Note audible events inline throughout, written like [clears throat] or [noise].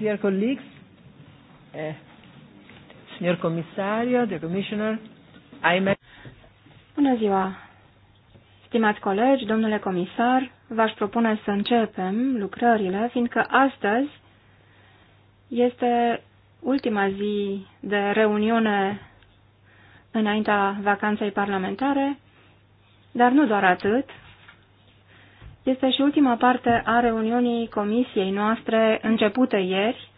Dear colleagues, uh, signor commissario, dear commissioner, I'm... Bună ziua! Stimați colegi, domnule comisar, v-aș propune să începem lucrările, fiindcă astăzi este ultima zi de reuniune înaintea vacanței parlamentare, dar nu doar atât, este și ultima parte a reuniunii comisiei noastre începută ieri.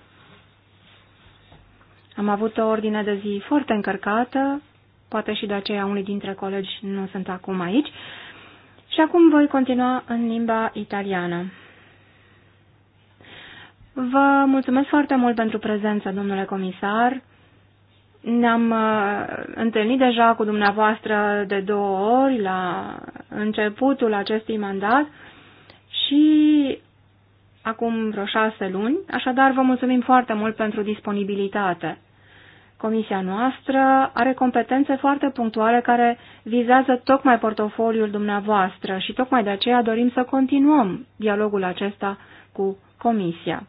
Am avut o ordine de zi foarte încărcată, poate și de aceea unii dintre colegi nu sunt acum aici. Și acum voi continua în limba italiană. Vă mulțumesc foarte mult pentru prezență, domnule comisar. Ne-am uh, întâlnit deja cu dumneavoastră de două ori la începutul acestui mandat și acum vreo șase luni, așadar vă mulțumim foarte mult pentru disponibilitate. Comisia noastră are competențe foarte punctuale care vizează tocmai portofoliul dumneavoastră și tocmai de aceea dorim să continuăm dialogul acesta cu Comisia.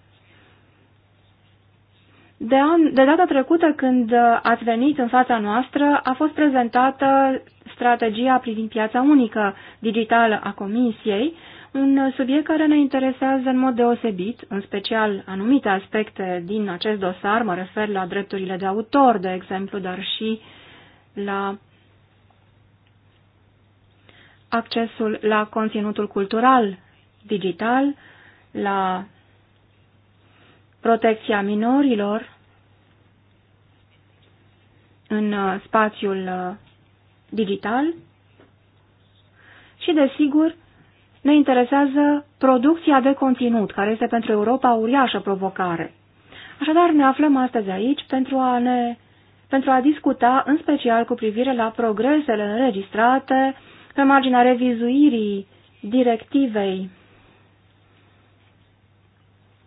De, an, de data trecută când ați venit în fața noastră a fost prezentată strategia privind piața unică digitală a Comisiei un subiect care ne interesează în mod deosebit, în special anumite aspecte din acest dosar, mă refer la drepturile de autor, de exemplu, dar și la accesul la conținutul cultural digital, la protecția minorilor în spațiul uh, digital și, desigur, ne interesează producția de conținut, care este pentru Europa o uriașă provocare. Așadar, ne aflăm astăzi aici pentru a, ne, pentru a discuta în special cu privire la progresele înregistrate pe marginea revizuirii directivei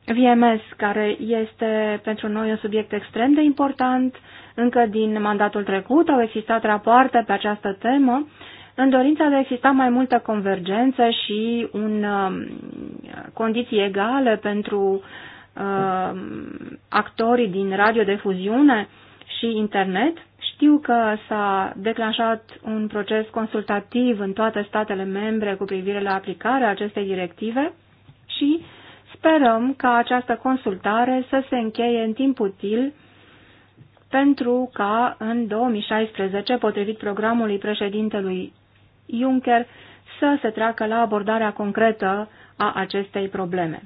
VMS, care este pentru noi un subiect extrem de important. Încă din mandatul trecut au existat rapoarte pe această temă în dorința de a exista mai multă convergență și un, um, condiții egale pentru uh, actorii din radiodifuziune și internet. Știu că s-a declanșat un proces consultativ în toate statele membre cu privire la aplicarea acestei directive și sperăm ca această consultare să se încheie în timp util pentru ca în 2016, potrivit programului președintelui Juncker să se treacă la abordarea concretă a acestei probleme.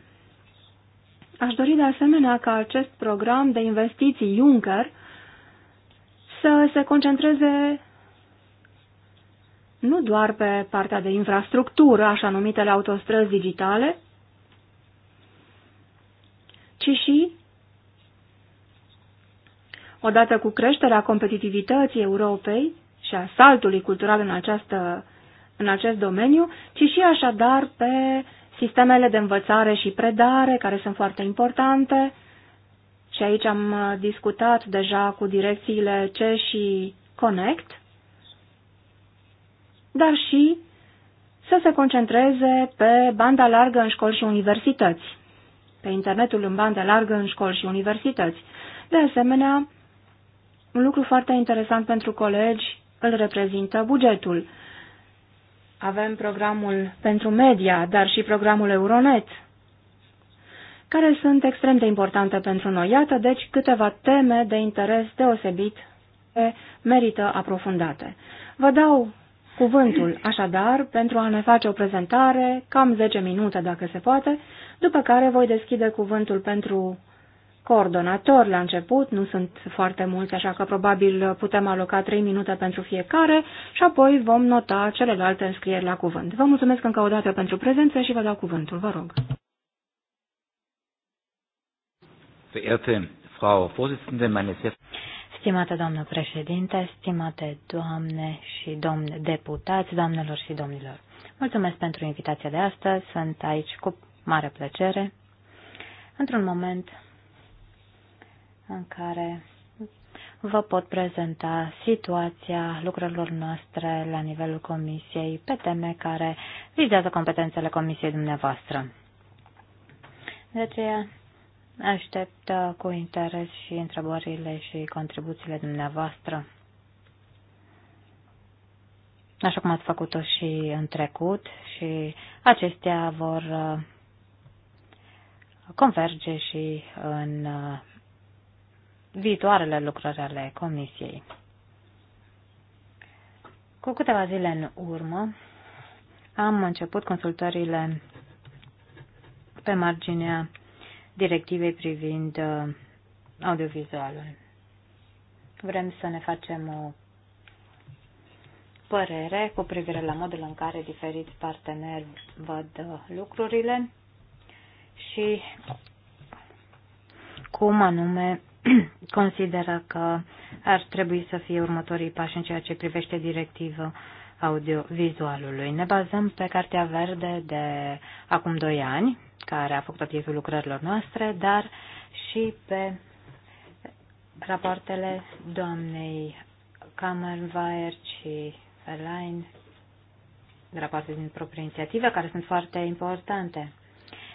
Aș dori de asemenea ca acest program de investiții Juncker să se concentreze nu doar pe partea de infrastructură, așa numitele autostrăzi digitale, ci și, odată cu creșterea competitivității Europei, și a saltului cultural în, această, în acest domeniu, ci și așadar pe sistemele de învățare și predare, care sunt foarte importante. Și aici am uh, discutat deja cu direcțiile C și Connect, dar și să se concentreze pe banda largă în școli și universități, pe internetul în bandă largă în școli și universități. De asemenea, un lucru foarte interesant pentru colegi îl reprezintă bugetul. Avem programul pentru media, dar și programul Euronet, care sunt extrem de importante pentru noi. Iată, deci, câteva teme de interes deosebit e, merită aprofundate. Vă dau cuvântul, așadar, pentru a ne face o prezentare, cam 10 minute, dacă se poate, după care voi deschide cuvântul pentru coordonatori la început, nu sunt foarte mulți, așa că probabil putem aloca 3 minute pentru fiecare și apoi vom nota celelalte înscrieri la cuvânt. Vă mulțumesc încă o dată pentru prezență și vă dau cuvântul, vă rog. Frau Stimată doamnă președinte, stimate doamne și domni deputați, doamnelor și domnilor, mulțumesc pentru invitația de astăzi, sunt aici cu mare plăcere, într-un moment în care vă pot prezenta situația lucrurilor noastre la nivelul Comisiei pe teme care vizează competențele Comisiei dumneavoastră. De aceea aștept uh, cu interes și întrebările și contribuțiile dumneavoastră. Așa cum ați făcut-o și în trecut și acestea vor uh, converge și în uh, viitoarele lucrări ale Comisiei. Cu câteva zile în urmă am început consultările pe marginea directivei privind uh, audiovizualul. Vrem să ne facem o părere cu privire la modul în care diferiți parteneri văd uh, lucrurile și cum anume [clears throat] consideră că ar trebui să fie următorii pași în ceea ce privește directiva audiovizualului. Ne bazăm pe Cartea Verde de acum 2 ani, care a făcut obiectul lucrărilor noastre, dar și pe rapoartele doamnei Kammerweier și Verlein, rapoarte din proprie inițiativă, care sunt foarte importante.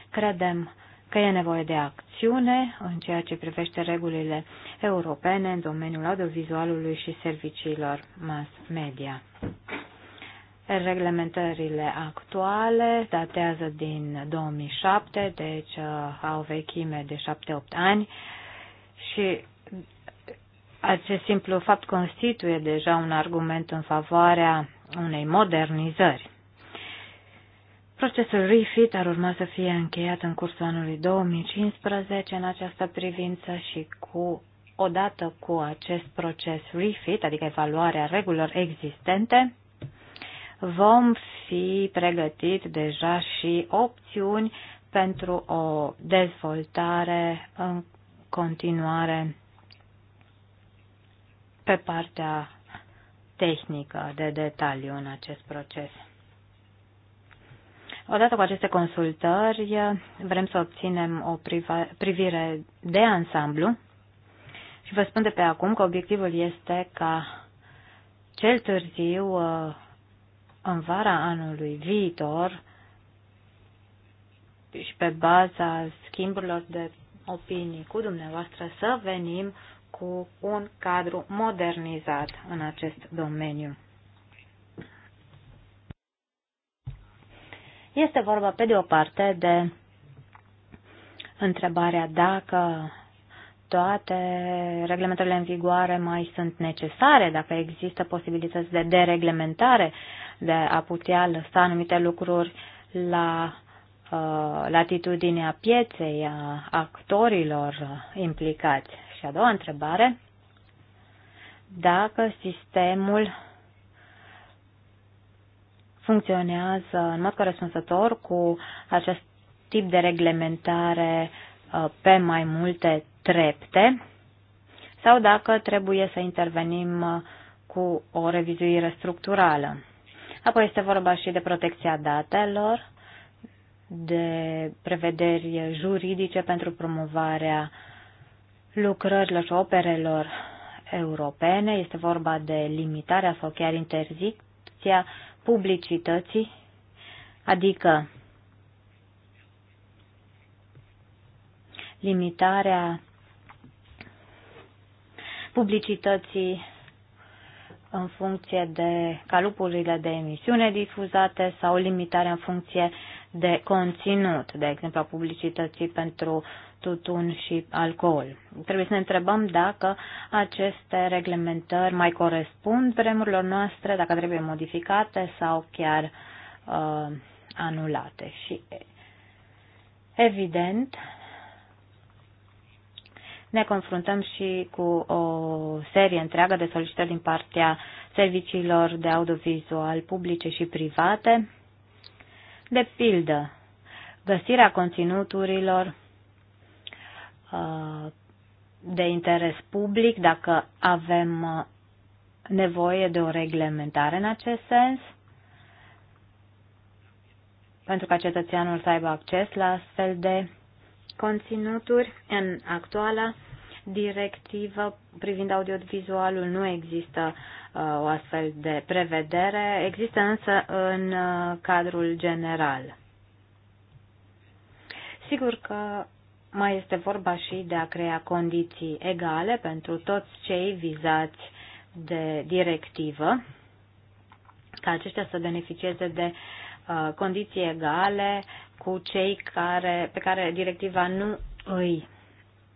Credem că e nevoie de acțiune în ceea ce privește regulile europene în domeniul audiovizualului și serviciilor mass media. Reglementările actuale datează din 2007, deci uh, au vechime de 7-8 ani și acest simplu fapt constituie deja un argument în favoarea unei modernizări. Procesul REFIT ar urma să fie încheiat în cursul anului 2015 în această privință și cu odată cu acest proces REFIT, adică evaluarea regulilor existente, vom fi pregătit deja și opțiuni pentru o dezvoltare în continuare pe partea tehnică de detaliu în acest proces. Odată cu aceste consultări, vrem să obținem o privire de ansamblu și vă spun de pe acum că obiectivul este ca cel târziu uh, în vara anului viitor și pe baza schimburilor de opinii cu dumneavoastră să venim cu un cadru modernizat în acest domeniu. Este vorba, pe de o parte, de întrebarea dacă toate reglementările în vigoare mai sunt necesare, dacă există posibilități de dereglementare, de a putea lăsa anumite lucruri la uh, latitudinea pieței, a actorilor implicați. Și a doua întrebare, dacă sistemul funcționează în mod corespunzător cu acest tip de reglementare uh, pe mai multe trepte sau dacă trebuie să intervenim uh, cu o revizuire structurală. Apoi este vorba și de protecția datelor, de prevederi juridice pentru promovarea lucrărilor și operelor europene. Este vorba de limitarea sau chiar interzicția publicității, adică limitarea publicității în funcție de calupurile de emisiune difuzate sau limitarea în funcție de conținut, de exemplu a publicității pentru tutun și alcool. Trebuie să ne întrebăm dacă aceste reglementări mai corespund vremurilor noastre, dacă trebuie modificate sau chiar uh, anulate. Și evident, ne confruntăm și cu o serie întreagă de solicitări din partea serviciilor de audiovizual publice și private. De pildă, găsirea conținuturilor Uh, de interes public, dacă avem uh, nevoie de o reglementare în acest sens, pentru ca cetățeanul să aibă acces la astfel de conținuturi. În actuala directivă privind audiovizualul nu există uh, o astfel de prevedere, există însă în cadrul general. Sigur că mai este vorba și de a crea condiții egale pentru toți cei vizați de directivă, ca aceștia să beneficieze de uh, condiții egale cu cei care, pe care directiva nu îi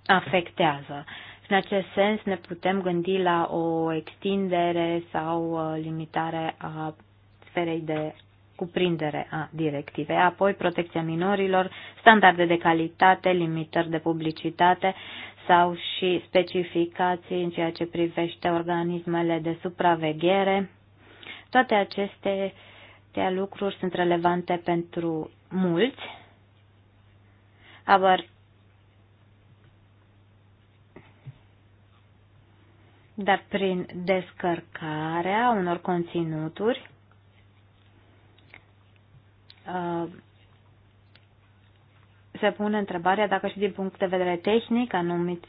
afectează. în acest sens ne putem gândi la o extindere sau uh, limitare a sferei de cuprindere a directivei, apoi protecția minorilor, standarde de calitate, limitări de publicitate sau și specificații în ceea ce privește organismele de supraveghere. Toate aceste lucruri sunt relevante pentru mulți. Abar, dar prin descărcarea unor conținuturi Uh, se pune întrebarea dacă și din punct de vedere tehnic anumiți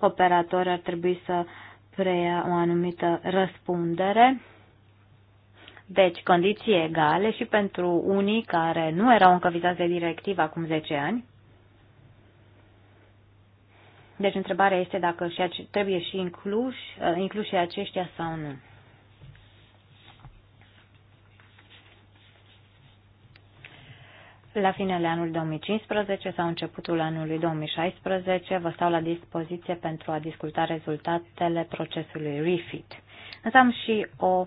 operatori ar trebui să preia o anumită răspundere. Deci, condiții egale și pentru unii care nu erau încă vizați de directiv acum 10 ani. Deci, întrebarea este dacă și trebuie și incluși, uh, incluși aceștia sau nu. la finele anului 2015 sau începutul anului 2016 vă stau la dispoziție pentru a discuta rezultatele procesului REFIT. Însă am și o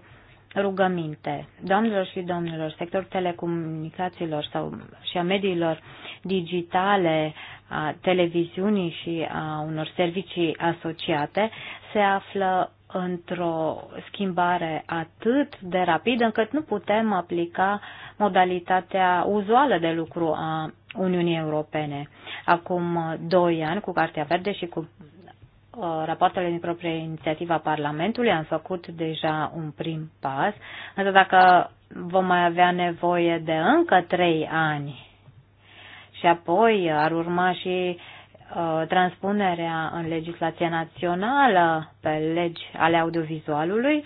rugăminte. domnilor și domnilor, sectorul telecomunicațiilor sau și a mediilor digitale, a televiziunii și a unor servicii asociate se află într-o schimbare atât de rapidă încât nu putem aplica modalitatea uzuală de lucru a Uniunii Europene. Acum doi ani, cu Cartea Verde și cu uh, rapoartele din proprie inițiativă a Parlamentului, am făcut deja un prim pas, însă dacă vom mai avea nevoie de încă trei ani și apoi ar urma și Uh, transpunerea în legislația națională pe legi ale audiovizualului,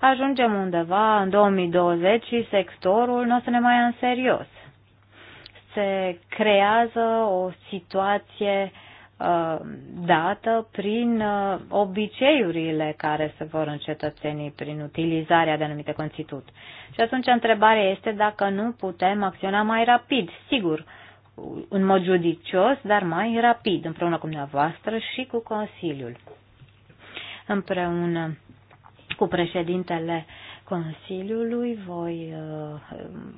ajungem undeva în 2020 și sectorul nu o să ne mai ia în serios. Se creează o situație uh, dată prin uh, obiceiurile care se vor încetățeni prin utilizarea de anumite conținut. Și atunci întrebarea este dacă nu putem acționa mai rapid. Sigur, uh, în mod judicios, dar mai rapid, împreună cu dumneavoastră și cu Consiliul. Împreună cu președintele Consiliului voi uh,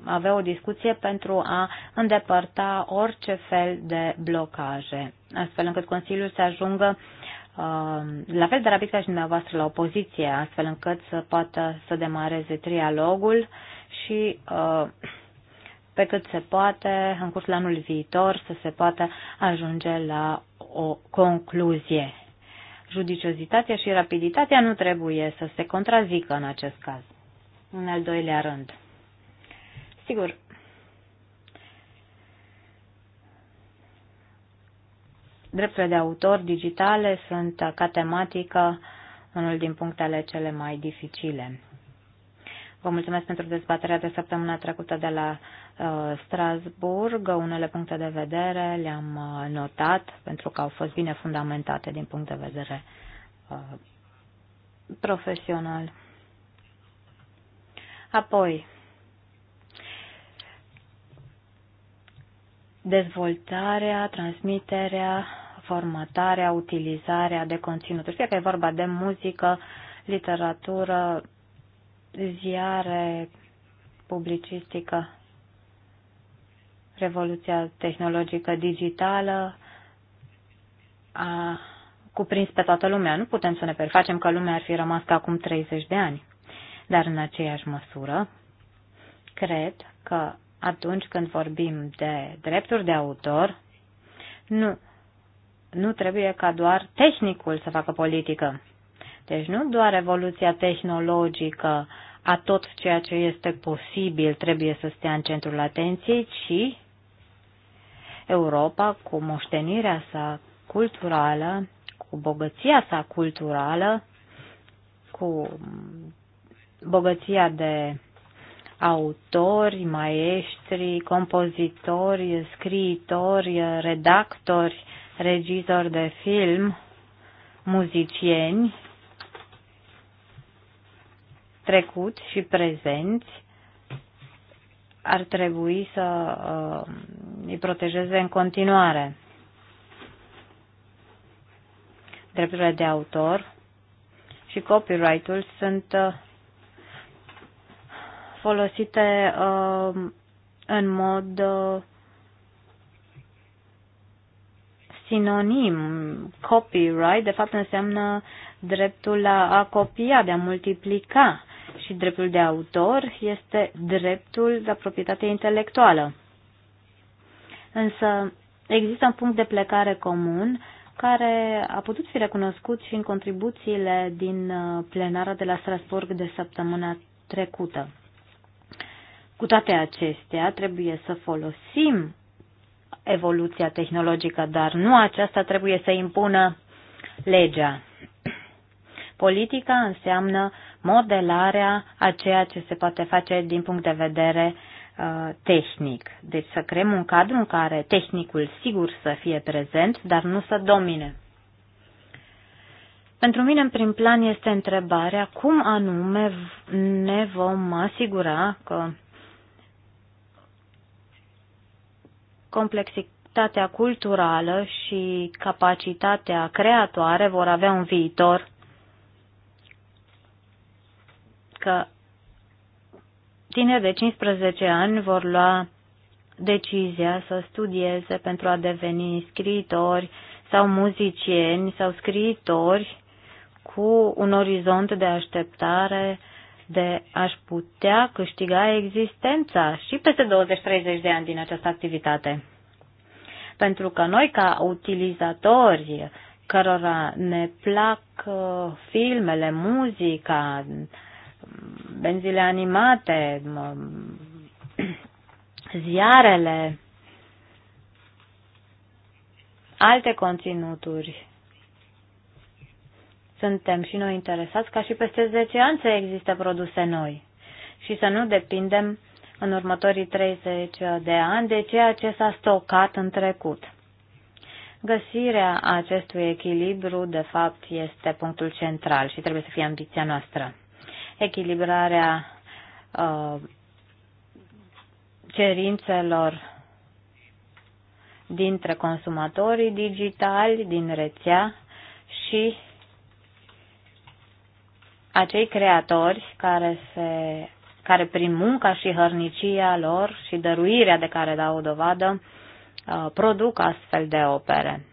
avea o discuție pentru a îndepărta orice fel de blocaje, astfel încât Consiliul să ajungă uh, la fel de rapid ca și dumneavoastră la opoziție, astfel încât să poată să demareze trialogul și uh, pe cât se poate, în cursul anului viitor, să se poată ajunge la o concluzie. Judiciozitatea și rapiditatea nu trebuie să se contrazică în acest caz. În al doilea rând. Sigur, drepturile de autor digitale sunt ca tematică unul din punctele cele mai dificile. Vă mulțumesc pentru dezbaterea de săptămâna trecută de la uh, Strasburg. Unele puncte de vedere le-am uh, notat pentru că au fost bine fundamentate din punct de vedere uh, profesional. Apoi, dezvoltarea, transmiterea, formatarea, utilizarea de conținut. Fie că e vorba de muzică, literatură, ziare publicistică revoluția tehnologică digitală a cuprins pe toată lumea. Nu putem să ne perfacem că lumea ar fi rămas ca acum 30 de ani. Dar în aceeași măsură, cred că atunci când vorbim de drepturi de autor, nu, nu trebuie ca doar tehnicul să facă politică. Deci nu doar evoluția tehnologică a tot ceea ce este posibil trebuie să stea în centrul atenției, ci Europa cu moștenirea sa culturală, cu bogăția sa culturală, cu bogăția de autori, maestri, compozitori, scriitori, redactori, regizori de film, muzicieni, trecut și prezenți ar trebui să uh, îi protejeze în continuare. Drepturile de autor și copyright-ul sunt uh, folosite uh, în mod uh, sinonim. Copyright, de fapt, înseamnă dreptul la a copia, de a multiplica și dreptul de autor este dreptul la proprietate intelectuală. Însă există un punct de plecare comun care a putut fi recunoscut și în contribuțiile din uh, plenara de la Strasburg de săptămâna trecută. Cu toate acestea, trebuie să folosim evoluția tehnologică, dar nu aceasta trebuie să impună legea. Politica înseamnă modelarea a ceea ce se poate face din punct de vedere uh, tehnic. Deci să creăm un cadru în care tehnicul sigur să fie prezent, dar nu să domine. Pentru mine, în prim plan, este întrebarea cum anume ne vom asigura că complexitatea culturală și capacitatea creatoare vor avea un viitor că tineri de 15 ani vor lua decizia să studieze pentru a deveni scriitori sau muzicieni sau scriitori cu un orizont de așteptare de a-și putea câștiga existența și peste 20-30 de ani din această activitate. Pentru că noi, ca utilizatori cărora ne plac uh, filmele, muzica, benzile animate, ziarele, alte conținuturi. Suntem și noi interesați ca și peste 10 ani să existe produse noi și să nu depindem în următorii 30 de ani de ceea ce s-a stocat în trecut. Găsirea acestui echilibru, de fapt, este punctul central și trebuie să fie ambiția noastră echilibrarea uh, cerințelor dintre consumatorii digitali din rețea și acei creatori care, se, care prin munca și hărnicia lor și dăruirea de care dau dovadă uh, produc astfel de opere.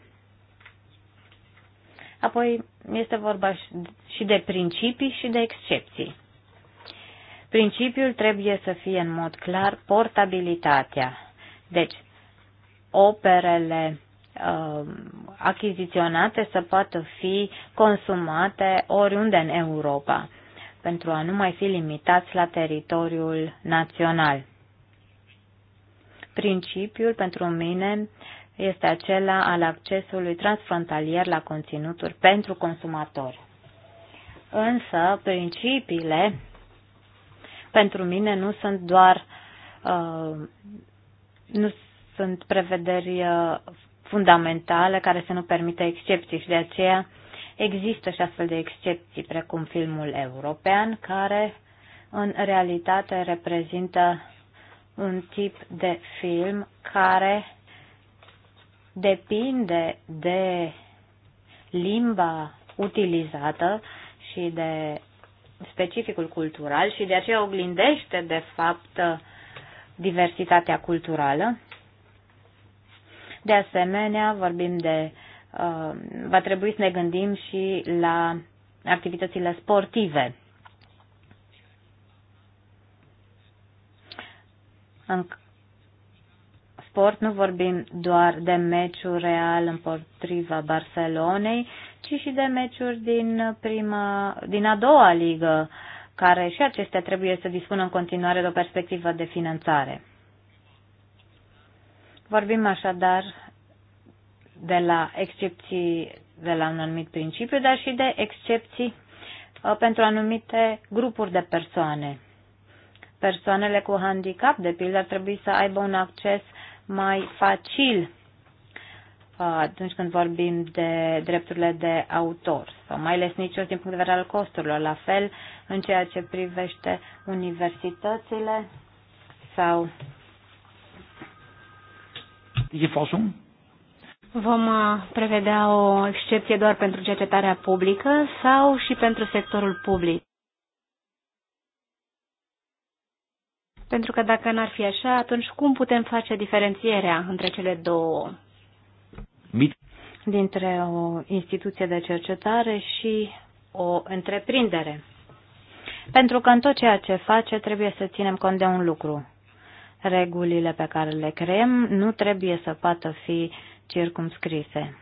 Apoi este vorba și de principii și de excepții. Principiul trebuie să fie în mod clar portabilitatea. Deci, operele uh, achiziționate să poată fi consumate oriunde în Europa, pentru a nu mai fi limitați la teritoriul național. Principiul pentru mine este acela al accesului transfrontalier la conținuturi pentru consumatori. Însă, principiile pentru mine nu sunt doar uh, nu sunt prevederi uh, fundamentale care să nu permită excepții și de aceea există și astfel de excepții precum filmul european care în realitate reprezintă un tip de film care depinde de limba utilizată și de specificul cultural și de aceea oglindește, de fapt, diversitatea culturală. De asemenea, vorbim de. Uh, va trebui să ne gândim și la activitățile sportive. În sport nu vorbim doar de meciul real împotriva Barcelonei, ci și de meciuri din, prima, din a doua ligă, care și acestea trebuie să dispună în continuare de o perspectivă de finanțare. Vorbim așadar de la excepții de la un anumit principiu, dar și de excepții uh, pentru anumite grupuri de persoane. Persoanele cu handicap, de pildă, ar trebui să aibă un acces mai facil uh, atunci când vorbim de drepturile de autor sau mai nici din punct de vedere al costurilor. La fel în ceea ce privește universitățile sau Vom uh, prevedea o excepție doar pentru cercetarea publică sau și pentru sectorul public? Pentru că dacă n-ar fi așa, atunci cum putem face diferențierea între cele două? Dintre o instituție de cercetare și o întreprindere. Pentru că în tot ceea ce face trebuie să ținem cont de un lucru. Regulile pe care le creăm nu trebuie să poată fi circumscrise.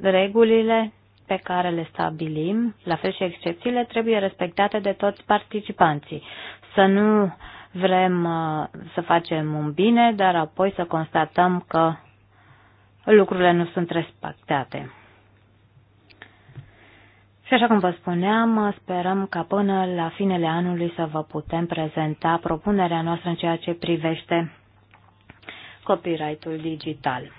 Regulile pe care le stabilim, la fel și excepțiile, trebuie respectate de toți participanții. Să nu vrem uh, să facem un bine, dar apoi să constatăm că lucrurile nu sunt respectate. Și așa cum vă spuneam, sperăm ca până la finele anului să vă putem prezenta propunerea noastră în ceea ce privește copyright-ul digital.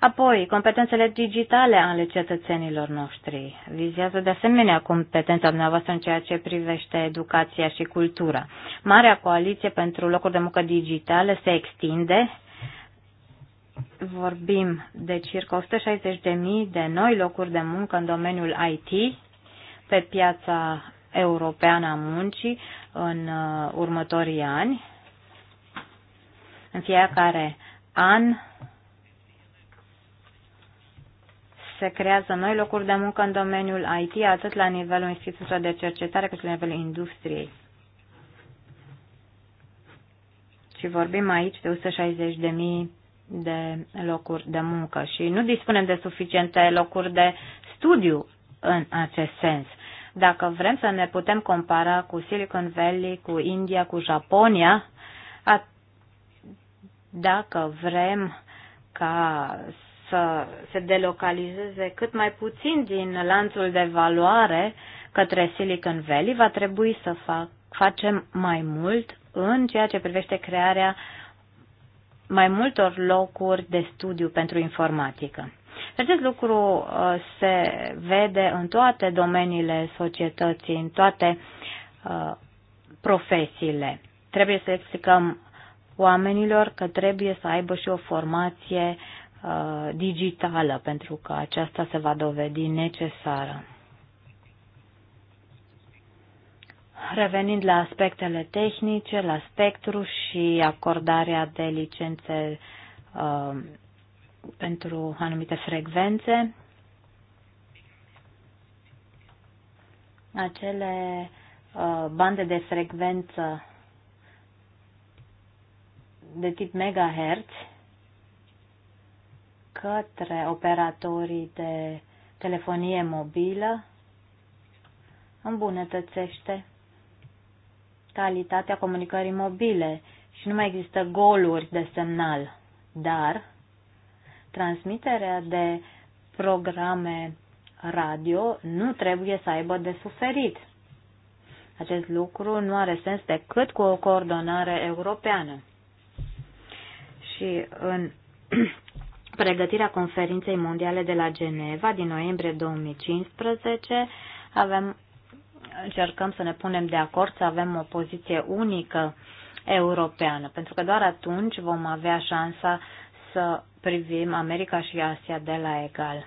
Apoi, competențele digitale ale cetățenilor noștri vizează de asemenea competența dumneavoastră în ceea ce privește educația și cultura. Marea Coaliție pentru Locuri de Muncă Digitale se extinde. Vorbim de circa 160.000 de noi locuri de muncă în domeniul IT pe piața europeană a muncii în uh, următorii ani. În fiecare an se creează noi locuri de muncă în domeniul IT, atât la nivelul instituțiilor de cercetare, cât și la nivelul industriei. Și vorbim aici de 160.000 de locuri de muncă și nu dispunem de suficiente locuri de studiu în acest sens. Dacă vrem să ne putem compara cu Silicon Valley, cu India, cu Japonia, a, dacă vrem ca să se delocalizeze cât mai puțin din lanțul de valoare către Silicon Valley, va trebui să fac, facem mai mult în ceea ce privește crearea mai multor locuri de studiu pentru informatică. Acest lucru uh, se vede în toate domeniile societății, în toate uh, profesiile. Trebuie să explicăm oamenilor că trebuie să aibă și o formație Uh, digitală, pentru că aceasta se va dovedi necesară. Revenind la aspectele tehnice, la spectru și acordarea de licențe uh, pentru anumite frecvențe, acele uh, bande de frecvență de tip megahertz către operatorii de telefonie mobilă îmbunătățește calitatea comunicării mobile și nu mai există goluri de semnal, dar transmiterea de programe radio nu trebuie să aibă de suferit. Acest lucru nu are sens decât cu o coordonare europeană. Și în [clears throat] pregătirea conferinței mondiale de la Geneva din noiembrie 2015. Avem, încercăm să ne punem de acord, să avem o poziție unică europeană, pentru că doar atunci vom avea șansa să privim America și Asia de la egal.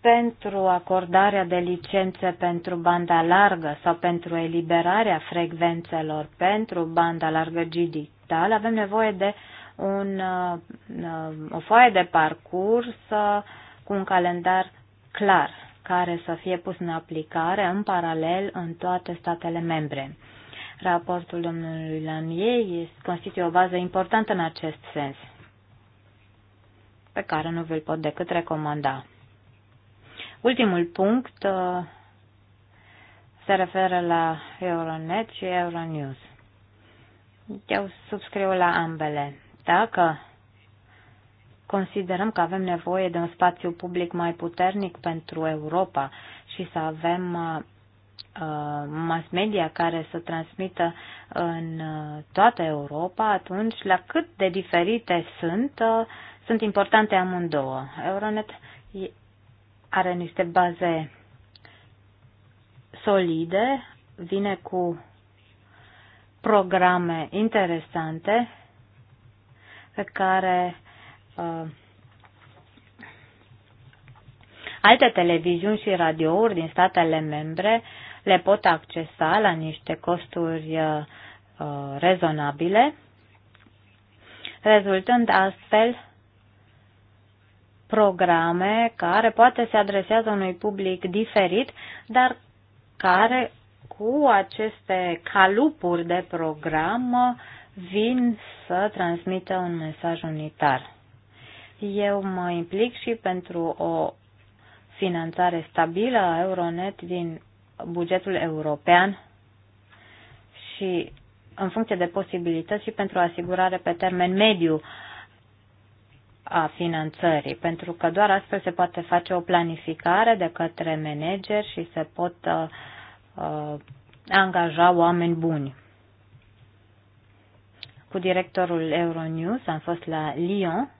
Pentru acordarea de licențe pentru banda largă sau pentru eliberarea frecvențelor pentru banda largă digital avem nevoie de un, o foaie de parcurs uh, cu un calendar clar care să fie pus în aplicare în paralel în toate statele membre. Raportul domnului Lanier constituie o bază importantă în acest sens, pe care nu vi-l pot decât recomanda. Ultimul punct uh, se referă la Euronet și Euronews. Eu subscriu la ambele. Dacă considerăm că avem nevoie de un spațiu public mai puternic pentru Europa și să avem uh, uh, mass media care să transmită în uh, toată Europa, atunci la cât de diferite sunt, sunt importante amândouă. Euronet are niște baze solide, vine cu programe interesante pe care uh, alte televiziuni și radiouri din statele membre le pot accesa la niște costuri uh, rezonabile, rezultând astfel programe care poate se adresează unui public diferit, dar care cu aceste calupuri de program vin să transmită un mesaj unitar. Eu mă implic și pentru o finanțare stabilă a Euronet din bugetul european și în funcție de posibilități și pentru asigurare pe termen mediu a finanțării, pentru că doar astfel se poate face o planificare de către manager și se pot uh, uh angaja oameni buni cu directorul Euronews, am fost la Lyon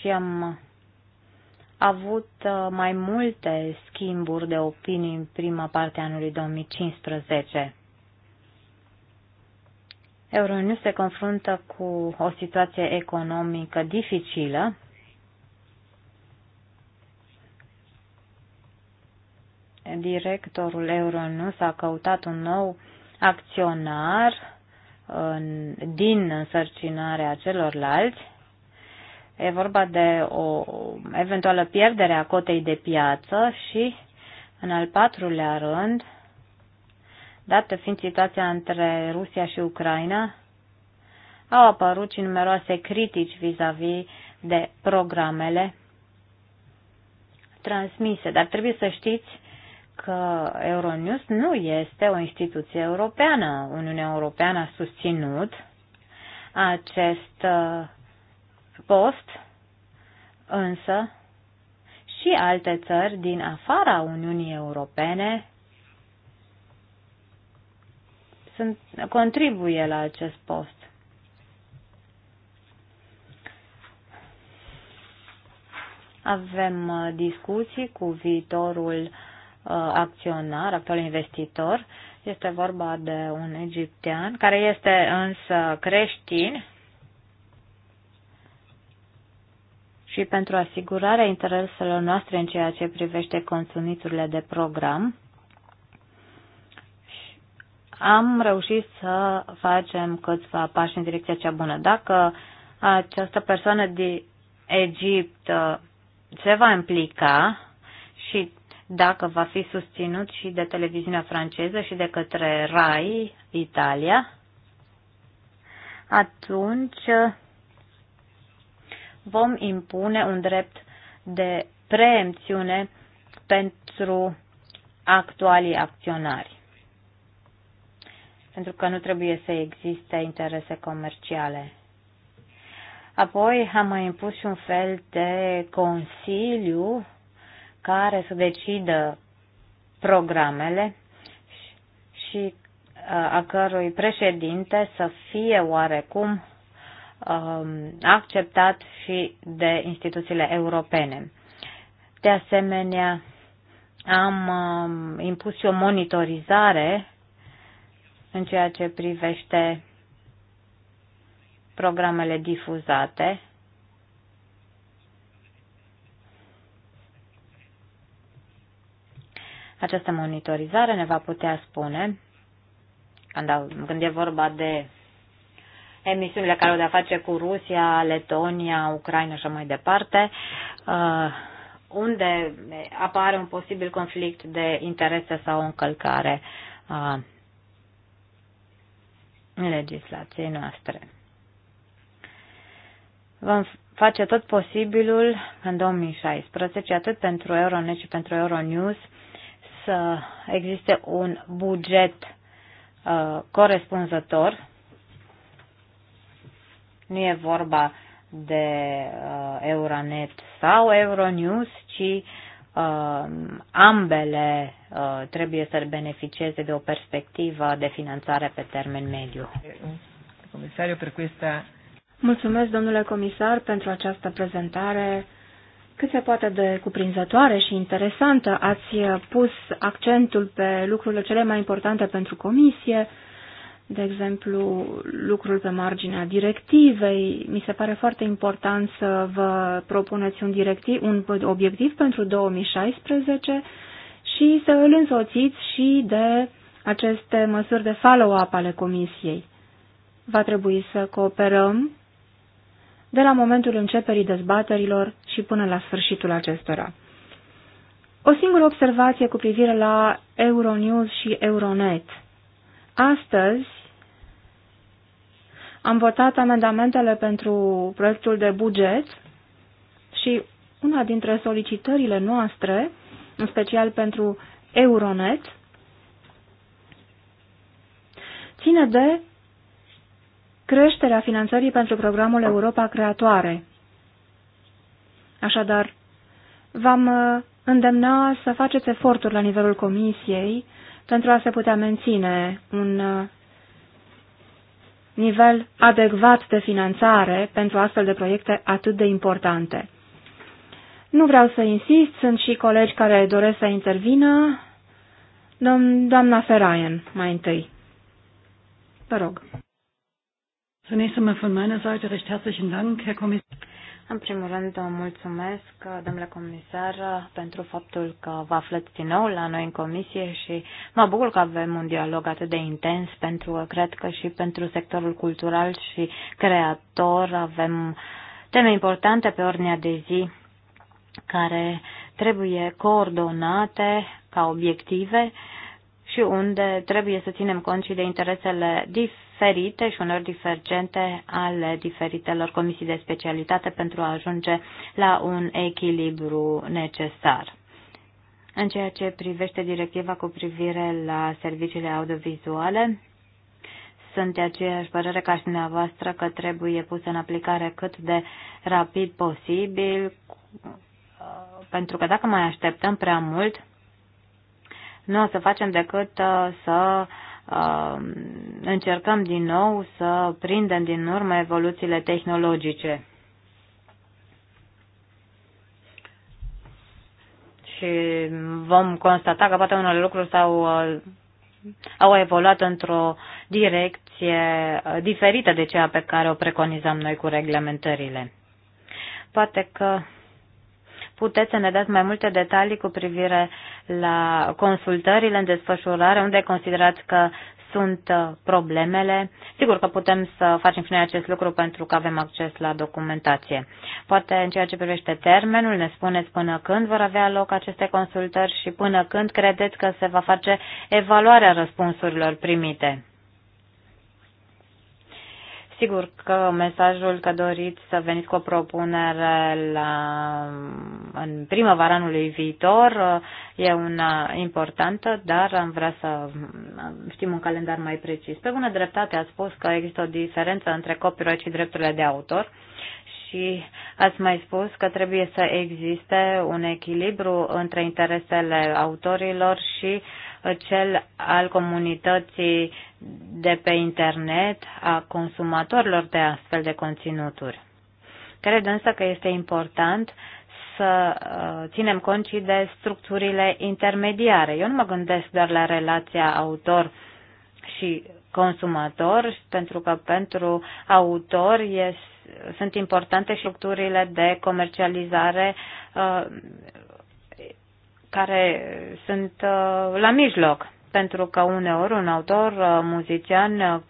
și am avut uh, mai multe schimburi de opinii în prima parte a anului 2015. Euronews se confruntă cu o situație economică dificilă, directorul Euronews a căutat un nou acționar din însărcinarea celorlalți. E vorba de o eventuală pierdere a cotei de piață și, în al patrulea rând, dată fiind situația între Rusia și Ucraina, au apărut și numeroase critici vis-a-vis -vis de programele transmise. Dar trebuie să știți că Euronews nu este o instituție europeană. Uniunea Europeană a susținut acest uh, post, însă și alte țări din afara Uniunii Europene sunt, contribuie la acest post. Avem uh, discuții cu viitorul Uh, acționar, actual investitor. Este vorba de un egiptean care este însă creștin și pentru asigurarea intereselor noastre în ceea ce privește consumiturile de program, am reușit să facem câțiva pași în direcția cea bună. Dacă această persoană din Egipt uh, se va implica și dacă va fi susținut și de televiziunea franceză și de către RAI Italia, atunci uh, vom impune un drept de preemțiune pentru actualii acționari. Pentru că nu trebuie să existe interese comerciale. Apoi am mai impus și un fel de consiliu care să decidă programele și uh, a cărui președinte să fie oarecum um, acceptat și de instituțiile europene. De asemenea, am um, impus și o monitorizare în ceea ce privește programele difuzate Această monitorizare ne va putea spune, când, e vorba de emisiunile care au de-a face cu Rusia, Letonia, Ucraina și mai departe, uh, unde apare un posibil conflict de interese sau o încălcare a legislației noastre. Vom face tot posibilul în 2016, atât pentru Euronet și pentru Euronews, să existe un buget uh, corespunzător. Nu e vorba de uh, Euronet sau Euronews, ci uh, ambele uh, trebuie să beneficieze de o perspectivă de finanțare pe termen mediu. Mulțumesc, domnule comisar, pentru această prezentare cât se poate de cuprinzătoare și interesantă. Ați pus accentul pe lucrurile cele mai importante pentru comisie, de exemplu, lucrul pe marginea directivei. Mi se pare foarte important să vă propuneți un, directiv, un obiectiv pentru 2016 și să îl însoțiți și de aceste măsuri de follow-up ale comisiei. Va trebui să cooperăm de la momentul începerii dezbaterilor și până la sfârșitul acestora. O singură observație cu privire la Euronews și Euronet. Astăzi am votat amendamentele pentru proiectul de buget și una dintre solicitările noastre, în special pentru Euronet, ține de creșterea finanțării pentru programul Europa Creatoare. Așadar, v-am uh, îndemna să faceți eforturi la nivelul comisiei pentru a se putea menține un uh, nivel adecvat de finanțare pentru astfel de proiecte atât de importante. Nu vreau să insist, sunt și colegi care doresc să intervină. Doamna Ferraien, mai întâi. Vă rog. Zunächst einmal von meiner Seite recht herzlichen Dank, Herr Kommissar. În primul rând, mulțumesc, domnule comisar, pentru faptul că vă aflați din nou la noi în comisie și mă bucur că avem un dialog atât de intens, pentru că cred că și pentru sectorul cultural și creator avem teme importante pe ordinea de zi care trebuie coordonate ca obiective și unde trebuie să ținem cont și de interesele diferite diferite și unor divergente ale diferitelor comisii de specialitate pentru a ajunge la un echilibru necesar. În ceea ce privește directiva cu privire la serviciile audiovizuale, sunt de aceeași părere ca și dumneavoastră că trebuie pusă în aplicare cât de rapid posibil, pentru că dacă mai așteptăm prea mult, nu o să facem decât uh, să uh, Um, încercăm din nou să prindem din urmă evoluțiile tehnologice. și vom constata că poate unele lucruri s-au uh, au evoluat într-o direcție uh, diferită de cea pe care o preconizam noi cu reglementările. Poate că puteți să ne dați mai multe detalii cu privire la consultările în desfășurare, unde considerați că sunt uh, problemele. Sigur că putem să facem și noi acest lucru pentru că avem acces la documentație. Poate în ceea ce privește termenul, ne spuneți până când vor avea loc aceste consultări și până când credeți că se va face evaluarea răspunsurilor primite. Sigur că mesajul că doriți să veniți cu o propunere la, în primăvara anului viitor e una importantă, dar am vrea să știm un calendar mai precis. Pe bună dreptate ați spus că există o diferență între copyright și drepturile de autor și ați mai spus că trebuie să existe un echilibru între interesele autorilor și cel al comunității de pe internet a consumatorilor de astfel de conținuturi. Cred însă că este important să uh, ținem cont și de structurile intermediare. Eu nu mă gândesc doar la relația autor și consumator, pentru că pentru autor este, sunt importante structurile de comercializare uh, care sunt uh, la mijloc pentru că uneori un autor, uh, muzician, uh,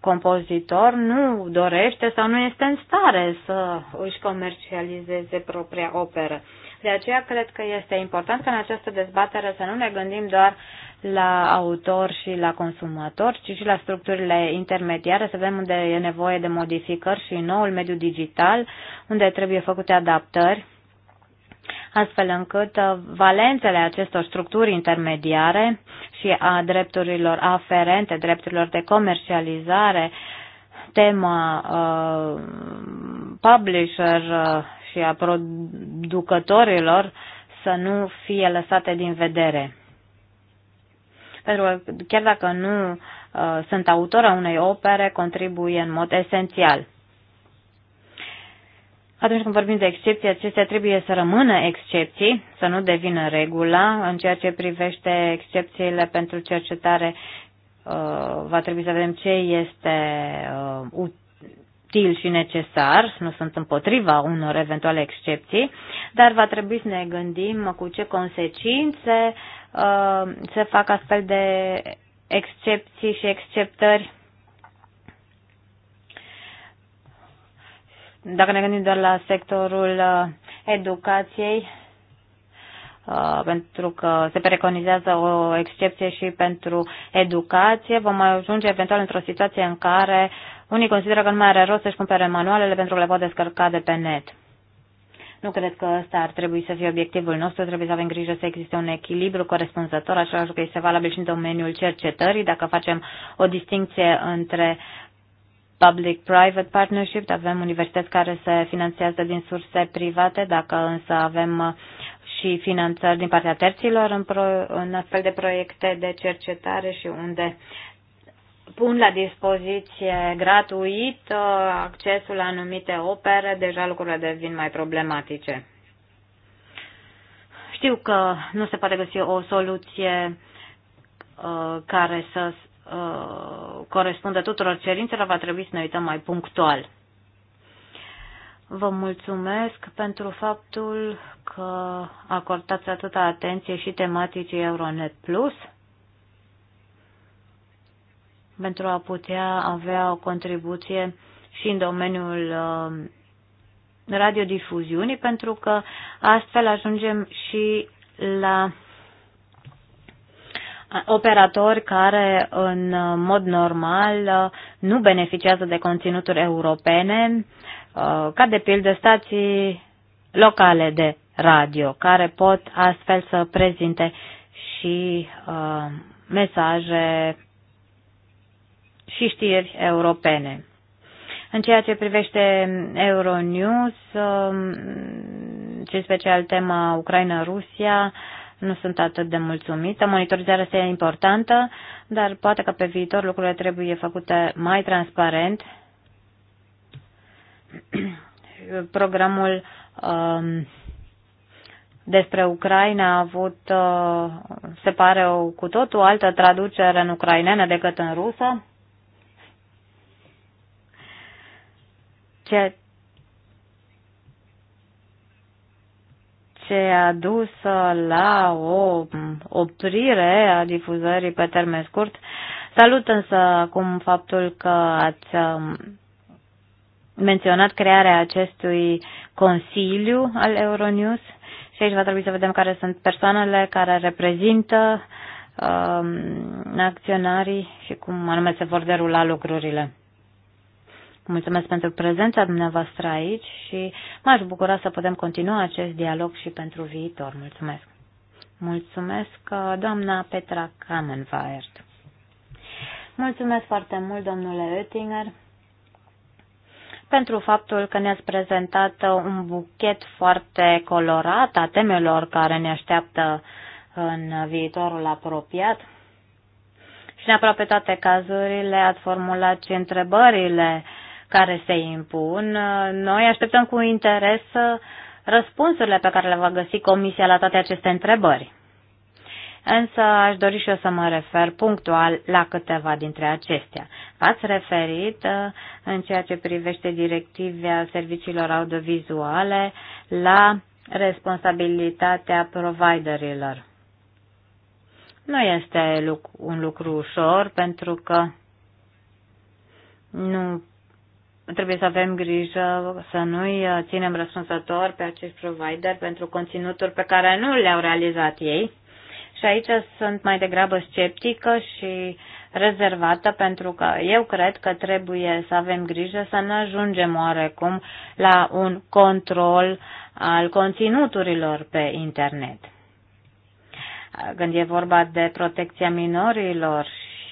compozitor nu dorește sau nu este în stare să își comercializeze propria operă. De aceea cred că este important ca în această dezbatere să nu ne gândim doar la autor și la consumator, ci și la structurile intermediare, să vedem unde e nevoie de modificări și în noul mediu digital, unde trebuie făcute adaptări astfel încât uh, valențele acestor structuri intermediare și a drepturilor aferente, drepturilor de comercializare, tema uh, publisher uh, și a producătorilor să nu fie lăsate din vedere. Pentru că chiar dacă nu uh, sunt autora unei opere, contribuie în mod esențial. Atunci când vorbim de excepții, acestea trebuie să rămână excepții, să nu devină regula. În ceea ce privește excepțiile pentru cercetare, uh, va trebui să vedem ce este uh, util și necesar. Nu sunt împotriva unor eventuale excepții, dar va trebui să ne gândim cu ce consecințe uh, se fac astfel de excepții și exceptări Dacă ne gândim doar la sectorul uh, educației, uh, pentru că se preconizează o excepție și pentru educație, vom ajunge eventual într-o situație în care unii consideră că nu mai are rost să-și cumpere manualele pentru că le pot descărca de pe net. Nu cred că ăsta ar trebui să fie obiectivul nostru, trebuie să avem grijă să existe un echilibru corespunzător, așa că este valabil și în domeniul cercetării, dacă facem o distinție între public-private partnership, avem universități care se finanțează din surse private, dacă însă avem uh, și finanțări din partea terților în, pro, în astfel de proiecte de cercetare și unde pun la dispoziție gratuit uh, accesul la anumite opere, deja lucrurile devin mai problematice. Știu că nu se poate găsi o soluție uh, care să Uh, corespunde tuturor cerințelor, va trebui să ne uităm mai punctual. Vă mulțumesc pentru faptul că acordați atâta atenție și tematicii Euronet Plus pentru a putea avea o contribuție și în domeniul uh, radiodifuziunii, pentru că astfel ajungem și la operatori care în mod normal nu beneficiază de conținuturi europene, uh, ca de pildă stații locale de radio, care pot astfel să prezinte și uh, mesaje și știri europene. În ceea ce privește Euronews, ce um, special tema Ucraina-Rusia, nu sunt atât de mulțumită. Monitorizarea este importantă, dar poate că pe viitor lucrurile trebuie făcute mai transparent. [clears throat] Programul um, despre Ucraina a avut, uh, se pare, o, cu totul altă traducere în ucraineană decât în rusă. Ceea ce a dus la o oprire a difuzării pe termen scurt. Salut însă acum faptul că ați um, menționat crearea acestui Consiliu al Euronews și aici va trebui să vedem care sunt persoanele care reprezintă uh, acționarii și cum anume se vor derula lucrurile. Mulțumesc pentru prezența dumneavoastră aici și m-aș bucura să putem continua acest dialog și pentru viitor. Mulțumesc! Mulțumesc, uh, doamna Petra Kamenvaert. Mulțumesc foarte mult, domnule Oettinger, pentru faptul că ne-ați prezentat un buchet foarte colorat a temelor care ne așteaptă în viitorul apropiat. Și în aproape toate cazurile ați formulat și întrebările uh, care se impun. Noi așteptăm cu interes uh, răspunsurile pe care le va găsi Comisia la toate aceste întrebări. Însă aș dori și eu să mă refer punctual la câteva dintre acestea. V-ați referit uh, în ceea ce privește directiva serviciilor audiovizuale la responsabilitatea providerilor. Nu este un lucru ușor pentru că nu trebuie să avem grijă să nu-i uh, ținem răspunsători pe acești provider pentru conținuturi pe care nu le-au realizat ei. Și aici sunt mai degrabă sceptică și rezervată pentru că eu cred că trebuie să avem grijă să nu ajungem oarecum la un control al conținuturilor pe internet. Când e vorba de protecția minorilor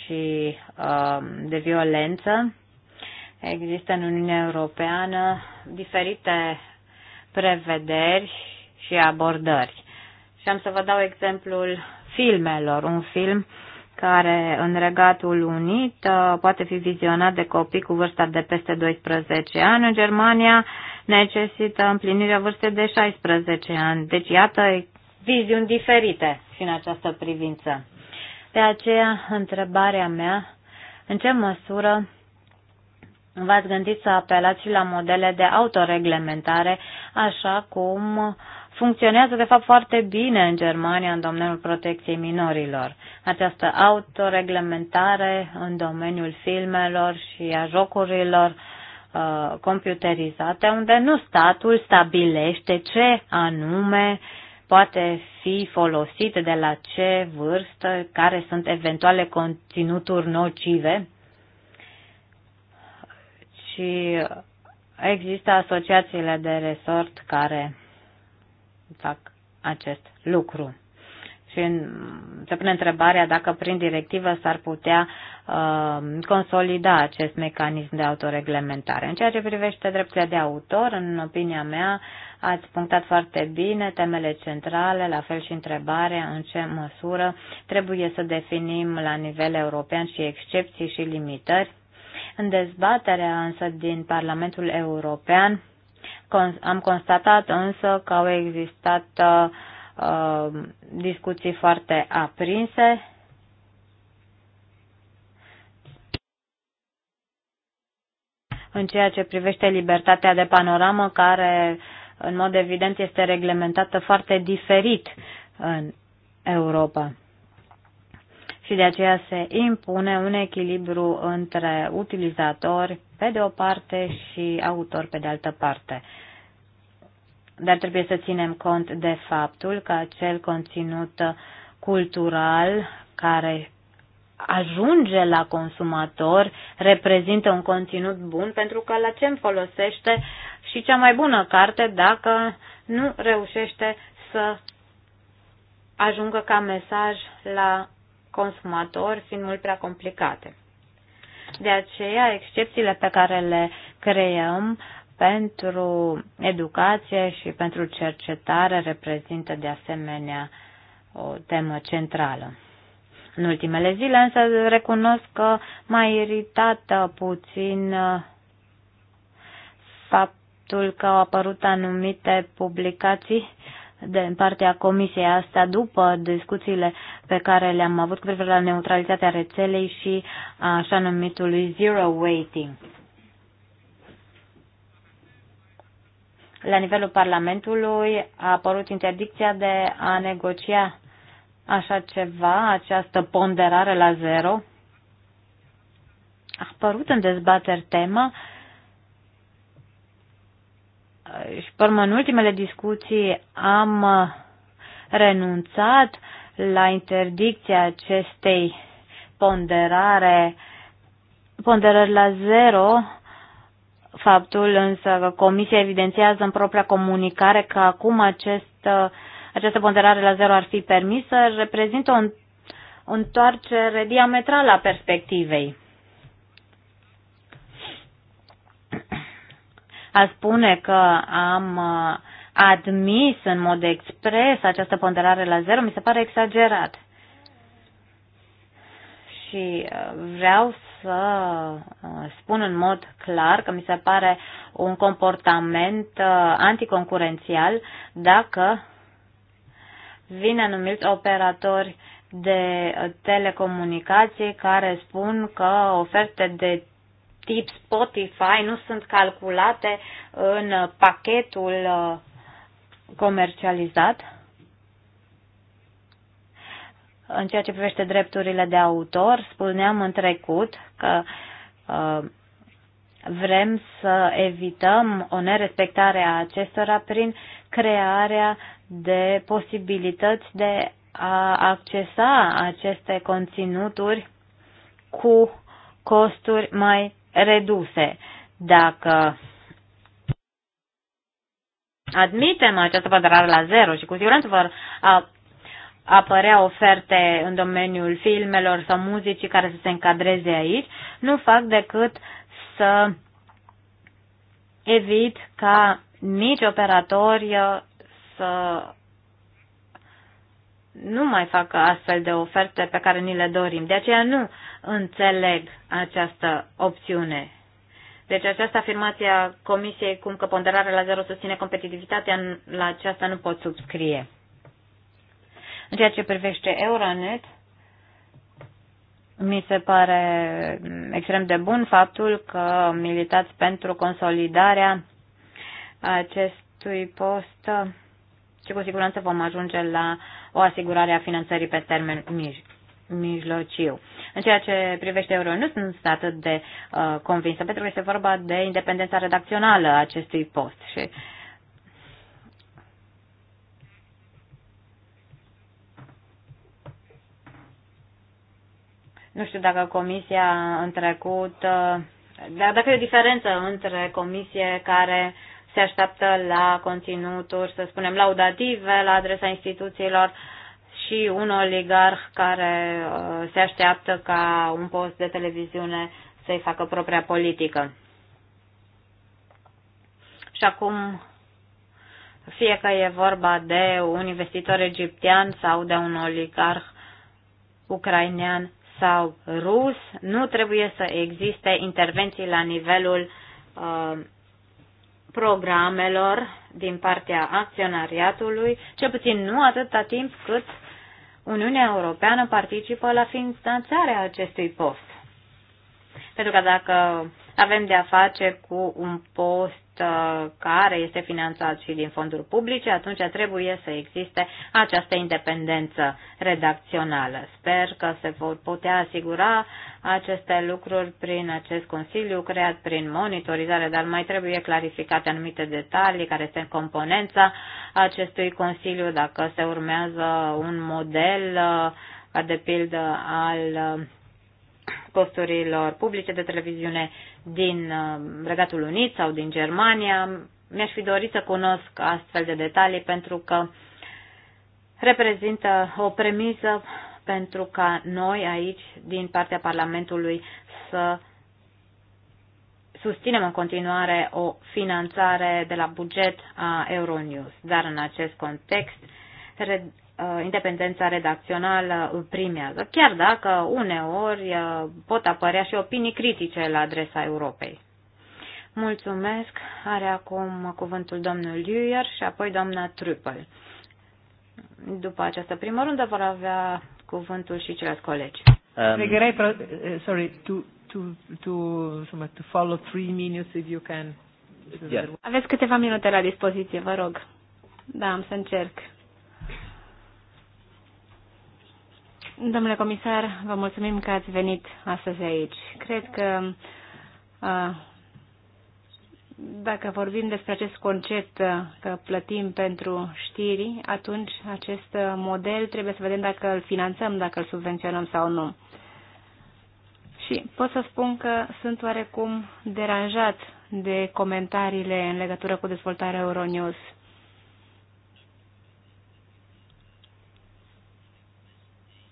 și uh, de violență, Există în Uniunea Europeană diferite prevederi și abordări. Și am să vă dau exemplul filmelor. Un film care în Regatul Unit uh, poate fi vizionat de copii cu vârsta de peste 12 ani. În Germania necesită împlinirea vârstei de 16 ani. Deci iată viziuni diferite și în această privință. De aceea, întrebarea mea, în ce măsură v-ați gândit să apelați și la modele de autoreglementare, așa cum funcționează de fapt foarte bine în Germania în domeniul protecției minorilor. Această autoreglementare în domeniul filmelor și a jocurilor uh, computerizate, unde nu statul stabilește ce anume poate fi folosit de la ce vârstă, care sunt eventuale conținuturi nocive, și există asociațiile de resort care fac acest lucru. Și se pune întrebarea dacă prin directivă s-ar putea uh, consolida acest mecanism de autoreglementare. În ceea ce privește drepturile de autor, în opinia mea, ați punctat foarte bine temele centrale, la fel și întrebarea în ce măsură trebuie să definim la nivel european și excepții și limitări în dezbaterea însă din Parlamentul European am constatat însă că au existat uh, discuții foarte aprinse în ceea ce privește libertatea de panoramă, care în mod evident este reglementată foarte diferit în Europa și de aceea se impune un echilibru între utilizatori pe de o parte și autor pe de altă parte. Dar trebuie să ținem cont de faptul că acel conținut cultural care ajunge la consumator reprezintă un conținut bun pentru că la ce folosește și cea mai bună carte dacă nu reușește să ajungă ca mesaj la consumator fiind mult prea complicate. De aceea, excepțiile pe care le creăm pentru educație și pentru cercetare reprezintă de asemenea o temă centrală. În ultimele zile însă recunosc că m-a iritat puțin faptul că au apărut anumite publicații de, în partea comisiei asta după discuțiile pe care le-am avut cu privire la neutralitatea rețelei și așa numitului zero weighting. La nivelul Parlamentului a apărut interdicția de a negocia așa ceva, această ponderare la zero. A apărut în dezbateri tema uh, și pe urmă, în ultimele discuții am uh, renunțat la interdicția acestei ponderare, ponderări la zero, faptul însă că Comisia evidențiază în propria comunicare că acum acest, uh, această ponderare la zero ar fi permisă, reprezintă o întoarcere diametrală a perspectivei. a spune că am uh, admis în mod expres această ponderare la zero mi se pare exagerat. Și uh, vreau să uh, spun în mod clar că mi se pare un comportament anticoncurențial dacă vin anumiți operatori de telecomunicații care spun că oferte de tip Spotify nu sunt calculate în pachetul uh, comercializat? În ceea ce privește drepturile de autor, spuneam în trecut că uh, vrem să evităm o nerespectare a acestora prin crearea de posibilități de a accesa aceste conținuturi cu costuri mai reduse. Dacă admitem această pădărare la zero și cu siguranță vor apărea oferte în domeniul filmelor sau muzicii care să se încadreze aici, nu fac decât să evit ca nici operatori uh, să nu mai facă astfel de oferte pe care ni le dorim. De aceea nu înțeleg această opțiune. Deci această afirmație a Comisiei cum că ponderarea la zero susține competitivitatea, la aceasta nu pot subscrie. În ceea ce privește Euronet, mi se pare extrem de bun faptul că militați pentru consolidarea acestui post și cu siguranță vom ajunge la uh, o asigurare a finanțării pe termen mij mijlociu. În ceea ce privește euro, nu sunt atât de uh, convinsă, pentru că este vorba de independența redacțională a acestui post. Și nu știu dacă comisia în trecut, uh, dar dacă e o diferență între comisie care se așteaptă la conținuturi, să spunem, laudative la adresa instituțiilor și un oligarh care uh, se așteaptă ca un post de televiziune să-i facă propria politică. Și acum, fie că e vorba de un investitor egiptean sau de un oligarh ucrainean sau rus, nu trebuie să existe intervenții la nivelul uh, programelor din partea acționariatului, cel puțin nu atâta timp cât Uniunea Europeană participă la finanțarea acestui post. Pentru că dacă avem de a face cu un post Uh, care este finanțat și din fonduri publice, atunci trebuie să existe această independență redacțională. Sper că se vor putea asigura aceste lucruri prin acest Consiliu creat prin monitorizare, dar mai trebuie clarificate anumite detalii care sunt componența acestui Consiliu, dacă se urmează un model uh, ca de pildă al costurilor uh, publice de televiziune din uh, Regatul Unit sau din Germania. Mi-aș fi dorit să cunosc astfel de detalii pentru că reprezintă o premiză pentru ca noi aici, din partea Parlamentului, să susținem în continuare o finanțare de la buget a Euronews. Dar în acest context, Uh, independența redacțională primează, chiar dacă uneori uh, pot apărea și opinii critice la adresa Europei. Mulțumesc. Are acum cuvântul domnul Liuier și apoi doamna Trupel. După această primă rundă vor avea cuvântul și ceilalți colegi. Um, uh, sorry, to, to, to, to, to follow three minutes if you can. Yeah. Aveți câteva minute la dispoziție, vă rog. Da, am să încerc. Domnule comisar, vă mulțumim că ați venit astăzi aici. Cred că dacă vorbim despre acest concept că plătim pentru știri, atunci acest model trebuie să vedem dacă îl finanțăm, dacă îl subvenționăm sau nu. Și pot să spun că sunt oarecum deranjat de comentariile în legătură cu dezvoltarea Euronews.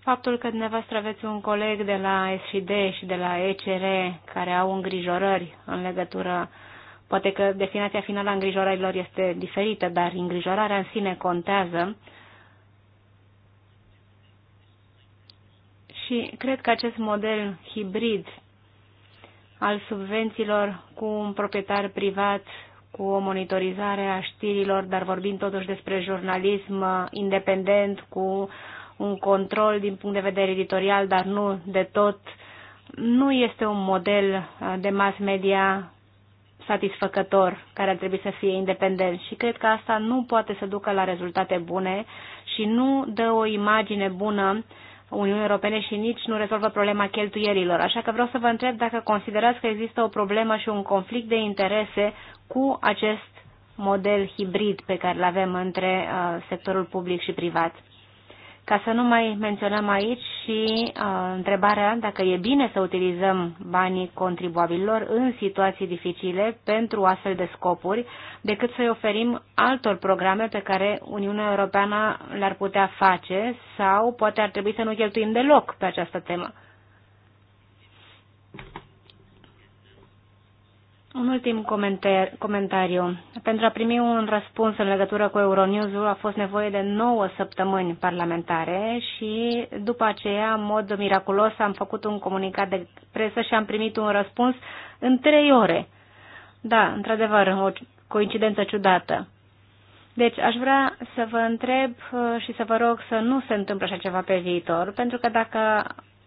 Faptul că dumneavoastră aveți un coleg de la SFD și de la ECR care au îngrijorări în legătură, poate că definiția finală a îngrijorărilor este diferită, dar îngrijorarea în sine contează. Și cred că acest model hibrid al subvențiilor cu un proprietar privat, cu o monitorizare a știrilor, dar vorbim totuși despre jurnalism independent, cu un control din punct de vedere editorial, dar nu de tot, nu este un model uh, de mass media satisfăcător care ar trebui să fie independent și cred că asta nu poate să ducă la rezultate bune și nu dă o imagine bună Uniunii Europene și nici nu rezolvă problema cheltuierilor. Așa că vreau să vă întreb dacă considerați că există o problemă și un conflict de interese cu acest model hibrid pe care îl avem între uh, sectorul public și privat. Ca să nu mai menționăm aici și uh, întrebarea dacă e bine să utilizăm banii contribuabililor în situații dificile pentru astfel de scopuri, decât să-i oferim altor programe pe care Uniunea Europeană le-ar putea face sau poate ar trebui să nu cheltuim deloc pe această temă. Un ultim comentariu. Pentru a primi un răspuns în legătură cu Euronews a fost nevoie de 9 săptămâni parlamentare și după aceea, în mod miraculos, am făcut un comunicat de presă și am primit un răspuns în 3 ore. Da, într-adevăr, o coincidență ciudată. Deci aș vrea să vă întreb uh, și să vă rog să nu se întâmple așa ceva pe viitor, pentru că dacă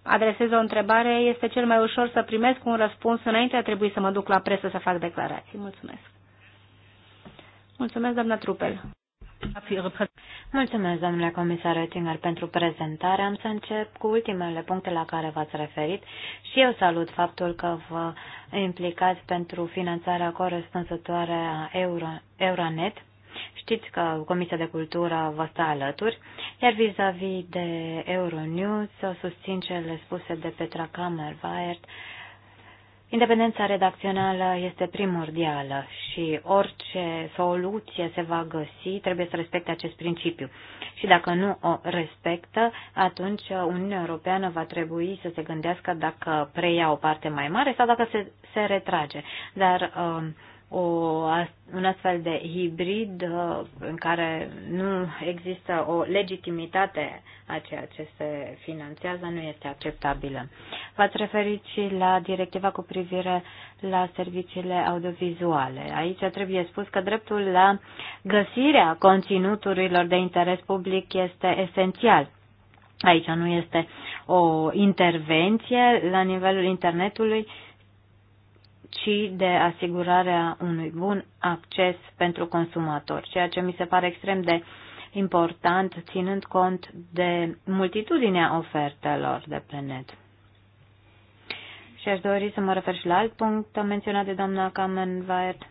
adresez o întrebare, este cel mai ușor să primesc un răspuns înainte a trebui să mă duc la presă să fac declarații. Mulțumesc. Mulțumesc, doamna Trupel. Mulțumesc, domnule comisar Oettinger, pentru prezentare. Am să încep cu ultimele puncte la care v-ați referit și eu salut faptul că vă implicați pentru finanțarea corespunzătoare a Euro, Euronet Știți că Comisia de Cultură vă stă alături, iar vis-a-vis -vis de Euronews susțin cele spuse de Petra Kammerweiert. Independența redacțională este primordială și orice soluție se va găsi trebuie să respecte acest principiu. Și dacă nu o respectă, atunci Uniunea Europeană va trebui să se gândească dacă preia o parte mai mare sau dacă se, se retrage. Dar uh, o, un astfel de hibrid uh, în care nu există o legitimitate a ceea ce se finanțează nu este acceptabilă. V-ați referit și la directiva cu privire la serviciile audiovizuale. Aici trebuie spus că dreptul la găsirea conținuturilor de interes public este esențial. Aici nu este o intervenție la nivelul internetului, ci de asigurarea unui bun acces pentru consumator, ceea ce mi se pare extrem de important, ținând cont de multitudinea ofertelor de pe net. Și aș dori să mă refer și la alt punct menționat de doamna Kamenvaert.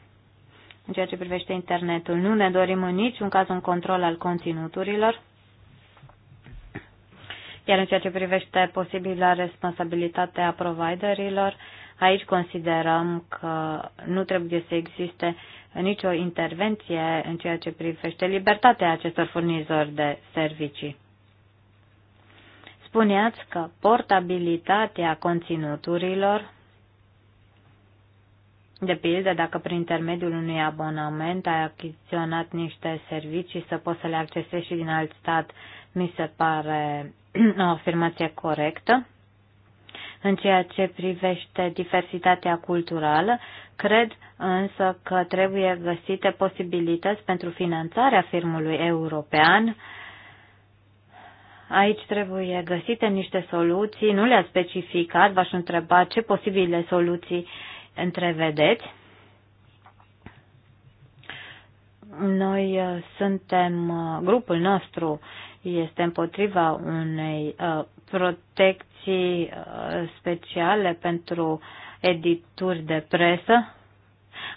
În ceea ce privește internetul, nu ne dorim în niciun caz un control al conținuturilor, iar în ceea ce privește posibilă responsabilitatea providerilor, uh, Aici considerăm că nu trebuie să existe nicio intervenție în ceea ce privește libertatea acestor furnizori de servicii. Spuneați că portabilitatea conținuturilor, de pildă dacă prin intermediul unui abonament ai achiziționat niște servicii să poți să le accesezi și din alt stat, mi se pare [clears throat] o afirmație corectă. În ceea ce privește diversitatea culturală, cred însă că trebuie găsite posibilități pentru finanțarea filmului european. Aici trebuie găsite niște soluții, nu le-a specificat, v-aș întreba ce posibile soluții întrevedeți. Noi uh, suntem, uh, grupul nostru este împotriva unei uh, protecții uh, speciale pentru edituri de presă,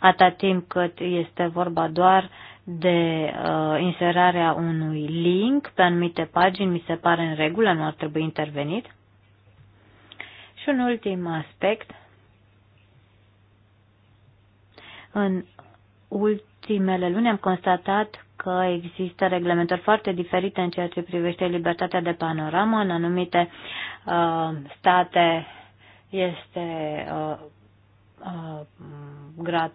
atât timp cât este vorba doar de uh, inserarea unui link pe anumite pagini, mi se pare în regulă, nu ar trebui intervenit. Și un ultim aspect. În ultimele luni am constatat că există reglementări foarte diferite în ceea ce privește libertatea de panoramă. În anumite uh, state este uh, uh, grat,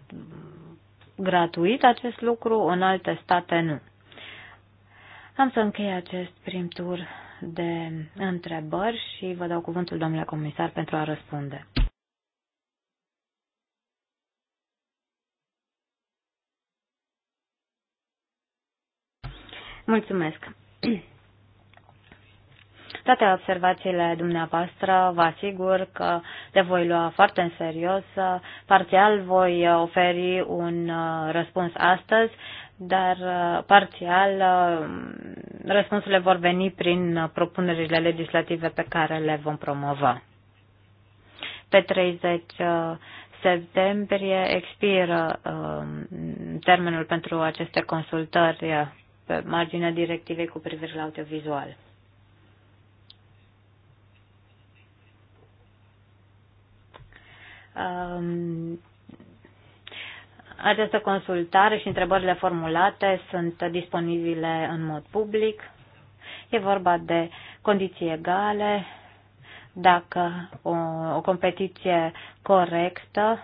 gratuit acest lucru, în alte state nu. Am să închei acest prim tur de întrebări și vă dau cuvântul, domnule comisar, pentru a răspunde. Mulțumesc! [clears throat] Toate observațiile dumneavoastră vă asigur că le voi lua foarte în serios. Parțial voi oferi un uh, răspuns astăzi, dar uh, parțial uh, răspunsurile vor veni prin propunerile legislative pe care le vom promova. Pe 30 septembrie expiră termenul pentru aceste consultări pe marginea directivei cu privire la audiovizual. Um, această consultare și întrebările formulate sunt disponibile în mod public. E vorba de condiții egale, dacă o, o competiție corectă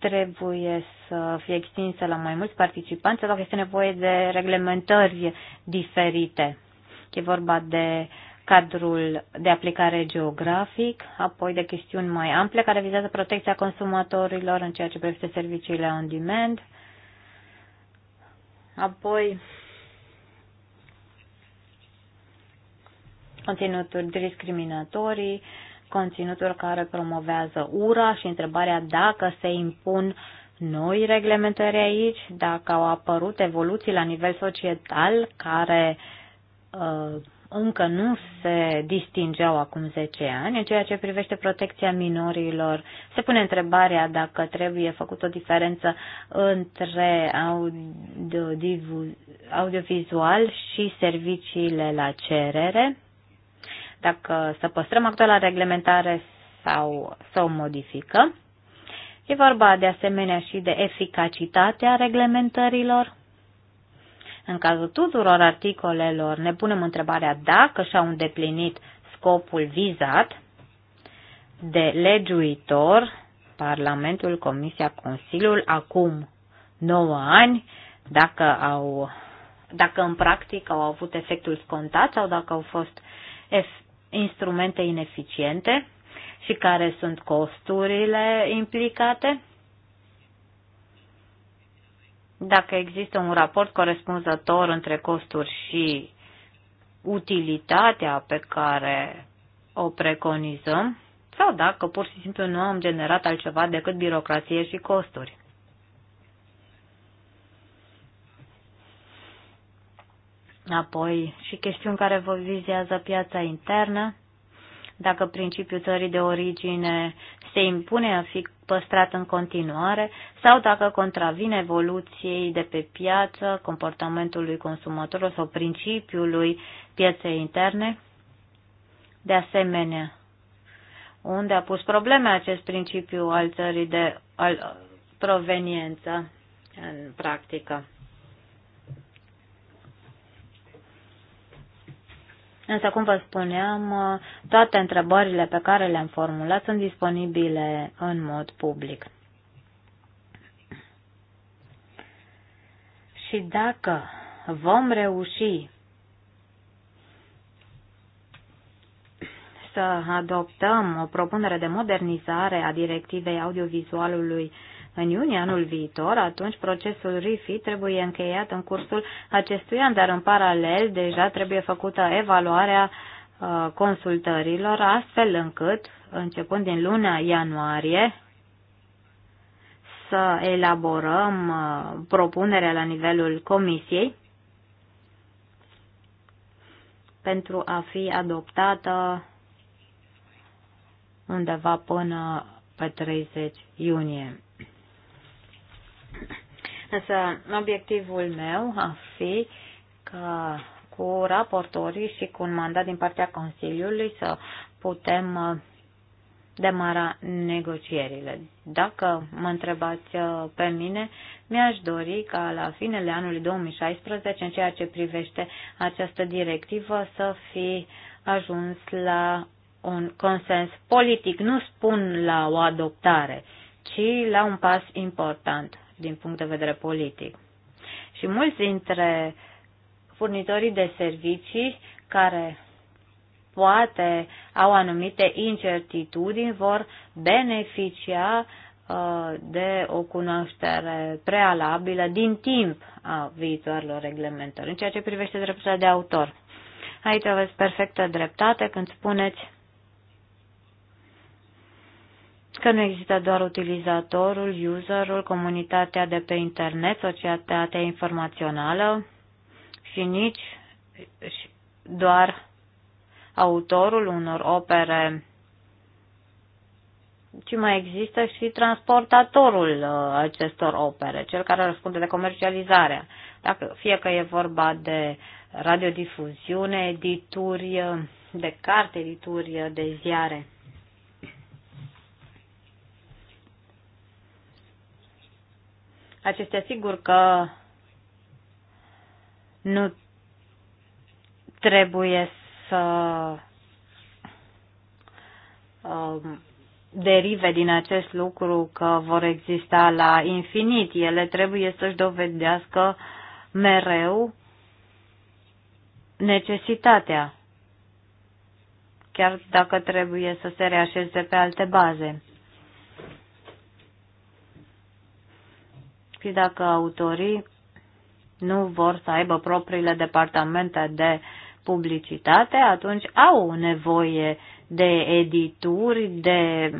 trebuie să fie extinsă la mai mulți participanți sau dacă este nevoie de reglementări diferite. E vorba de cadrul de aplicare geografic, apoi de chestiuni mai ample care vizează protecția consumatorilor în ceea ce privește serviciile on demand, apoi conținuturi discriminatorii, conținuturi care promovează ura și întrebarea dacă se impun noi reglementări aici, dacă au apărut evoluții la nivel societal care uh, încă nu se distingeau acum 10 ani. În ceea ce privește protecția minorilor, se pune întrebarea dacă trebuie făcut o diferență între audio, audiovizual și serviciile la cerere dacă să păstrăm actuala reglementare sau să o modificăm. E vorba de asemenea și de eficacitatea reglementărilor. În cazul tuturor articolelor ne punem întrebarea dacă și-au îndeplinit scopul vizat de legiuitor, Parlamentul, Comisia, Consiliul, acum 9 ani, dacă au dacă în practic au avut efectul scontat sau dacă au fost ef instrumente ineficiente și care sunt costurile implicate. Dacă există un raport corespunzător între costuri și utilitatea pe care o preconizăm, sau dacă pur și simplu nu am generat altceva decât birocrație și costuri. Apoi și chestiuni care vă vizează piața internă, dacă principiul țării de origine se impune a fi păstrat în continuare sau dacă contravine evoluției de pe piață, comportamentului consumatorilor sau principiului pieței interne. De asemenea, unde a pus probleme acest principiu al țării de al, proveniență în practică. Însă, cum vă spuneam, toate întrebările pe care le-am formulat sunt disponibile în mod public. Și dacă vom reuși să adoptăm o propunere de modernizare a directivei audiovizualului în iunie anul viitor, atunci procesul RIFI trebuie încheiat în cursul acestui an, dar în paralel deja trebuie făcută evaluarea uh, consultărilor, astfel încât, începând din luna ianuarie, să elaborăm uh, propunerea la nivelul comisiei pentru a fi adoptată undeva până pe 30 iunie. Însă obiectivul meu a fi ca cu raportorii și cu un mandat din partea Consiliului să putem uh, demara negocierile. Dacă mă întrebați uh, pe mine, mi-aș dori ca la finele anului 2016, în ceea ce privește această directivă, să fi ajuns la un consens politic. Nu spun la o adoptare, ci la un pas important din punct de vedere politic. Și mulți dintre furnitorii de servicii care poate au anumite incertitudini vor beneficia uh, de o cunoaștere prealabilă din timp a viitoarelor reglementări. În ceea ce privește dreptul de autor, aici aveți perfectă dreptate când spuneți că nu există doar utilizatorul, userul, comunitatea de pe internet, societatea informațională și nici doar autorul unor opere, ci mai există și transportatorul uh, acestor opere, cel care răspunde de comercializare. Dacă, fie că e vorba de radiodifuziune, edituri uh, de carte, edituri uh, de ziare. acestea sigur că nu trebuie să um, derive din acest lucru că vor exista la infinit. Ele trebuie să-și dovedească mereu necesitatea, chiar dacă trebuie să se reașeze pe alte baze. și dacă autorii nu vor să aibă propriile departamente de publicitate, atunci au nevoie de edituri, de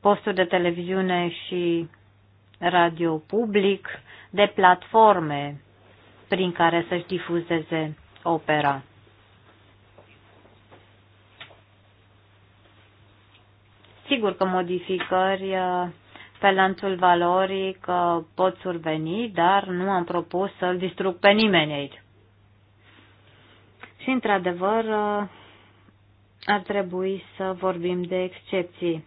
posturi de televiziune și radio public, de platforme prin care să-și difuzeze opera. Sigur că modificări uh, pe lanțul că pot surveni, dar nu am propus să-l distrug pe nimeni aici. Și, într-adevăr, ar trebui să vorbim de excepții.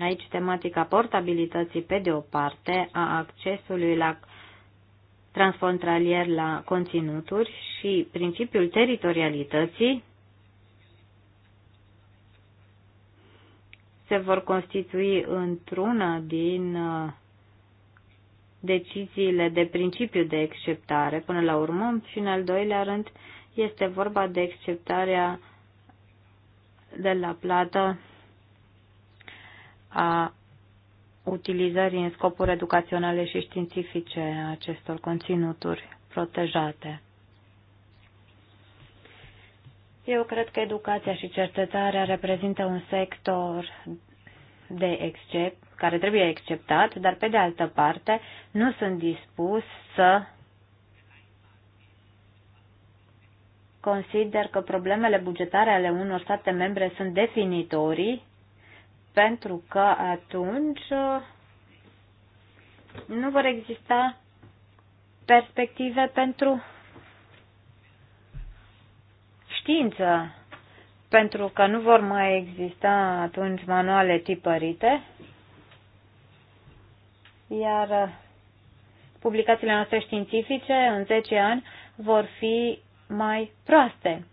Aici tematica portabilității pe de o parte a accesului la transfrontalier la conținuturi și principiul teritorialității se vor constitui într-una din uh, deciziile de principiu de acceptare până la urmă și în al doilea rând este vorba de acceptarea de la plată a utilizării în scopuri educaționale și științifice a acestor conținuturi protejate. Eu cred că educația și cercetarea reprezintă un sector de excep, care trebuie acceptat, dar pe de altă parte nu sunt dispus să consider că problemele bugetare ale unor state membre sunt definitorii, pentru că atunci uh, nu vor exista perspective pentru știință, pentru că nu vor mai exista atunci manuale tipărite, iar publicațiile noastre științifice în 10 ani vor fi mai proaste.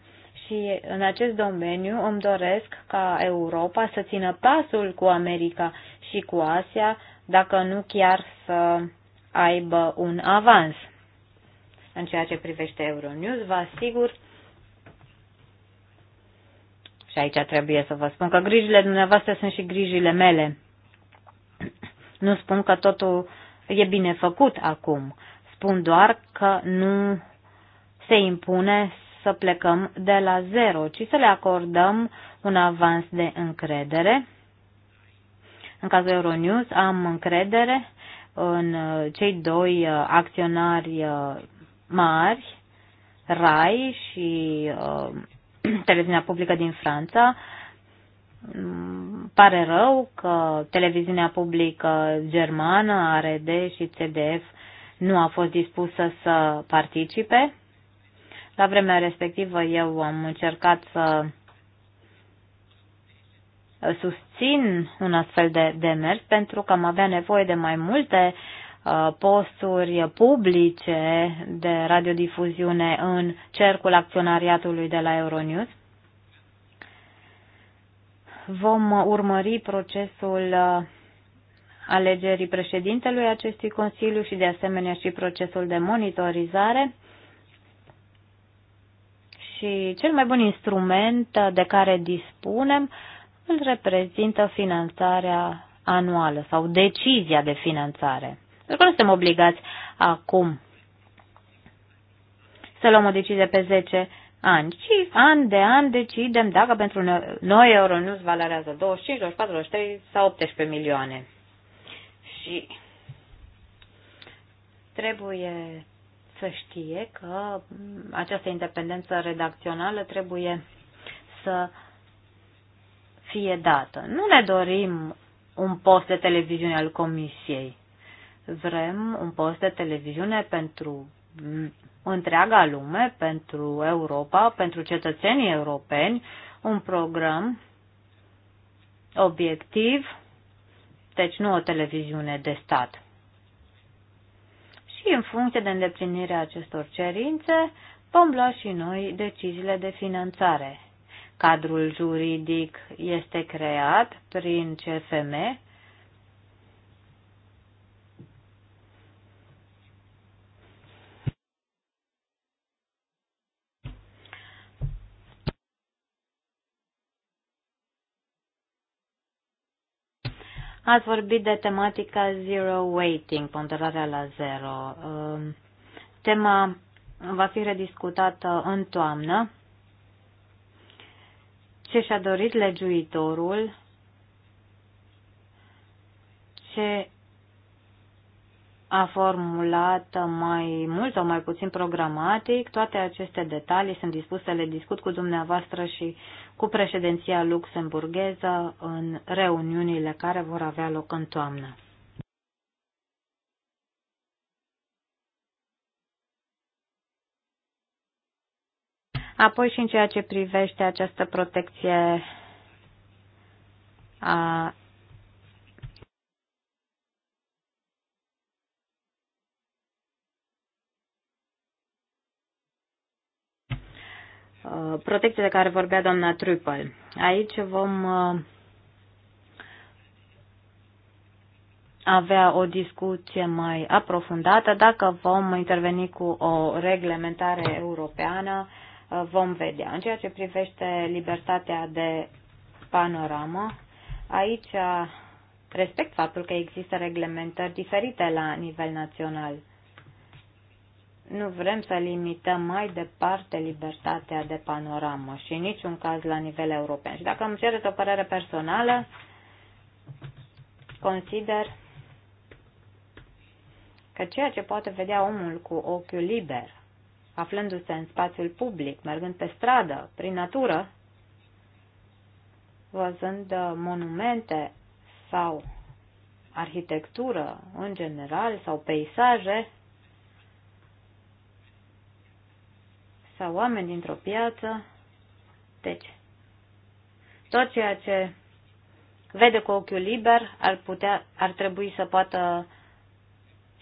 Și în acest domeniu îmi doresc ca Europa să țină pasul cu America și cu Asia, dacă nu chiar să aibă un avans. În ceea ce privește Euronews, vă asigur și aici trebuie să vă spun că grijile dumneavoastră sunt și grijile mele. Nu spun că totul e bine făcut acum. Spun doar că nu se impune să plecăm de la zero, ci să le acordăm un avans de încredere. În cazul Euronews am încredere în cei doi uh, acționari uh, mari, RAI și uh, [clears throat] televiziunea publică din Franța. Mm, pare rău că televiziunea publică germană, ARD și CDF nu a fost dispusă să participe. La vremea respectivă eu am încercat să susțin un astfel de demers pentru că am avea nevoie de mai multe uh, Uh, posturi publice de radiodifuziune în cercul acționariatului de la Euronews. Vom urmări procesul uh, alegerii președintelui acestui Consiliu și de asemenea și procesul de monitorizare. Și cel mai bun instrument uh, de care dispunem îl reprezintă finanțarea anuală sau decizia de finanțare. Pentru că nu suntem obligați acum să luăm o decizie pe 10 ani, ci an de an decidem dacă pentru noi se valorează 25, 24, 23 sau 18 milioane. Și trebuie să știe că această independență redacțională trebuie să fie dată. Nu ne dorim un post de televiziune al Comisiei. Vrem un post de televiziune pentru întreaga lume, pentru Europa, pentru cetățenii europeni, un program obiectiv, deci nu o televiziune de stat. Și în funcție de îndeplinirea acestor cerințe, vom lua și noi deciziile de finanțare. Cadrul juridic este creat prin CFM Ați vorbit de tematica zero waiting, ponderarea la zero. Um, tema va fi rediscutată în toamnă. Ce și-a dorit legiuitorul? Ce a formulat mai mult sau mai puțin programatic. Toate aceste detalii sunt dispuse, să le discut cu dumneavoastră și cu președinția luxemburgheză în reuniunile care vor avea loc în toamnă. Apoi și în ceea ce privește această protecție a Uh, protecție de care vorbea doamna Trupel. Aici vom uh, avea o discuție mai aprofundată. Dacă vom interveni cu o reglementare europeană, uh, vom vedea. În ceea ce privește libertatea de panoramă, aici respect faptul că există reglementări diferite la nivel național nu vrem să limităm mai departe libertatea de panoramă și în niciun caz la nivel european. Și dacă îmi cereți o părere personală, consider că ceea ce poate vedea omul cu ochiul liber, aflându-se în spațiul public, mergând pe stradă, prin natură, văzând uh, monumente sau arhitectură în general sau peisaje, sau oameni dintr-o piață. Deci, tot ceea ce vede cu ochiul liber ar, putea, ar trebui să poată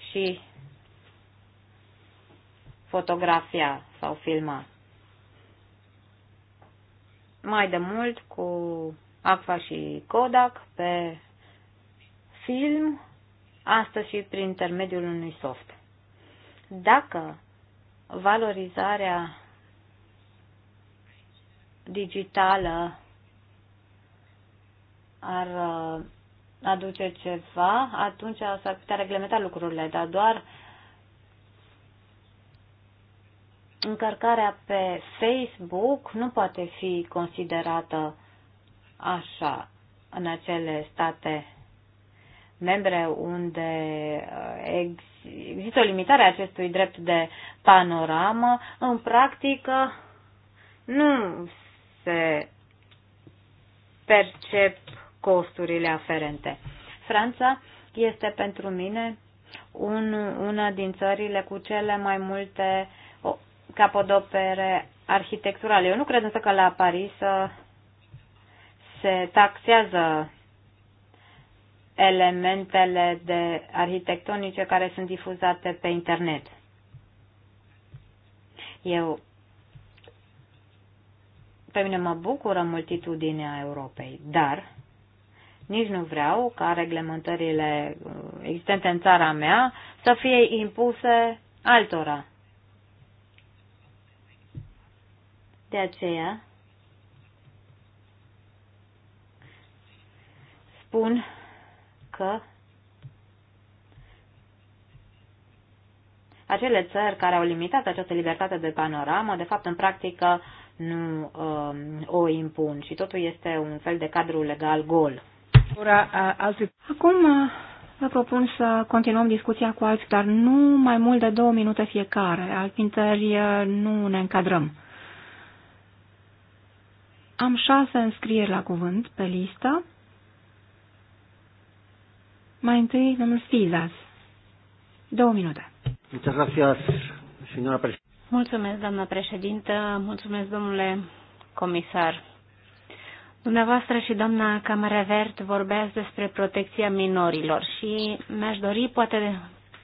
și fotografia sau filma. Mai de mult cu Acfa și Kodak pe film, asta și prin intermediul unui soft. Dacă valorizarea digitală ar uh, aduce ceva, atunci s-ar putea reglementa lucrurile, dar doar încărcarea pe Facebook nu poate fi considerată așa în acele state membre unde uh, există o limitare a acestui drept de panoramă, în practică nu se percep costurile aferente. Franța este pentru mine un, una din țările cu cele mai multe capodopere arhitecturale. Eu nu cred însă că la Paris uh, se taxează elementele de arhitectonice care sunt difuzate pe internet. Eu pe mine mă bucură multitudinea Europei, dar nici nu vreau ca reglementările uh, existente în țara mea să fie impuse altora. De aceea spun că acele țări care au limitat această libertate de panoramă, de fapt, în practică, nu um, o impun și totul este un fel de cadru legal gol. Acum uh, vă propun să continuăm discuția cu alții, dar nu mai mult de două minute fiecare, Altfintări uh, nu ne încadrăm. Am șase înscrieri la cuvânt pe listă. Mai întâi, domnul Fizas. Două minute. Mulțumesc, gracias, președinte. Mulțumesc, doamnă președintă, mulțumesc, domnule comisar. Dumneavoastră și doamna Vert vorbeați despre protecția minorilor și mi-aș dori, poate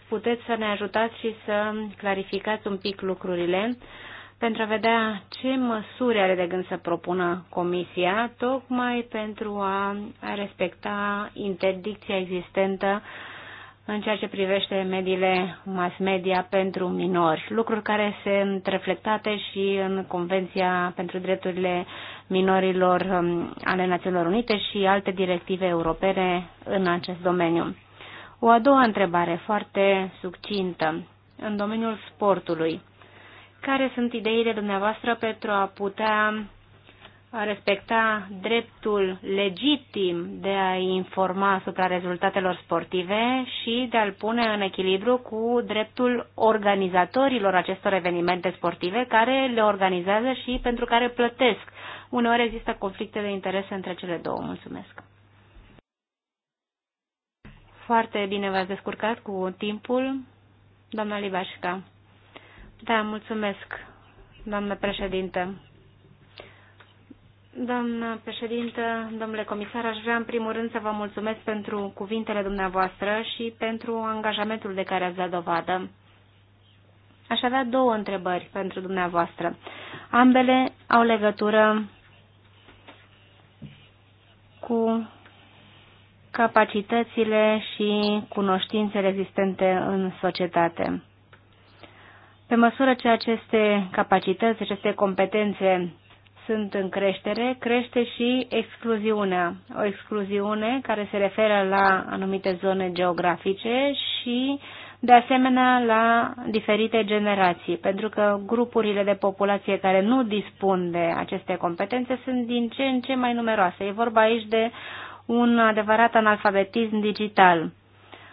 puteți să ne ajutați și să clarificați un pic lucrurile pentru a vedea ce măsuri are de gând să propună Comisia, tocmai pentru a respecta interdicția existentă uh, în ceea ce privește mediile mass media pentru minori, lucruri care sunt reflectate și în Convenția pentru Drepturile Minorilor um, ale Națiunilor Unite și alte directive europene în acest domeniu. O a doua întrebare foarte succintă, în domeniul sportului. Care sunt ideile dumneavoastră pentru a putea a respecta dreptul legitim de a informa asupra rezultatelor sportive și de a-l pune în echilibru cu dreptul organizatorilor acestor evenimente sportive care le organizează și pentru care plătesc. Uneori există conflicte de interese între cele două. Mulțumesc! Foarte bine v-ați descurcat cu timpul, doamna Libașca. Da, mulțumesc, doamnă președintă. Doamnă președintă, domnule comisar, aș vrea în primul rând să vă mulțumesc pentru cuvintele dumneavoastră și pentru angajamentul de care ați dat dovadă. Aș avea două întrebări pentru dumneavoastră. Ambele au legătură cu capacitățile și cunoștințele existente în societate. Pe măsură ce aceste capacități, aceste competențe sunt în creștere, crește și excluziunea. O excluziune care se referă la anumite zone geografice și, de asemenea, la diferite generații, pentru că grupurile de populație care nu dispun de aceste competențe sunt din ce în ce mai numeroase. E vorba aici de un adevărat analfabetism digital.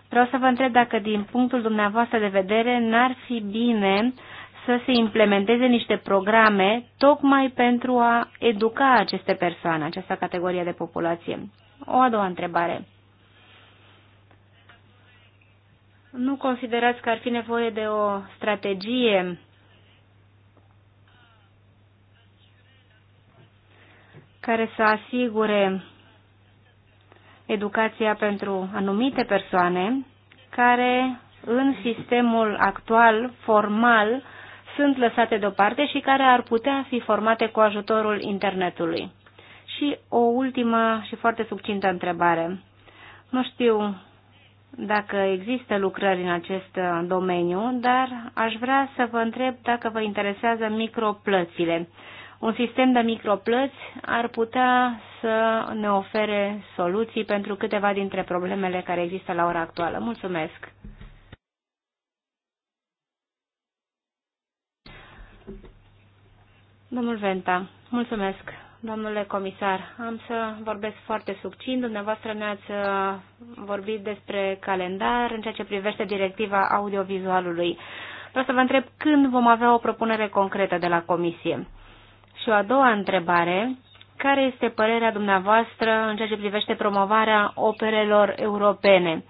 Vreau să vă întreb dacă, din punctul dumneavoastră de vedere, n-ar fi bine uh, să se implementeze niște programe tocmai pentru a educa aceste persoane, această categorie de populație. O a doua întrebare. Nu considerați că ar fi nevoie de o strategie care să asigure educația pentru anumite persoane care în sistemul actual formal sunt lăsate deoparte și care ar putea fi formate cu ajutorul internetului. Și o ultimă și foarte succintă întrebare. Nu știu dacă există lucrări în acest uh, domeniu, dar aș vrea să vă întreb dacă vă interesează microplățile. Un sistem de microplăți ar putea să ne ofere soluții pentru câteva dintre problemele care există la ora actuală. Mulțumesc! Domnul Venta, mulțumesc. Domnule comisar, am să vorbesc foarte subțin. Dumneavoastră ne-ați uh, vorbit despre calendar în ceea ce privește directiva audiovizualului. Vreau să vă întreb când vom avea o propunere concretă de la comisie. Și o a doua întrebare, care este părerea dumneavoastră în ceea ce privește promovarea operelor europene?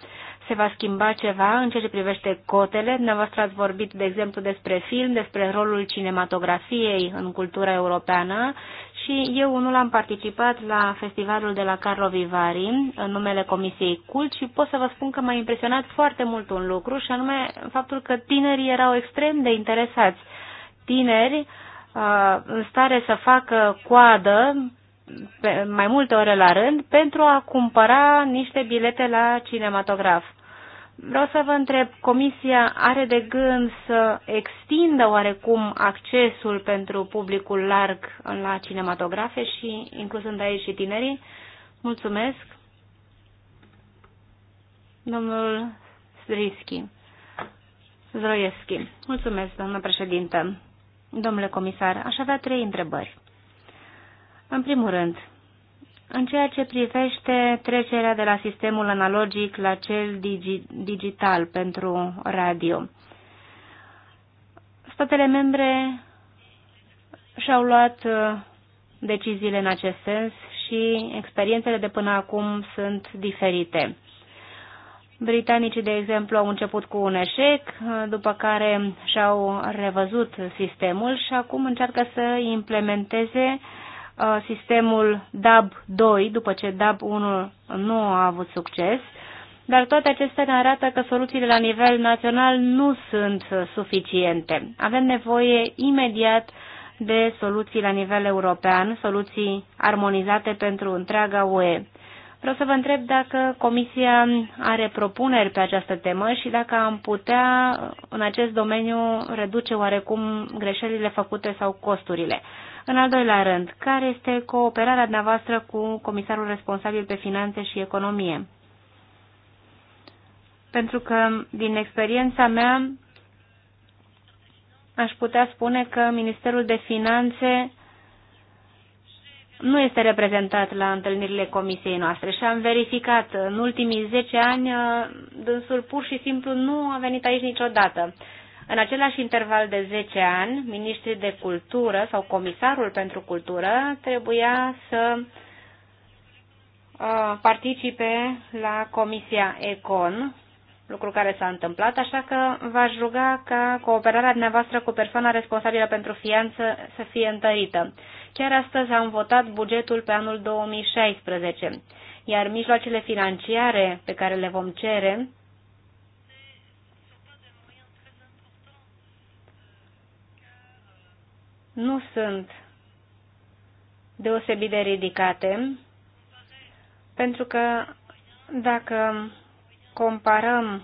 se va schimba ceva în ceea ce privește cotele. Dumneavoastră ați vorbit, de exemplu, despre film, despre rolul cinematografiei în cultura europeană și eu unul am participat la festivalul de la Carlo Vivari în numele Comisiei Cult și pot să vă spun că m-a impresionat foarte mult un lucru și anume faptul că tinerii erau extrem de interesați. Tineri uh, în stare să facă coadă pe, mai multe ore la rând pentru a cumpăra niște bilete la cinematograf. Vreau să vă întreb, Comisia are de gând să extindă oarecum accesul pentru publicul larg la cinematografe și inclusând aici și tinerii? Mulțumesc. Domnul Zrischi. Zroieschi. Mulțumesc, doamnă președintă. Domnule comisar, aș avea trei întrebări. În primul rând, în ceea ce privește trecerea de la sistemul analogic la cel digi digital pentru radio, statele membre și-au luat uh, deciziile în acest sens și experiențele de până acum sunt diferite. Britanicii, de exemplu, au început cu un eșec, uh, după care și-au revăzut sistemul și acum încearcă să implementeze uh, Uh, sistemul DAB 2, după ce DAB 1 nu a avut succes, dar toate acestea ne arată că soluțiile la nivel național nu sunt suficiente. Avem nevoie imediat de soluții la nivel european, soluții armonizate pentru întreaga UE. Vreau să vă întreb dacă Comisia are propuneri pe această temă și dacă am putea în acest domeniu reduce oarecum greșelile făcute sau costurile. În al doilea rând, care este cooperarea dumneavoastră cu comisarul responsabil pe finanțe și economie? Pentru că, din experiența mea, aș putea spune că Ministerul de Finanțe nu este reprezentat la întâlnirile comisiei noastre și am verificat în ultimii 10 ani, dânsul pur și simplu nu a venit aici niciodată. În același interval de 10 ani, ministrii de cultură sau comisarul pentru cultură trebuia să uh, participe la Comisia Econ, lucru care s-a întâmplat, așa că v-aș ruga ca cooperarea dumneavoastră cu persoana responsabilă pentru fianță să fie întărită. Chiar astăzi am votat bugetul pe anul 2016, iar mijloacele financiare pe care le vom cere nu sunt deosebit de ridicate, pentru că dacă comparăm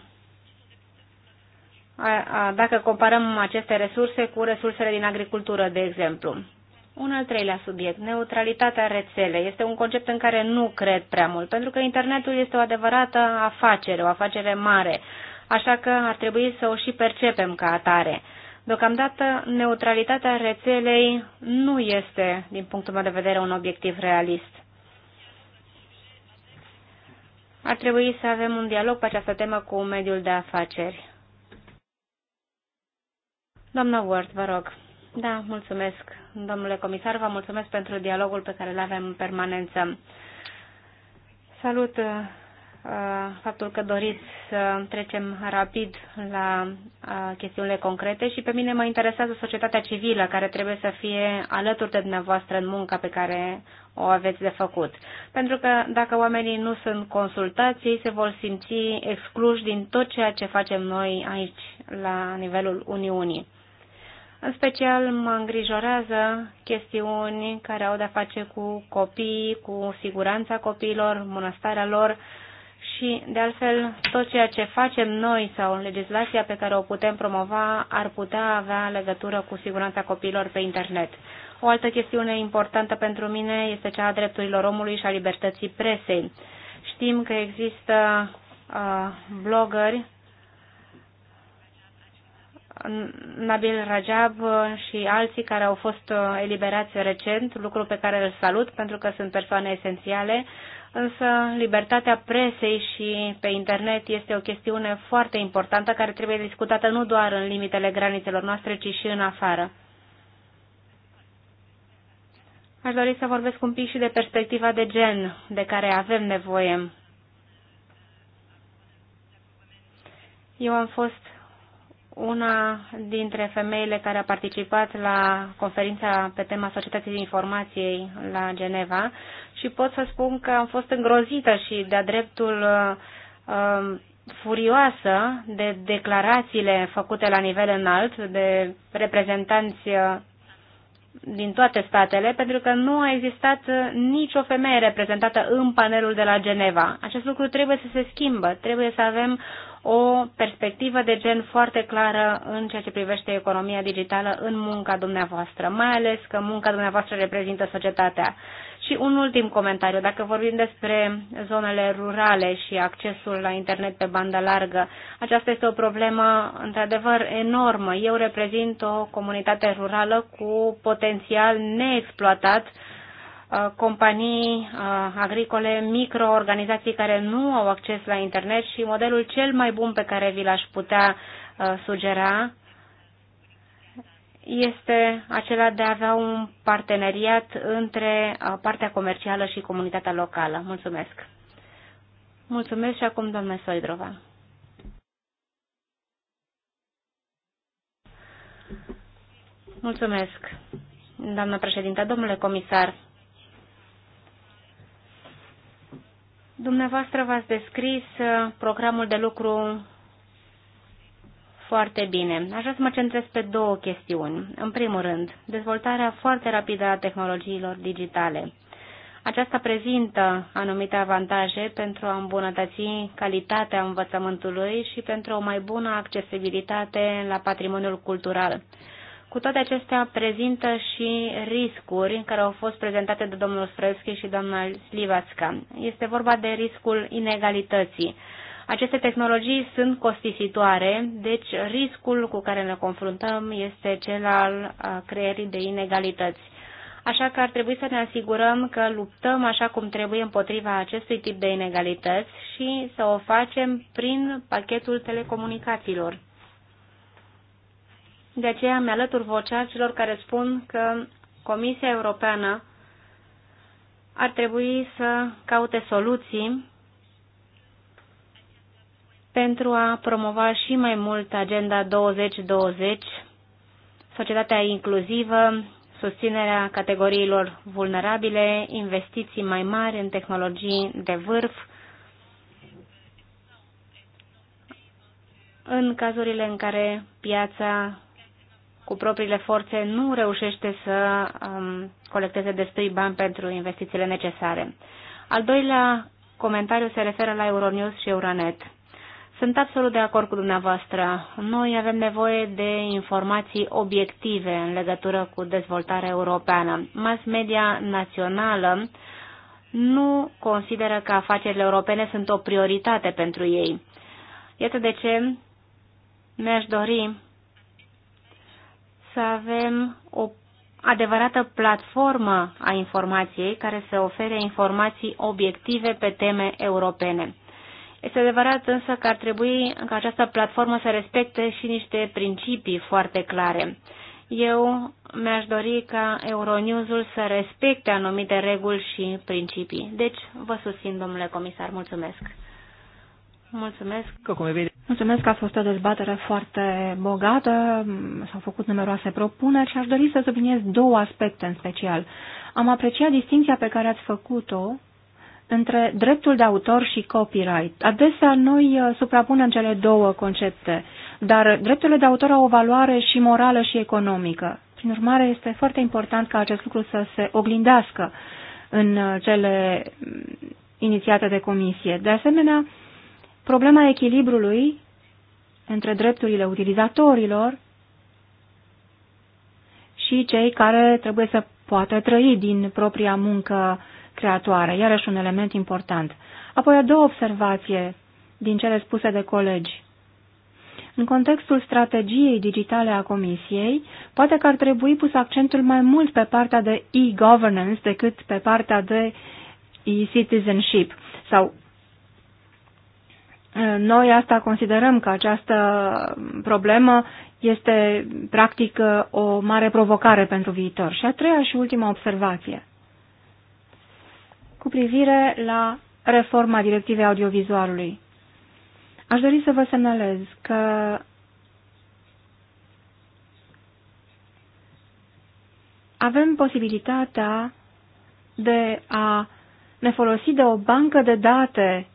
a, a, dacă comparăm aceste resurse cu resursele din agricultură, de exemplu. Un al treilea subiect, neutralitatea rețelei, este un concept în care nu cred prea mult, pentru că internetul este o adevărată afacere, o afacere mare, așa că ar trebui să o și percepem ca atare. Deocamdată, neutralitatea rețelei nu este, din punctul meu de vedere, un obiectiv realist. Ar trebui să avem un dialog pe această temă cu mediul de afaceri. Doamna Ward, vă rog. Da, mulțumesc, domnule comisar, vă mulțumesc pentru dialogul pe care îl avem în permanență. Salut Uh, faptul că doriți să trecem rapid la uh, chestiunile concrete și pe mine mă interesează societatea civilă care trebuie să fie alături de dumneavoastră în munca pe care o aveți de făcut. Pentru că dacă oamenii nu sunt consultați, ei se vor simți excluși din tot ceea ce facem noi aici la nivelul Uniunii. În special mă îngrijorează chestiuni care au de-a face cu copii, cu siguranța copiilor, bunăstarea lor, uh, și, de altfel, tot ceea ce facem noi sau în legislația pe care o putem promova ar putea avea legătură cu siguranța copiilor pe internet. O altă chestiune importantă pentru mine este cea a drepturilor omului și a libertății presei. Știm că există uh, blogări, Nabil Rajab și alții care au fost uh, eliberați recent, lucru pe care îl salut pentru că sunt persoane esențiale, Însă libertatea presei și pe internet este o chestiune foarte importantă care trebuie discutată nu doar în limitele granițelor noastre, ci și în afară. Aș dori să vorbesc un pic și de perspectiva de gen de care avem nevoie. Eu am fost una dintre femeile care a participat la conferința pe tema societății informației la Geneva și pot să spun că am fost îngrozită și de-a dreptul uh, um, furioasă de declarațiile făcute la nivel înalt de reprezentanți uh, din toate statele, pentru că nu a existat uh, nicio femeie reprezentată în panelul de la Geneva. Acest lucru trebuie să se schimbă, trebuie să avem o perspectivă de gen foarte clară în ceea ce privește economia digitală în munca dumneavoastră, mai ales că munca dumneavoastră reprezintă societatea. Și un ultim comentariu, dacă vorbim despre zonele rurale și accesul la internet pe bandă largă, aceasta este o problemă într-adevăr enormă. Eu reprezint o comunitate rurală cu potențial neexploatat Uh, companii uh, agricole, microorganizații care nu au acces la internet și modelul cel mai bun pe care vi l-aș putea uh, sugera este acela de a avea un parteneriat între partea comercială și comunitatea locală. Mulțumesc! Mulțumesc și acum, doamne Soidrova. Mulțumesc, doamnă președinte, domnule comisar. Dumneavoastră v-ați descris uh, programul de lucru foarte bine. Aș vrea să mă centrez pe două chestiuni. În primul rând, dezvoltarea foarte rapidă a tehnologiilor digitale. Aceasta prezintă anumite avantaje pentru a îmbunătăți calitatea învățământului și pentru o mai bună accesibilitate la patrimoniul cultural. Cu toate acestea prezintă și riscuri care au fost prezentate de domnul Sfreschi și doamna Slivațca. Este vorba de riscul inegalității. Aceste tehnologii sunt costisitoare, deci riscul cu care ne confruntăm este cel al creierii de inegalități. Așa că ar trebui să ne asigurăm că luptăm așa cum trebuie împotriva acestui tip de inegalități și să o facem prin pachetul telecomunicațiilor. De aceea mi-alătur vocea celor care spun că Comisia Europeană ar trebui să caute soluții pentru a promova și mai mult Agenda 2020, societatea inclusivă, susținerea categoriilor vulnerabile, investiții mai mari în tehnologii de vârf, în cazurile în care piața cu propriile forțe nu reușește să um, colecteze destui bani pentru investițiile necesare. Al doilea comentariu se referă la Euronews și Euronet. Sunt absolut de acord cu dumneavoastră. Noi avem nevoie de informații obiective în legătură cu dezvoltarea europeană. Mass media națională nu consideră că afacerile europene sunt o prioritate pentru ei. Iată de ce mi-aș dori să avem o adevărată platformă a informației care să ofere informații obiective pe teme europene. Este adevărat însă că ar trebui ca această platformă să respecte și niște principii foarte clare. Eu mi-aș dori ca Euronews-ul să respecte anumite reguli și principii. Deci, vă susțin, domnule comisar, mulțumesc. Mulțumesc. Că, cum vede... Mulțumesc că a fost o dezbatere foarte bogată, s-au făcut numeroase propuneri și aș dori să subliniez două aspecte în special. Am apreciat distinția pe care ați făcut-o între dreptul de autor și copyright. Adesea noi uh, suprapunem cele două concepte, dar drepturile de autor au o valoare și morală și economică. Prin urmare, este foarte important ca acest lucru să se oglindească în uh, cele mm, inițiate de comisie. De asemenea, problema echilibrului între drepturile utilizatorilor și cei care trebuie să poată trăi din propria muncă creatoare, iarăși un element important. Apoi a doua observație din cele spuse de colegi. În contextul strategiei digitale a Comisiei, poate că ar trebui pus accentul mai mult pe partea de e-governance decât pe partea de e-citizenship sau noi asta considerăm că această problemă este practic o mare provocare pentru viitor. Și a treia și ultima observație cu privire la reforma directivei audiovizualului. Aș dori să vă semnalez că avem posibilitatea de a ne folosi de o bancă de date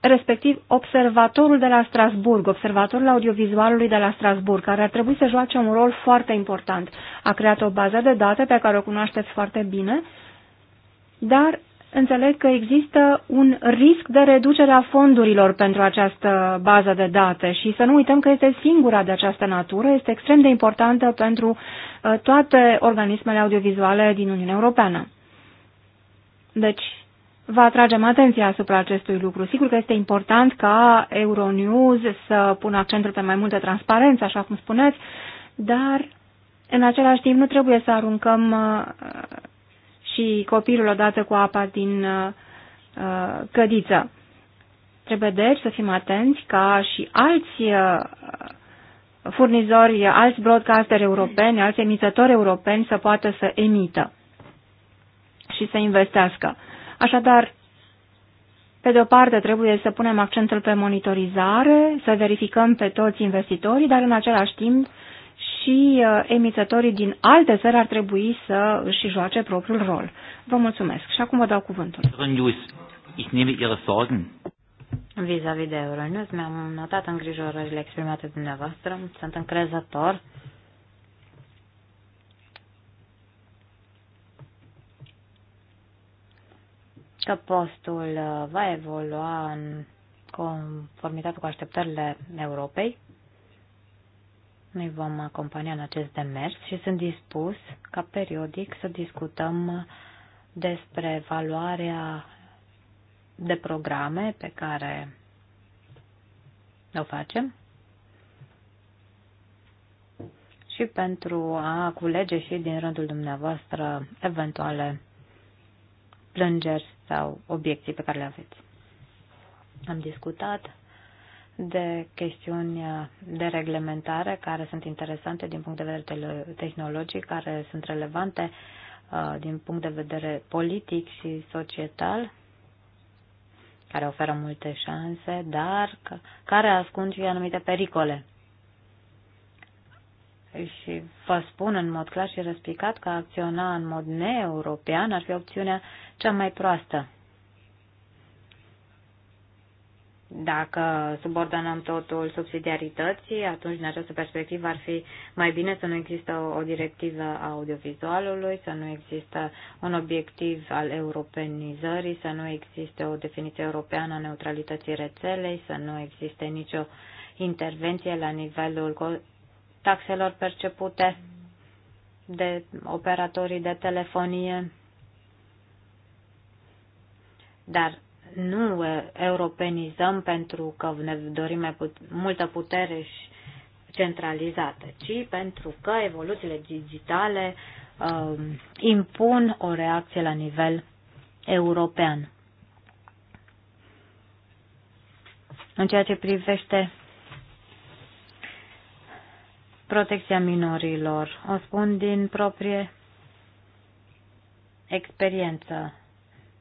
respectiv observatorul de la Strasburg, observatorul audiovizualului de la Strasburg, care ar trebui să joace un rol foarte important. A creat o bază de date pe care o cunoașteți foarte bine, dar înțeleg că există un risc de reducere a fondurilor pentru această bază de date și să nu uităm că este singura de această natură, este extrem de importantă pentru uh, toate organismele audiovizuale din Uniunea Europeană. Deci, Vă atragem atenția asupra acestui lucru. Sigur că este important ca Euronews să pună accentul pe mai multă transparență, așa cum spuneți, dar în același timp nu trebuie să aruncăm uh, și copilul odată cu apa din uh, uh, cădiță. Trebuie deci să fim atenți ca și alți furnizori, alți broadcasteri europeni, alți emițători europeni să poată să emită și să investească. Așadar, pe de o parte trebuie să punem accentul pe monitorizare, să verificăm pe toți investitorii, dar în același timp și uh, emițătorii din alte țări ar trebui să își joace propriul rol. Vă mulțumesc și acum vă dau cuvântul. Vis-a-vis -vis de Euronews, mi-am notat îngrijorările exprimate dumneavoastră. Sunt încrezător că postul uh, va evolua în conformitate cu așteptările Europei. Noi vom acompania în acest demers și sunt dispus ca periodic să discutăm despre valoarea de programe pe care o facem și pentru a culege și din rândul dumneavoastră eventuale plângeri sau obiecții pe care le aveți. Am discutat de chestiuni de reglementare care sunt interesante din punct de vedere tehnologic, care sunt relevante uh, din punct de vedere politic și societal, care oferă multe șanse, dar care ascund și anumite pericole și vă spun în mod clar și răspicat că acționa în mod neeuropean ar fi opțiunea cea mai proastă. Dacă subordonăm totul subsidiarității, atunci în această perspectivă ar fi mai bine să nu există o directivă a audiovizualului, să nu există un obiectiv al europenizării, să nu existe o definiție europeană a neutralității rețelei, să nu existe nicio intervenție la nivelul taxelor percepute de operatorii de telefonie, dar nu europenizăm pentru că ne dorim mai put- multă putere și centralizată, ci pentru că evoluțiile digitale uh, impun o reacție la nivel european. În ceea ce privește protecția minorilor. O spun din proprie experiență.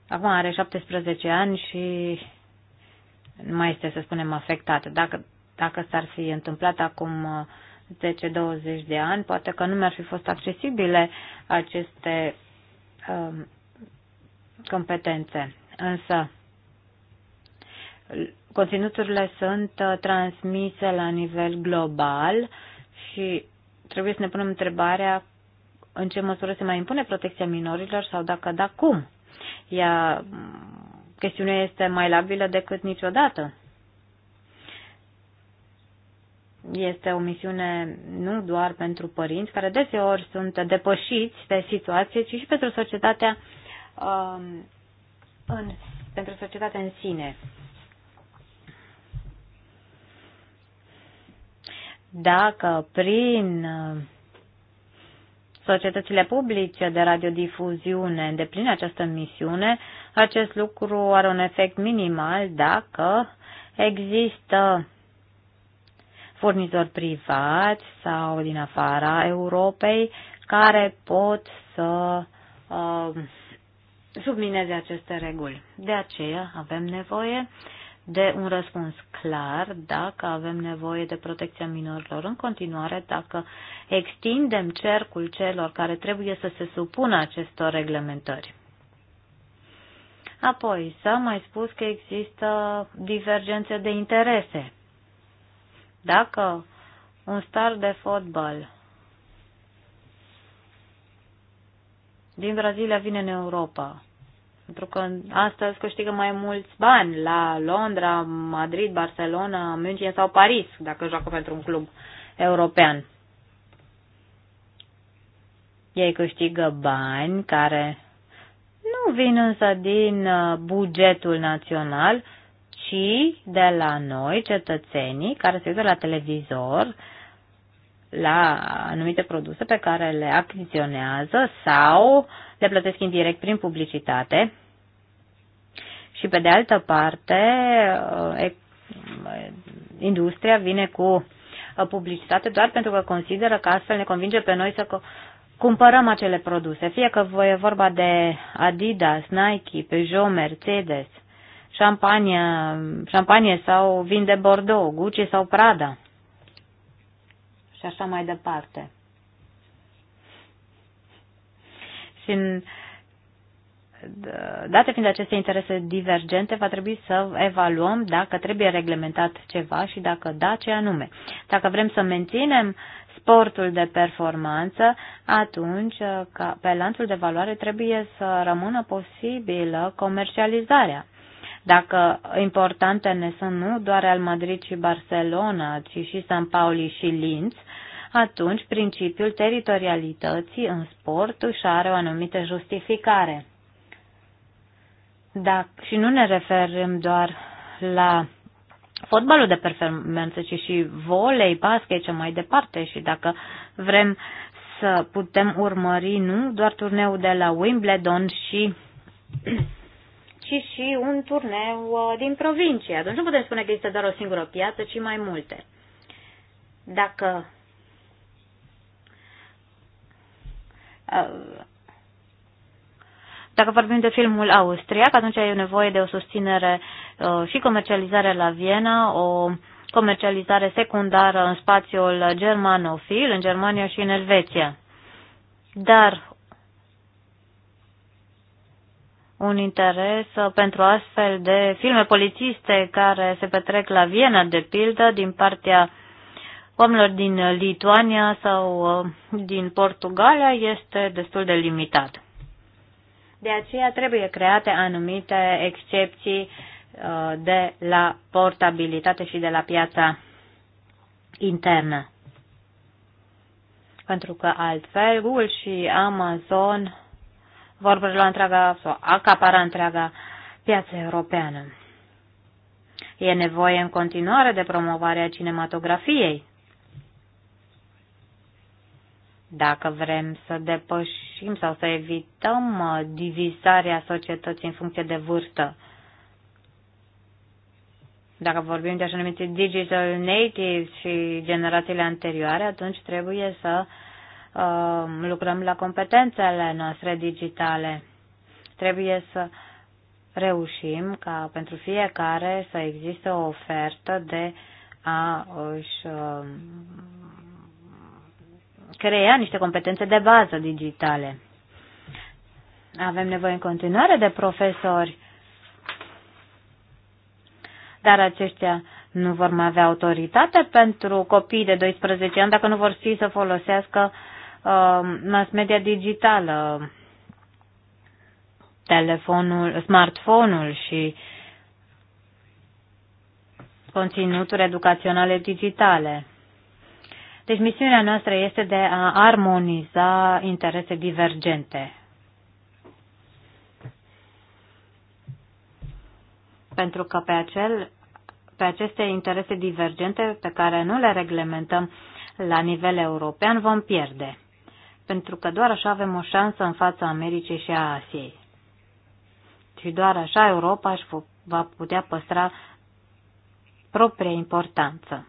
Acum are 17 ani și nu mai este, să spunem, afectată. Dacă, dacă s-ar fi întâmplat acum 10-20 uh, de ani, poate că nu mi-ar fi fost accesibile aceste um, competențe. Însă, conținuturile sunt uh, transmise la nivel global și trebuie să ne punem întrebarea în ce măsură se mai impune protecția minorilor sau dacă da, cum? Ea, chestiunea este mai labilă decât niciodată. Este o misiune nu doar pentru părinți, care deseori sunt depășiți de situație, ci și pentru societatea, um, în, pentru societatea în sine. dacă prin uh, societățile publice de radiodifuziune îndepline această misiune, acest lucru are un efect minimal dacă există furnizori privați sau din afara Europei care pot să uh, submineze aceste reguli. De aceea avem nevoie de un răspuns clar dacă avem nevoie de protecția minorilor în continuare, dacă extindem cercul celor care trebuie să se supună acestor reglementări. Apoi, s-a mai spus că există divergențe de interese. Dacă un star de fotbal din Brazilia vine în Europa pentru că astăzi câștigă mai mulți bani la Londra, Madrid, Barcelona, München sau Paris, dacă joacă pentru un club european. Ei câștigă bani care nu vin însă din uh, bugetul național, ci de la noi, cetățenii, care se uită la televizor, la anumite produse pe care le achiziționează sau le plătesc indirect prin publicitate și pe de altă parte uh, industria vine cu uh, publicitate doar pentru că consideră că astfel ne convinge pe noi să cumpărăm acele produse, fie că e vorba de Adidas, Nike, Peugeot, Mercedes, șampanie, șampanie sau vin de Bordeaux, Gucci sau Prada și așa mai departe. Și în, uh, date fiind aceste interese divergente, va trebui să evaluăm dacă trebuie reglementat ceva și dacă da, ce anume. Dacă vrem să menținem sportul de performanță, atunci uh, ca pe lanțul de valoare trebuie să rămână posibilă comercializarea. Dacă importante ne sunt nu doar Real Madrid și Barcelona, ci și San Pauli și Linz, atunci principiul teritorialității în sport își are o anumită justificare. Da, și nu ne referim doar la fotbalul de performanță, ci și volei, basket ce mai departe. Și dacă vrem să putem urmări nu doar turneul de la Wimbledon, și, [clears throat] ci și un turneu uh, din provincie. Atunci nu putem spune că este doar o singură piață, ci mai multe. Dacă uh, dacă vorbim de filmul austriac, atunci e nevoie de o susținere uh, și comercializare la Viena, o comercializare secundară în spațiul germanofil, în Germania și în Elveția. Dar un interes uh, pentru astfel de filme polițiste care se petrec la Viena, de pildă, din partea oamenilor din Lituania sau uh, din Portugalia este destul de limitat. De aceea trebuie create anumite excepții uh, de la portabilitate și de la piața internă. Pentru că altfel Google și Amazon vor prelua întreaga sau acapara întreaga piață europeană. E nevoie în continuare de promovarea cinematografiei. Dacă vrem să depășim sau să evităm uh, divizarea societății în funcție de vârstă, dacă vorbim de așa numite digital natives și generațiile anterioare, atunci trebuie să uh, lucrăm la competențele noastre digitale. Trebuie să reușim ca pentru fiecare să existe o ofertă de a își uh, crea niște competențe de bază digitale. Avem nevoie în continuare de profesori, dar aceștia nu vor mai avea autoritate pentru copii de 12 ani dacă nu vor ști să folosească uh, mass media digitală, telefonul, smartphone-ul și conținuturi educaționale digitale. Deci misiunea noastră este de a armoniza interese divergente. Pentru că pe, acel, pe aceste interese divergente pe care nu le reglementăm la nivel european vom pierde. Pentru că doar așa avem o șansă în fața Americii și a Asiei. Și doar așa Europa își va putea păstra propria importanță.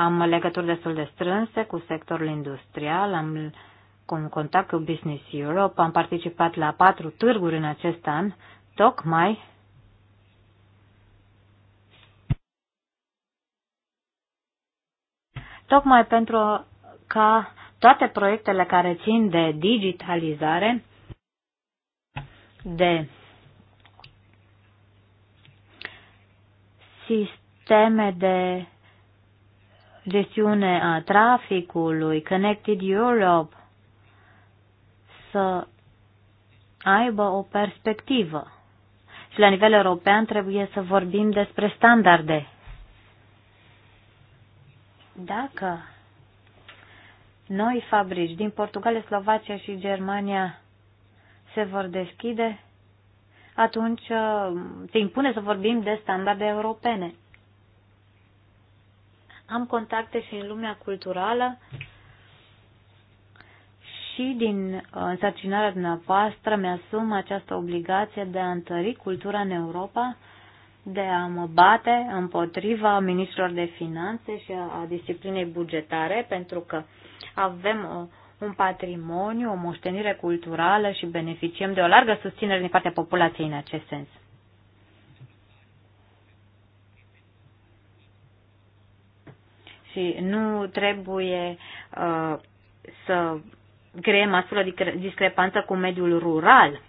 Am legături destul de strânse cu sectorul industrial, am un contact cu Business Europe, am participat la patru târguri în acest an, tocmai tocmai pentru ca toate proiectele care țin de digitalizare, de sisteme de gestiune a traficului, Connected Europe, să aibă o perspectivă. Și la nivel european trebuie să vorbim despre standarde. Dacă noi fabrici din Portugalia, Slovacia și Germania se vor deschide, atunci uh, se impune să vorbim de standarde europene. Am contacte și în lumea culturală și din însărcinarea uh, dumneavoastră mi-asum această obligație de a întări cultura în Europa, de a mă bate împotriva ministrilor de finanțe și a, disciplinei bugetare, pentru că avem o, uh, un patrimoniu, o moștenire culturală și beneficiem de o largă susținere din partea populației în acest sens. și nu trebuie uh, să creăm astfel o discrepanță cu mediul rural.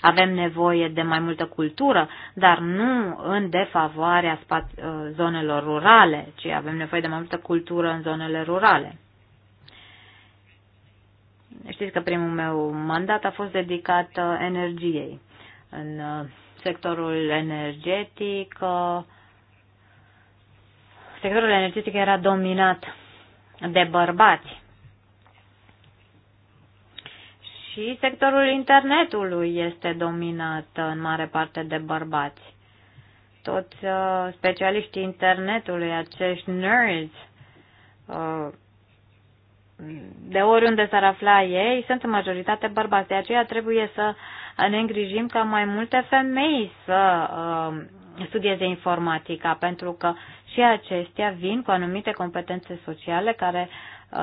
Avem nevoie de mai multă cultură, dar nu în defavoarea uh, zonelor rurale, ci avem nevoie de mai multă cultură în zonele rurale. Știți că primul meu mandat a fost dedicat uh, energiei. În uh, sectorul energetic sectorul energetic era dominat de bărbați. Și sectorul internetului este dominat în mare parte de bărbați. Toți uh, specialiștii internetului, acești nerds, uh, de oriunde s-ar afla ei, sunt în majoritate bărbați. De aceea trebuie să ne îngrijim ca mai multe femei să uh, studieze informatica, pentru că și acestea vin cu anumite competențe sociale care uh,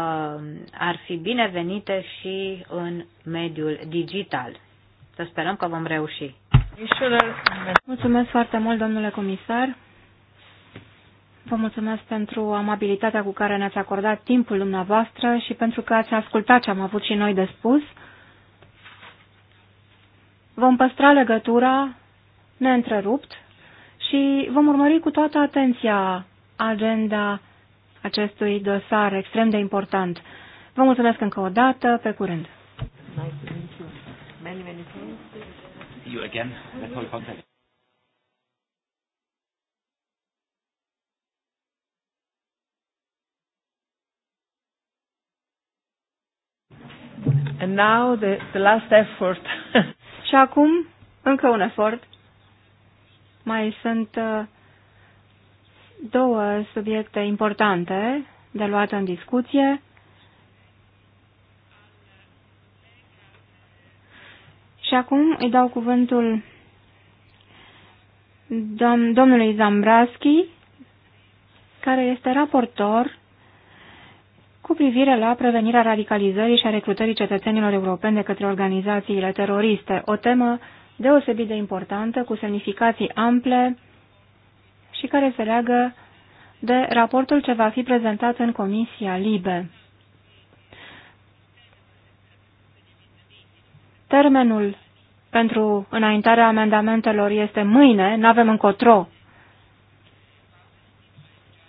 ar fi binevenite și în mediul digital. Să sperăm că vom reuși. Mulțumesc foarte mult, domnule comisar. Vă mulțumesc pentru amabilitatea cu care ne-ați acordat timpul dumneavoastră și pentru că ați ascultat ce am avut și noi de spus. Vom păstra legătura neîntrerupt și vom urmări cu toată atenția agenda acestui dosar extrem de important. Vă mulțumesc încă o dată, pe curând! And now the, the last effort. [laughs] și acum încă un efort mai sunt uh, două subiecte importante de luat în discuție. Și acum îi dau cuvântul domnului Zambraschi, care este raportor cu privire la prevenirea radicalizării și a recrutării cetățenilor europeni de către organizațiile teroriste, o temă deosebit de importantă, cu semnificații ample și care se leagă de raportul ce va fi prezentat în Comisia Libe. Termenul pentru înaintarea amendamentelor este mâine, nu avem încotro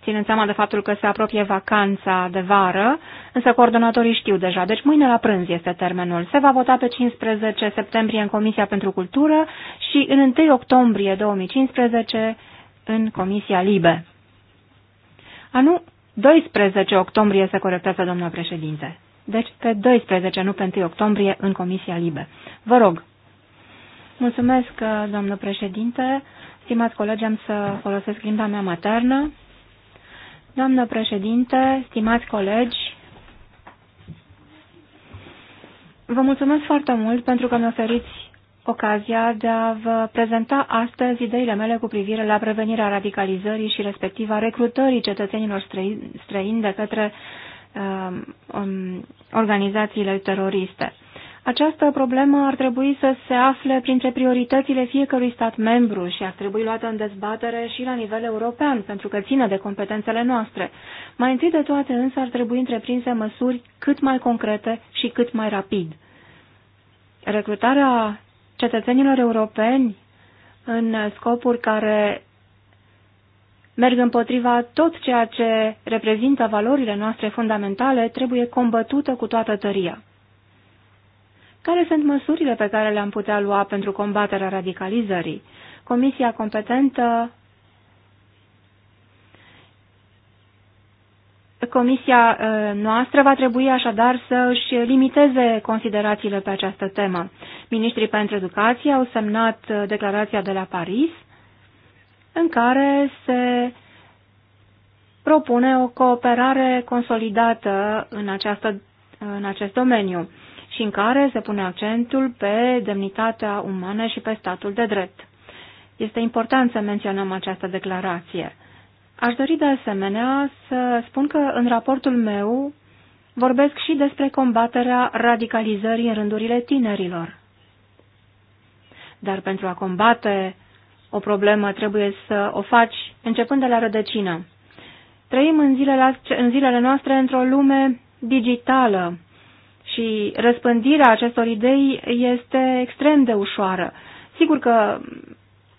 ținând seama de faptul că se apropie vacanța de vară, însă coordonatorii știu deja, deci mâine la prânz este termenul. Se va vota pe 15 septembrie în Comisia pentru Cultură și în 1 octombrie 2015 în Comisia Libe. Anu, 12 octombrie se corectează, domnul președinte. Deci pe 12, nu pe 1 octombrie, în Comisia Libe. Vă rog. Mulțumesc, domnul președinte. Stimați colegi, am să folosesc limba mea maternă. Doamnă președinte, stimați colegi, vă mulțumesc foarte mult pentru că mi oferiți ocazia de a vă prezenta astăzi ideile mele cu privire la prevenirea radicalizării și respectiva recrutării cetățenilor străini de către um, organizațiile teroriste. Această problemă ar trebui să se afle printre prioritățile fiecărui stat membru și ar trebui luată în dezbatere și la nivel european, pentru că ține de competențele noastre. Mai întâi de toate însă ar trebui întreprinse măsuri cât mai concrete și cât mai rapid. Recrutarea cetățenilor europeni în scopuri care merg împotriva tot ceea ce reprezintă valorile noastre fundamentale trebuie combătută cu toată tăria. Care sunt măsurile pe care le-am putea lua pentru combaterea radicalizării? Comisia competentă Comisia ă, noastră va trebui așadar să își limiteze considerațiile pe această temă. Ministrii pentru educație au semnat ă, declarația de la Paris în care se propune o cooperare consolidată în, această, în acest domeniu și în care se pune accentul pe demnitatea umană și pe statul de drept. Este important să menționăm această declarație. Aș dori de asemenea să spun că în raportul meu vorbesc și despre combaterea radicalizării în rândurile tinerilor. Dar pentru a combate o problemă trebuie să o faci începând de la rădăcină. Trăim în zilele, în zilele noastre într-o lume digitală, și răspândirea acestor idei este extrem de ușoară. Sigur că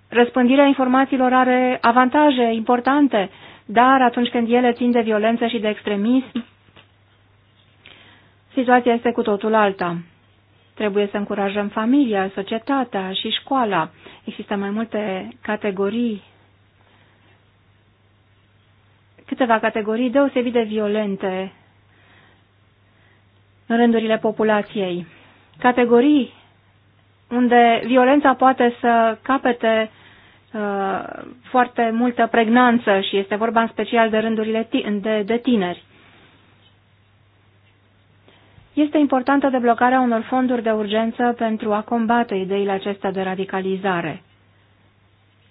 răspândirea informațiilor are avantaje importante, dar atunci când ele țin de violență și de extremism, situația este cu totul alta. Trebuie să încurajăm familia, societatea și școala. Există mai multe categorii, câteva categorii deosebit de violente în rândurile populației. Categorii unde violența poate să capete uh, foarte multă pregnanță și este vorba în special de rândurile de, de tineri. Este importantă deblocarea unor fonduri de urgență pentru a combate ideile acestea de radicalizare.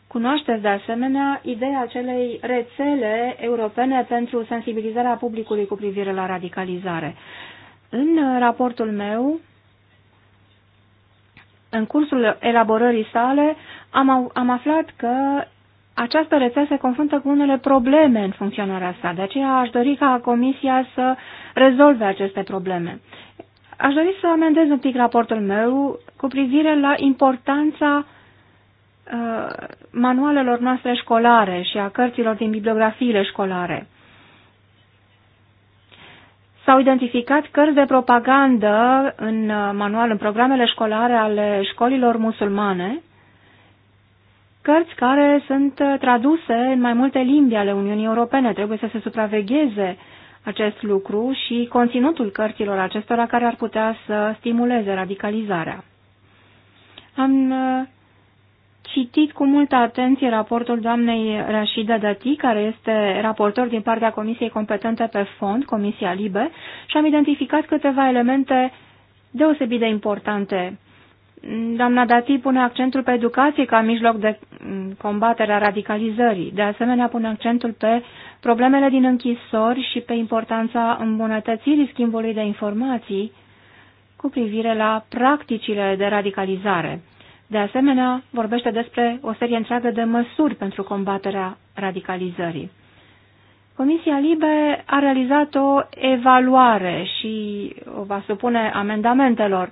Cunoașteți de asemenea ideea acelei rețele europene pentru sensibilizarea publicului cu privire la radicalizare. În raportul meu, în cursul elaborării sale, am, am aflat că această rețea se confruntă cu unele probleme în funcționarea sa, de aceea aș dori ca Comisia să rezolve aceste probleme. Aș dori să amendez un pic raportul meu cu privire la importanța uh, manualelor noastre școlare și a cărților din bibliografiile școlare. S-au identificat cărți de propagandă în uh, manual, în programele școlare ale școlilor musulmane, cărți care sunt uh, traduse în mai multe limbi ale Uniunii Europene. Trebuie să se supravegheze acest lucru și conținutul cărților acestora care ar putea să stimuleze radicalizarea. Am uh, citit cu multă atenție raportul doamnei Rashida Dati, care este raportor din partea Comisiei Competente pe Fond, Comisia Libe, și am identificat câteva elemente deosebit de importante. Doamna Dati pune accentul pe educație ca mijloc de combatere a radicalizării. De asemenea, pune accentul pe problemele din închisori și pe importanța îmbunătățirii schimbului de informații cu privire la practicile de radicalizare. De asemenea, vorbește despre o serie întreagă de măsuri pentru combaterea radicalizării. Comisia Libe a realizat o evaluare și o va supune amendamentelor.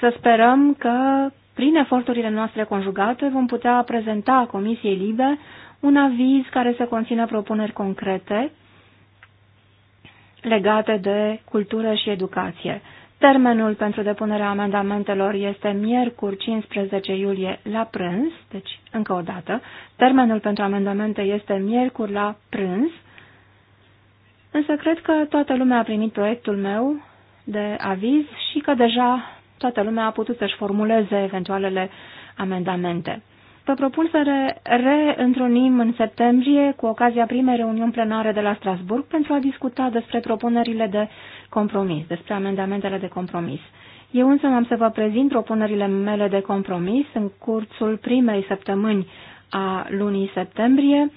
Să sperăm că, prin eforturile noastre conjugate, vom putea prezenta Comisiei Libe un aviz care să conțină propuneri concrete legate de cultură și educație. Termenul pentru depunerea amendamentelor este miercuri 15 iulie la prânz, deci încă o dată, termenul pentru amendamente este miercuri la prânz, însă cred că toată lumea a primit proiectul meu de aviz și că deja toată lumea a putut să-și formuleze eventualele amendamente. Vă propun să re reîntrunim în septembrie cu ocazia primei reuniuni plenare de la Strasburg pentru a discuta despre propunerile de compromis, despre amendamentele de compromis. Eu însă am să vă prezint propunerile mele de compromis în cursul primei săptămâni a lunii septembrie,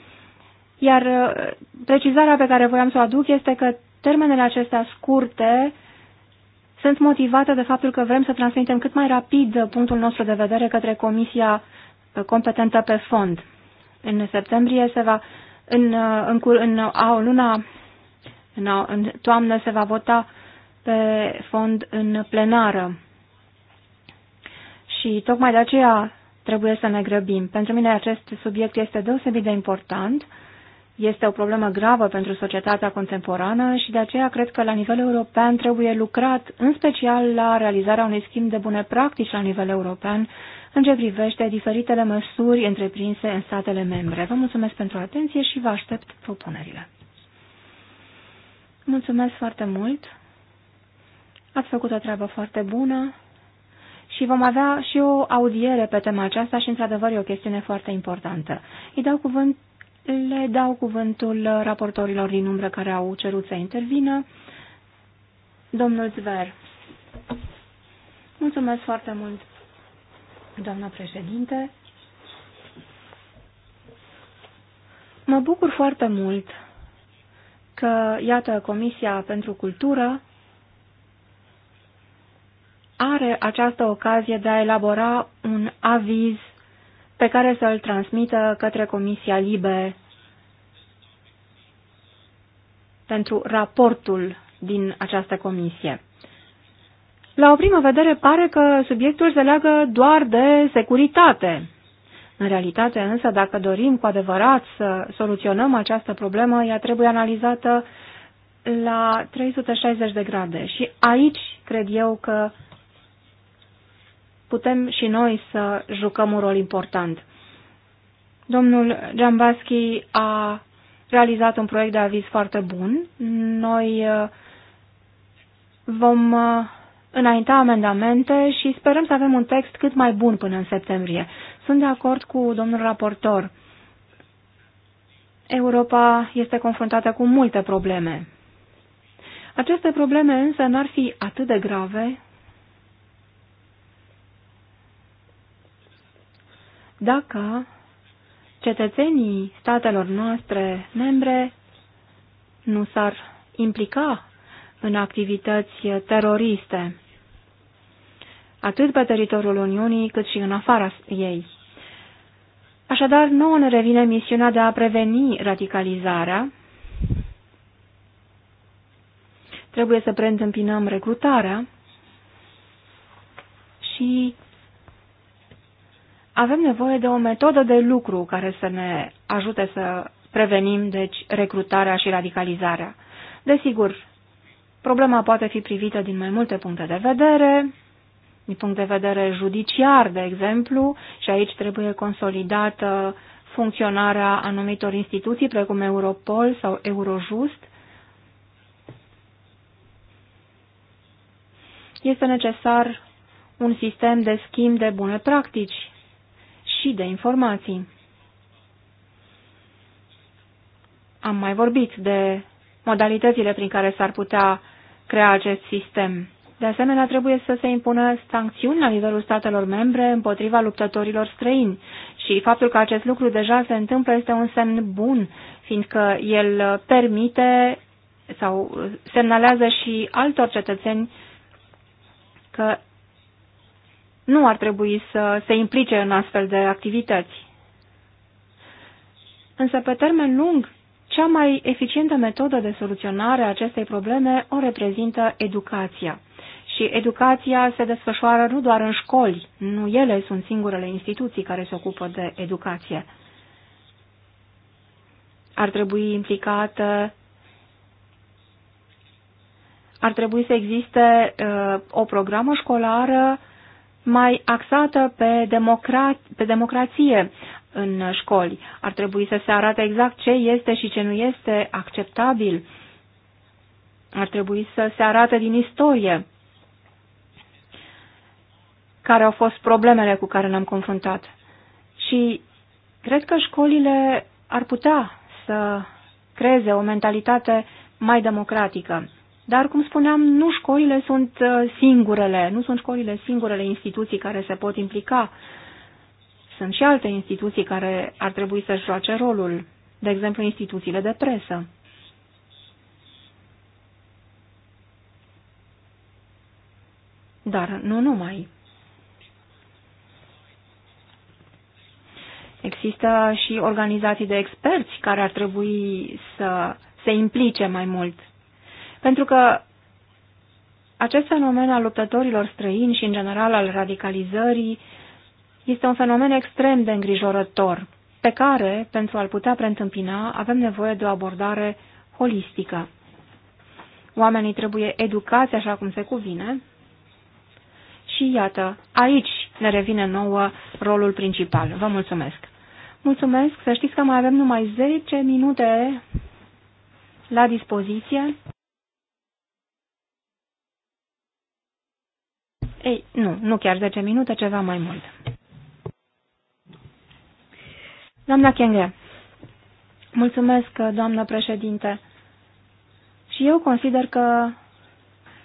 iar uh, precizarea pe care voiam să o aduc este că termenele acestea scurte sunt motivate de faptul că vrem să transmitem cât mai rapid punctul nostru de vedere către comisia uh, competentă pe fond. În septembrie se va, în, uh, în, în, în a, luna în toamnă se va vota pe fond în plenară. Și tocmai de aceea trebuie să ne grăbim. Pentru mine acest subiect este deosebit de important, este o problemă gravă pentru societatea contemporană și de aceea cred că la nivel european trebuie lucrat în special la realizarea unui schimb de bune practici la nivel european în ce privește diferitele măsuri întreprinse în statele membre. Vă mulțumesc pentru atenție și vă aștept propunerile. Mulțumesc foarte mult. Ați făcut o treabă foarte bună și vom avea și o audiere pe tema aceasta și, într-adevăr, e o chestiune foarte importantă. Îi dau cuvânt, le dau cuvântul raportorilor din umbră care au cerut să intervină. Domnul Zver. Mulțumesc foarte mult, doamna președinte. Mă bucur foarte mult că, iată, Comisia pentru Cultură are această ocazie de a elabora un aviz pe care să-l transmită către Comisia Libe pentru raportul din această comisie. La o primă vedere pare că subiectul se leagă doar de securitate, în realitate, însă, dacă dorim cu adevărat să soluționăm această problemă, ea trebuie analizată la 360 de grade. Și aici cred eu că putem și noi să jucăm un rol important. Domnul Giambaschi a realizat un proiect de aviz foarte bun. Noi uh, vom uh, înainta amendamente și sperăm să avem un text cât mai bun până în septembrie. Sunt de acord cu domnul raportor. Europa este confruntată cu multe probleme. Aceste probleme însă n-ar fi atât de grave dacă cetățenii statelor noastre membre nu s-ar implica în activități teroriste, atât pe teritoriul Uniunii cât și în afara ei. Așadar, nouă ne revine misiunea de a preveni radicalizarea. Trebuie să preîntâmpinăm recrutarea și avem nevoie de o metodă de lucru care să ne ajute să prevenim, deci, recrutarea și radicalizarea. Desigur, problema poate fi privită din mai multe puncte de vedere, din punct de vedere judiciar, de exemplu, și aici trebuie consolidată funcționarea anumitor instituții, precum Europol sau Eurojust, este necesar un sistem de schimb de bune practici și de informații. Am mai vorbit de modalitățile prin care s-ar putea crea acest sistem. De asemenea, trebuie să se impună sancțiuni la nivelul statelor membre împotriva luptătorilor străini și faptul că acest lucru deja se întâmplă este un semn bun, fiindcă el permite sau semnalează și altor cetățeni că nu ar trebui să se implice în astfel de activități. Însă, pe termen lung, cea mai eficientă metodă de soluționare a acestei probleme o reprezintă educația. Și educația se desfășoară nu doar în școli, nu ele sunt singurele instituții care se ocupă de educație. Ar trebui implicată ar trebui să existe uh, o programă școlară mai axată pe, democra- pe democrație în școli. Ar trebui să se arate exact ce este și ce nu este acceptabil. Ar trebui să se arate din istorie care au fost problemele cu care ne-am confruntat. Și cred că școlile ar putea să creeze o mentalitate mai democratică. Dar, cum spuneam, nu școlile sunt uh, singurele, nu sunt școlile singurele instituții care se pot implica. Sunt și alte instituții care ar trebui să-și joace rolul, de exemplu instituțiile de presă. Dar nu numai. Există și organizații de experți care ar trebui să se implice mai mult. Pentru că acest fenomen al luptătorilor străini și, în general, al radicalizării este un fenomen extrem de îngrijorător, pe care, pentru a-l putea preîntâmpina, avem nevoie de o abordare holistică. Oamenii trebuie educați așa cum se cuvine și, iată, aici ne revine nouă rolul principal. Vă mulțumesc! Mulțumesc. Să știți că mai avem numai 10 minute la dispoziție. Ei, nu, nu chiar 10 minute, ceva mai mult. Doamna Chenghe, mulțumesc, doamnă președinte. Și eu consider că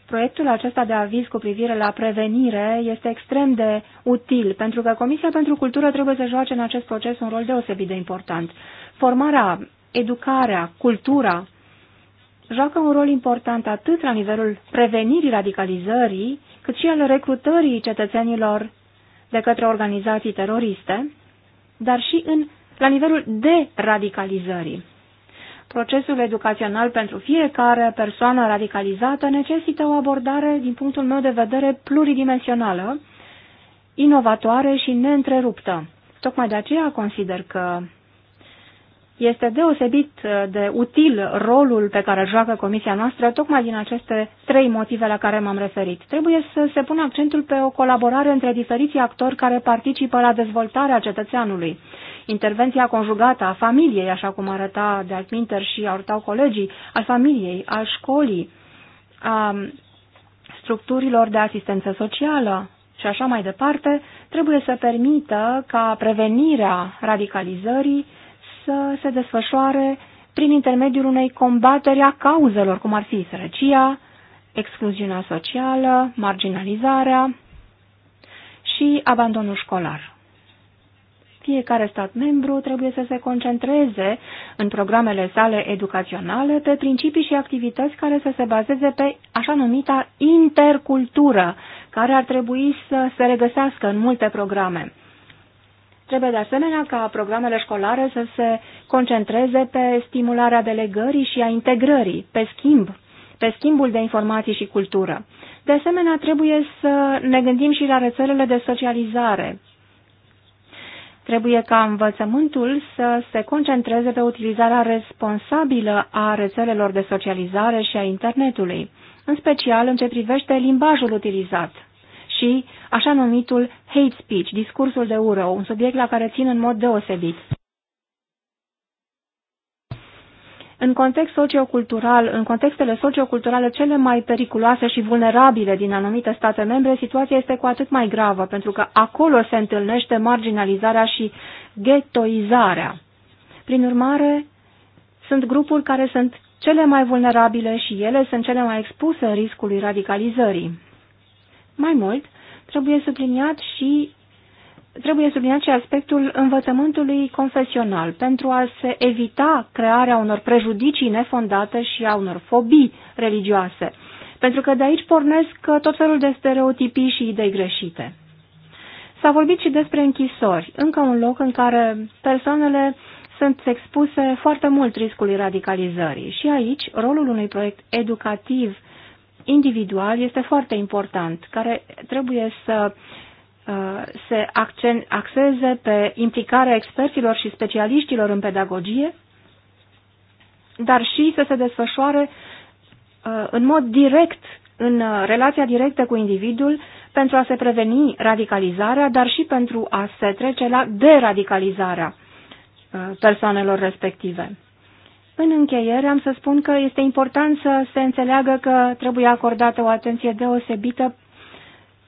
Proiectul acesta de aviz cu privire la prevenire este extrem de util, pentru că Comisia pentru Cultură trebuie să joace în acest proces un rol deosebit de important. Formarea, educarea, cultura joacă un rol important atât la nivelul prevenirii radicalizării, cât și al recrutării cetățenilor de către organizații teroriste, dar și în, la nivelul de radicalizării. Procesul educațional pentru fiecare persoană radicalizată necesită o abordare, din punctul meu de vedere, pluridimensională, inovatoare și neîntreruptă. Tocmai de aceea consider că este deosebit uh, de util rolul pe care îl joacă comisia noastră, tocmai din aceste trei motive la care m-am referit. Trebuie să se pună accentul pe o colaborare între diferiții actori care participă la dezvoltarea cetățeanului intervenția conjugată a familiei, așa cum arăta de altminter și arătau colegii, al familiei, al școlii, a structurilor de asistență socială și așa mai departe, trebuie să permită ca prevenirea radicalizării să se desfășoare prin intermediul unei combateri a cauzelor, cum ar fi sărăcia, excluziunea socială, marginalizarea și abandonul școlar fiecare stat membru trebuie să se concentreze în programele sale educaționale pe principii și activități care să se bazeze pe așa numita intercultură, care ar trebui să se regăsească în multe programe. Trebuie de asemenea ca programele școlare să se concentreze pe stimularea delegării și a integrării, pe schimb, pe schimbul de informații și cultură. De asemenea, trebuie să ne gândim și la rețelele de socializare, Trebuie ca învățământul să se concentreze pe utilizarea responsabilă a rețelelor de socializare și a internetului, în special în ce privește limbajul utilizat și așa numitul hate speech, discursul de ură, un subiect la care țin în mod deosebit. În context sociocultural, în contextele socioculturale cele mai periculoase și vulnerabile din anumite state membre, situația este cu atât mai gravă, pentru că acolo se întâlnește marginalizarea și ghettoizarea. Prin urmare, sunt grupuri care sunt cele mai vulnerabile și ele sunt cele mai expuse riscului radicalizării. Mai mult, trebuie subliniat și trebuie subliniat și aspectul învățământului confesional, pentru a se evita crearea unor prejudicii nefondate și a unor fobii religioase, pentru că de aici pornesc tot felul de stereotipii și idei greșite. S-a vorbit și despre închisori, încă un loc în care persoanele sunt expuse foarte mult riscului radicalizării și aici rolul unui proiect educativ individual este foarte important, care trebuie să Uh, se axeze pe implicarea experților și specialiștilor în pedagogie, dar și să se desfășoare uh, în mod direct, în uh, relația directă cu individul, pentru a se preveni radicalizarea, dar și pentru a se trece la deradicalizarea persoanelor respective. În încheiere am să spun că este important să se înțeleagă că trebuie acordată o atenție deosebită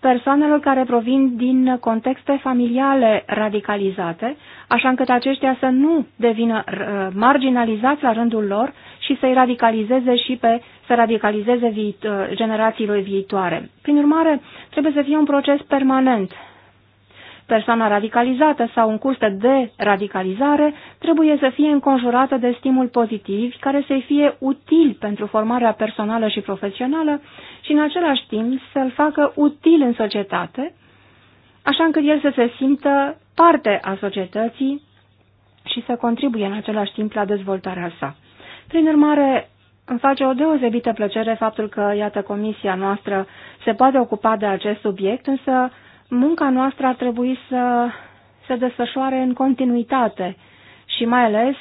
persoanelor care provin din contexte familiale radicalizate, așa încât aceștia să nu devină uh, marginalizați la rândul lor și să-i radicalizeze și pe să radicalizeze uh, generațiilor viitoare. Prin urmare, trebuie să fie un proces permanent Persoana radicalizată sau în curs de radicalizare trebuie să fie înconjurată de stimul pozitiv care să-i fie util pentru formarea personală și profesională și în același timp să-l facă util în societate, așa încât el să se simtă parte a societății și să contribuie în același timp la dezvoltarea sa. Prin urmare, îmi face o deosebită plăcere faptul că, iată, comisia noastră se poate ocupa de acest subiect, însă munca noastră ar trebui să se desfășoare în continuitate și mai ales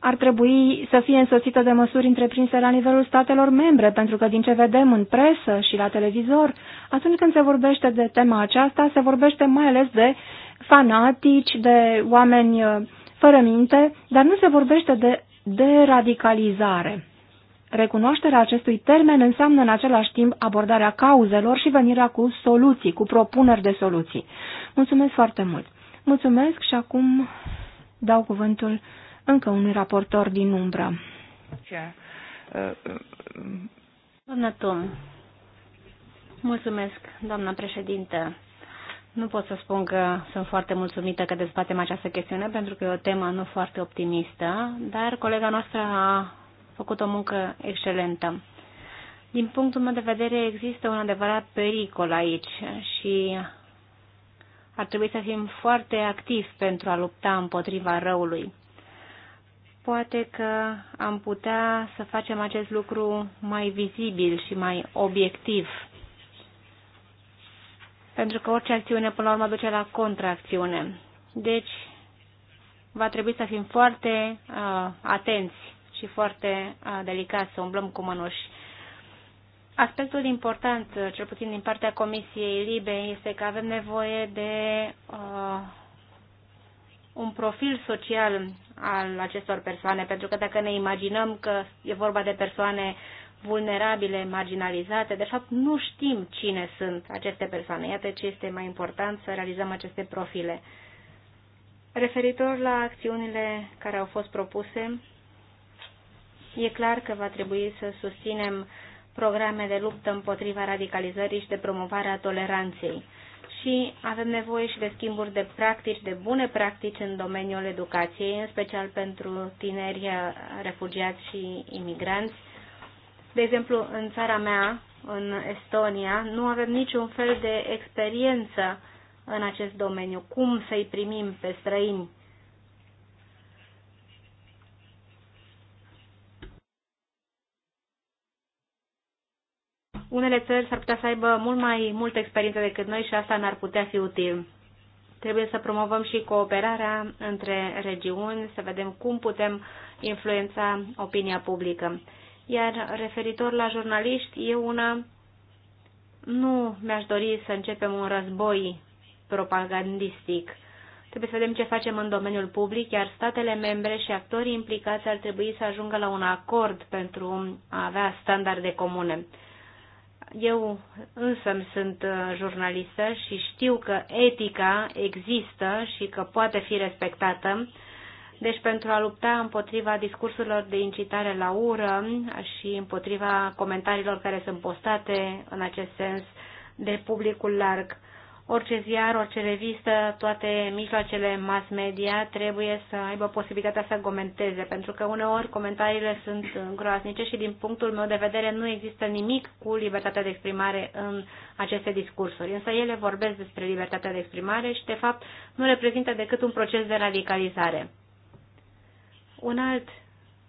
ar trebui să fie însoțită de măsuri întreprinse la nivelul statelor membre, pentru că din ce vedem în presă și la televizor, atunci când se vorbește de tema aceasta, se vorbește mai ales de fanatici, de oameni uh, fără minte, dar nu se vorbește de deradicalizare. Recunoașterea acestui termen înseamnă în același timp abordarea cauzelor și venirea cu soluții, cu propuneri de soluții. Mulțumesc foarte mult! Mulțumesc și acum dau cuvântul încă unui raportor din umbră. Doamna Tom, mulțumesc, doamna președinte. Nu pot să spun că sunt foarte mulțumită că dezbatem această chestiune, pentru că e o temă nu foarte optimistă, dar colega noastră a făcut o muncă excelentă. Din punctul meu de vedere, există un adevărat pericol aici și ar trebui să fim foarte activi pentru a lupta împotriva răului. Poate că am putea să facem acest lucru mai vizibil și mai obiectiv. Pentru că orice acțiune, până la urmă, duce la contraacțiune. Deci, va trebui să fim foarte uh, atenți și foarte delicat să umblăm cu mânuși. Aspectul important, cel puțin din partea Comisiei Libe, este că avem nevoie de uh, un profil social al acestor persoane, pentru că dacă ne imaginăm că e vorba de persoane vulnerabile, marginalizate, de fapt nu știm cine sunt aceste persoane. Iată ce este mai important să realizăm aceste profile. Referitor la acțiunile care au fost propuse, E clar că va trebui să susținem programe de luptă împotriva radicalizării și de promovarea toleranței. Și avem nevoie și de schimburi de practici, de bune practici în domeniul educației, în special pentru tineri refugiați și imigranți. De exemplu, în țara mea, în Estonia, nu avem niciun fel de experiență în acest domeniu, cum să-i primim pe străini. Unele țări s-ar putea să aibă mult mai multă experiență decât noi și asta n-ar putea fi util. Trebuie să promovăm și cooperarea între regiuni, să vedem cum putem influența opinia publică. Iar referitor la jurnaliști, eu una nu mi-aș dori să începem un război propagandistic. Trebuie să vedem ce facem în domeniul public, iar statele membre și actorii implicați ar trebui să ajungă la un acord pentru a avea standarde comune. Eu însă sunt uh, jurnalistă și știu că etica există și că poate fi respectată. Deci pentru a lupta împotriva discursurilor de incitare la ură și împotriva comentariilor care sunt postate în acest sens de publicul larg orice ziar, orice revistă, toate mijloacele mass media trebuie să aibă posibilitatea să comenteze, pentru că uneori comentariile sunt groaznice și din punctul meu de vedere nu există nimic cu libertatea de exprimare în aceste discursuri. Însă ele vorbesc despre libertatea de exprimare și, de fapt, nu reprezintă decât un proces de radicalizare. Un alt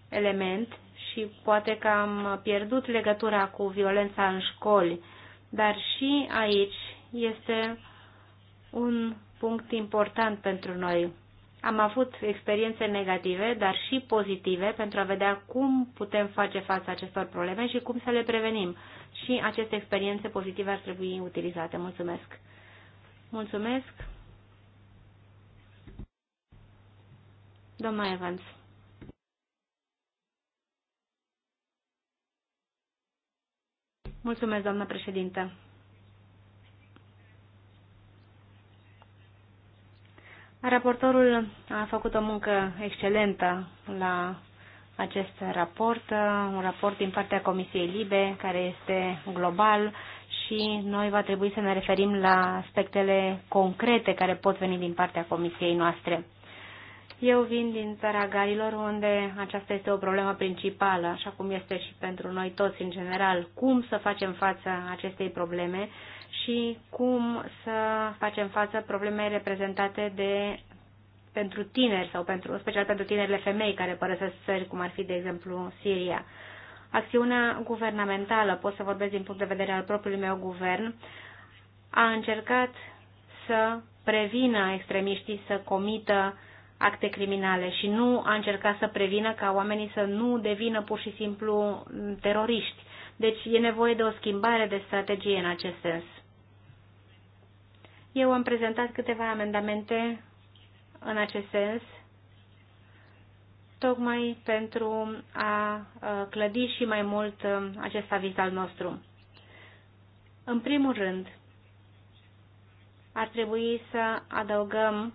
element, și poate că am pierdut legătura cu violența în școli, dar și aici este un punct important pentru noi. Am avut experiențe negative, dar și pozitive, pentru a vedea cum putem face față acestor probleme și cum să le prevenim. Și aceste experiențe pozitive ar trebui utilizate. Mulțumesc! Mulțumesc! Domnul Evans. Mulțumesc, doamnă președintă. Raportorul a făcut o muncă excelentă la acest raport, un raport din partea Comisiei Libe, care este global și noi va trebui să ne referim la aspectele concrete care pot veni din partea Comisiei noastre. Eu vin din țara Galilor, unde aceasta este o problemă principală, așa cum este și pentru noi toți în general, cum să facem față acestei probleme și cum să facem față problemei reprezentate de pentru tineri sau pentru, special pentru tinerile femei care părăsesc țări, cum ar fi, de exemplu, Siria. Acțiunea guvernamentală, pot să vorbesc din punct de vedere al propriului meu guvern, a încercat să prevină extremiștii să comită acte criminale și nu a încercat să prevină ca oamenii să nu devină pur și simplu teroriști. Deci e nevoie de o schimbare de strategie în acest sens. Eu am prezentat câteva amendamente în acest sens, tocmai pentru a clădi și mai mult acest aviz al nostru. În primul rând, ar trebui să adăugăm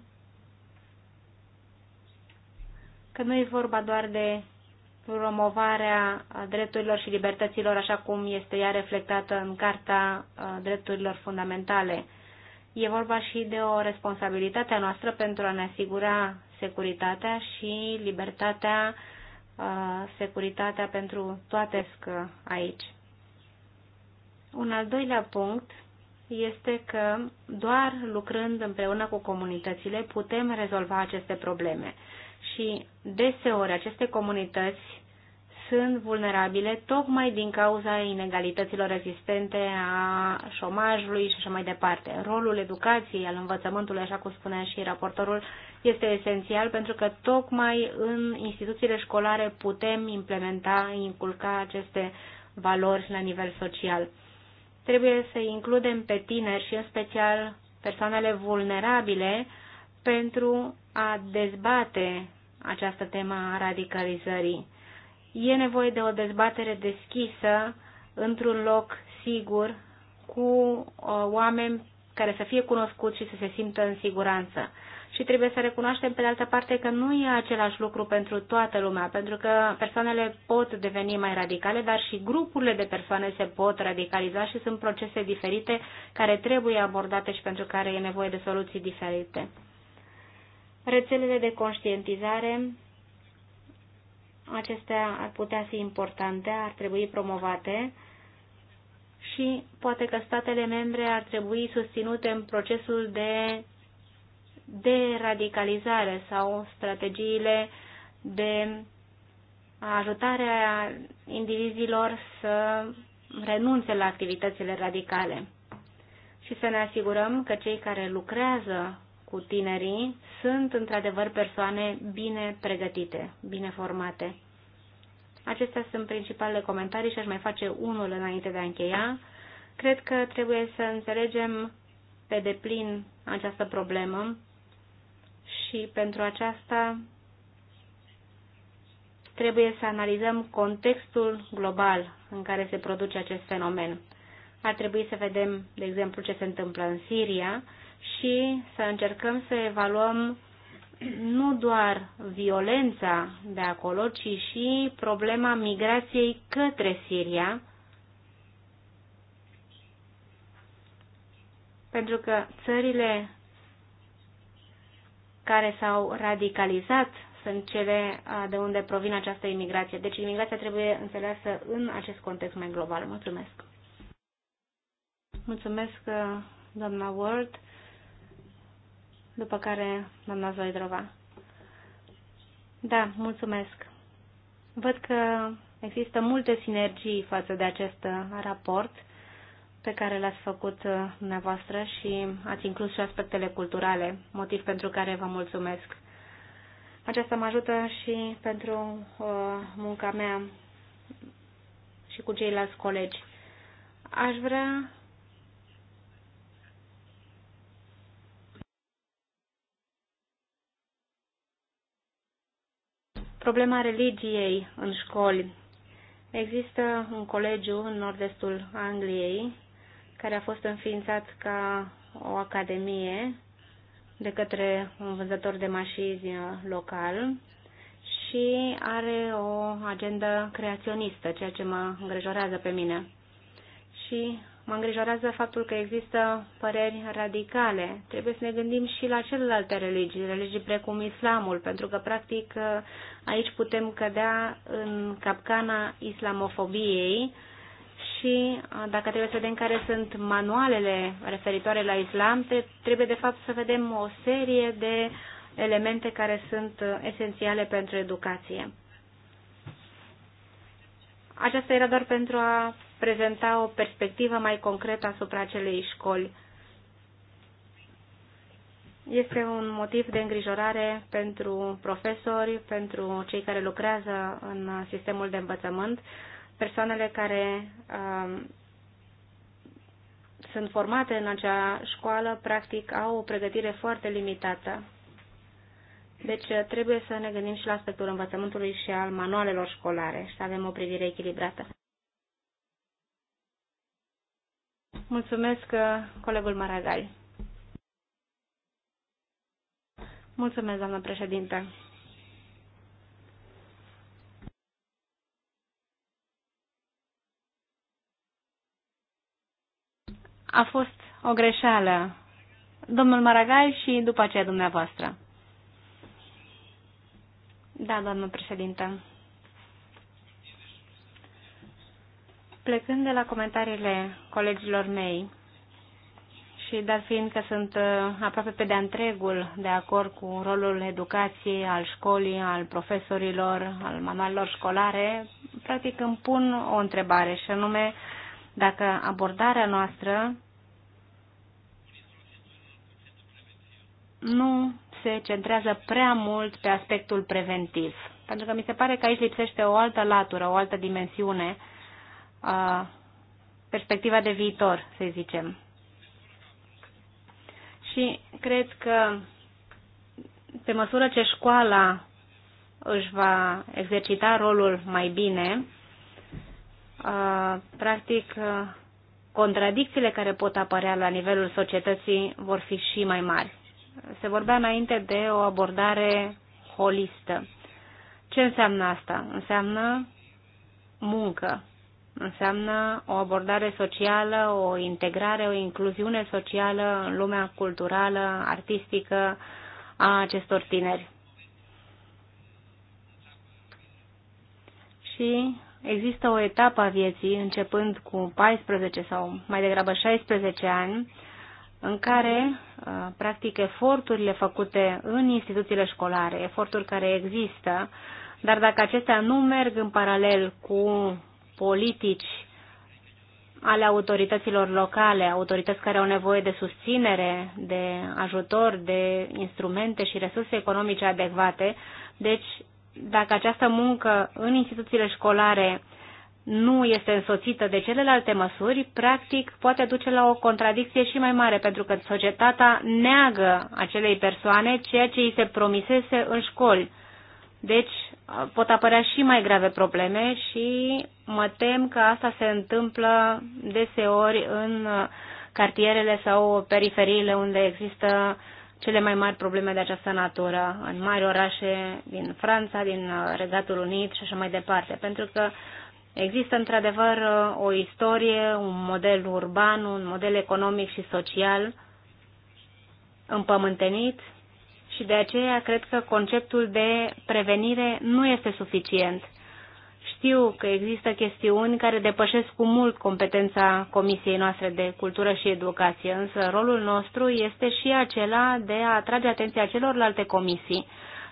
că nu e vorba doar de promovarea drepturilor și libertăților așa cum este ea reflectată în Carta Drepturilor Fundamentale, E vorba și de o responsabilitate a noastră pentru a ne asigura securitatea și libertatea, uh, securitatea pentru toate scă aici. Un al doilea punct este că doar lucrând împreună cu comunitățile putem rezolva aceste probleme. Și deseori aceste comunități sunt vulnerabile tocmai din cauza inegalităților existente a șomajului și așa mai departe. Rolul educației, al învățământului, așa cum spunea și raportorul, este esențial pentru că tocmai în instituțiile școlare putem implementa, inculca aceste valori la nivel social. Trebuie să includem pe tineri și în special persoanele vulnerabile pentru a dezbate această temă a radicalizării. E nevoie de o dezbatere deschisă într-un loc sigur cu uh, oameni care să fie cunoscuți și să se simtă în siguranță. Și trebuie să recunoaștem, pe de altă parte, că nu e același lucru pentru toată lumea, pentru că persoanele pot deveni mai radicale, dar și grupurile de persoane se pot radicaliza și sunt procese diferite care trebuie abordate și pentru care e nevoie de soluții diferite. Rețelele de conștientizare acestea ar putea fi importante, ar trebui promovate și poate că statele membre ar trebui susținute în procesul de de radicalizare sau strategiile de ajutare a indivizilor să renunțe la activitățile radicale și să ne asigurăm că cei care lucrează cu tinerii sunt într-adevăr persoane bine pregătite, bine formate. Acestea sunt principalele comentarii și aș mai face unul înainte de a încheia. Cred că trebuie să înțelegem pe deplin această problemă și pentru aceasta trebuie să analizăm contextul global în care se produce acest fenomen. Ar trebui să vedem, de exemplu, ce se întâmplă în Siria și să încercăm să evaluăm nu doar violența de acolo, ci și problema migrației către Siria, pentru că țările care s-au radicalizat sunt cele de unde provine această imigrație. Deci imigrația trebuie înțeleasă în acest context mai global. Mulțumesc! Mulțumesc, doamna Ward după care doamna Zoidrova. Da, mulțumesc. Văd că există multe sinergii față de acest raport pe care l-ați făcut uh, dumneavoastră și ați inclus și aspectele culturale, motiv pentru care vă mulțumesc. Aceasta mă ajută și pentru uh, munca mea și cu ceilalți colegi. Aș vrea Problema religiei în școli. Există un colegiu în nord-estul Angliei care a fost înființat ca o academie de către un vânzător de mașini local și are o agendă creaționistă, ceea ce mă îngrijorează pe mine. Și Mă îngrijorează faptul că există păreri radicale. Trebuie să ne gândim și la celelalte religii, religii precum islamul, pentru că, practic, aici putem cădea în capcana islamofobiei și, dacă trebuie să vedem care sunt manualele referitoare la islam, trebuie, de fapt, să vedem o serie de elemente care sunt esențiale pentru educație. Aceasta era doar pentru a prezenta o perspectivă mai concretă asupra acelei școli. Este un motiv de îngrijorare pentru profesori, pentru cei care lucrează în sistemul de învățământ, persoanele care uh, sunt formate în acea școală, practic, au o pregătire foarte limitată. Deci uh, trebuie să ne gândim și la aspectul învățământului și al manualelor școlare și să avem o privire echilibrată. Mulțumesc, uh, colegul Maragai. Mulțumesc, doamnă președinte. A fost o greșeală. Domnul Maragai și după aceea dumneavoastră. Da, doamnă președinte. Plecând de la comentariile colegilor mei, și dar fiind că sunt uh, aproape pe de întregul de acord cu rolul educației, al școlii, al profesorilor, al manualelor școlare, practic îmi pun o întrebare și anume dacă abordarea noastră nu se centrează prea mult pe aspectul preventiv. Pentru că mi se pare că aici lipsește o altă latură, o altă dimensiune, uh, perspectiva de viitor, să zicem. Și cred că pe măsură ce școala își va exercita rolul mai bine, practic contradicțiile care pot apărea la nivelul societății vor fi și mai mari. Se vorbea înainte de o abordare holistă. Ce înseamnă asta? Înseamnă muncă înseamnă o abordare socială, o integrare, o incluziune socială în lumea culturală, artistică a acestor tineri. Și există o etapă a vieții, începând cu 14 sau mai degrabă 16 ani, în care, uh, practic, eforturile făcute în instituțiile școlare, eforturi care există, dar dacă acestea nu merg în paralel cu politici ale autorităților locale, autorități care au nevoie de susținere, de ajutor, de instrumente și resurse economice adecvate. Deci, dacă această muncă în instituțiile școlare nu este însoțită de celelalte măsuri, practic poate duce la o contradicție și mai mare, pentru că societatea neagă acelei persoane ceea ce îi se promisese în școli. Deci, pot apărea și mai grave probleme și mă tem că asta se întâmplă deseori în cartierele sau periferiile unde există cele mai mari probleme de această natură, în mari orașe din Franța, din uh, Regatul Unit și așa mai departe, pentru că există într-adevăr uh, o istorie, un model urban, un model economic și social împământenit și de aceea cred că conceptul de prevenire nu este suficient. Știu că există chestiuni care depășesc cu mult competența Comisiei noastre de Cultură și Educație, însă rolul nostru este și acela de a atrage atenția celorlalte comisii,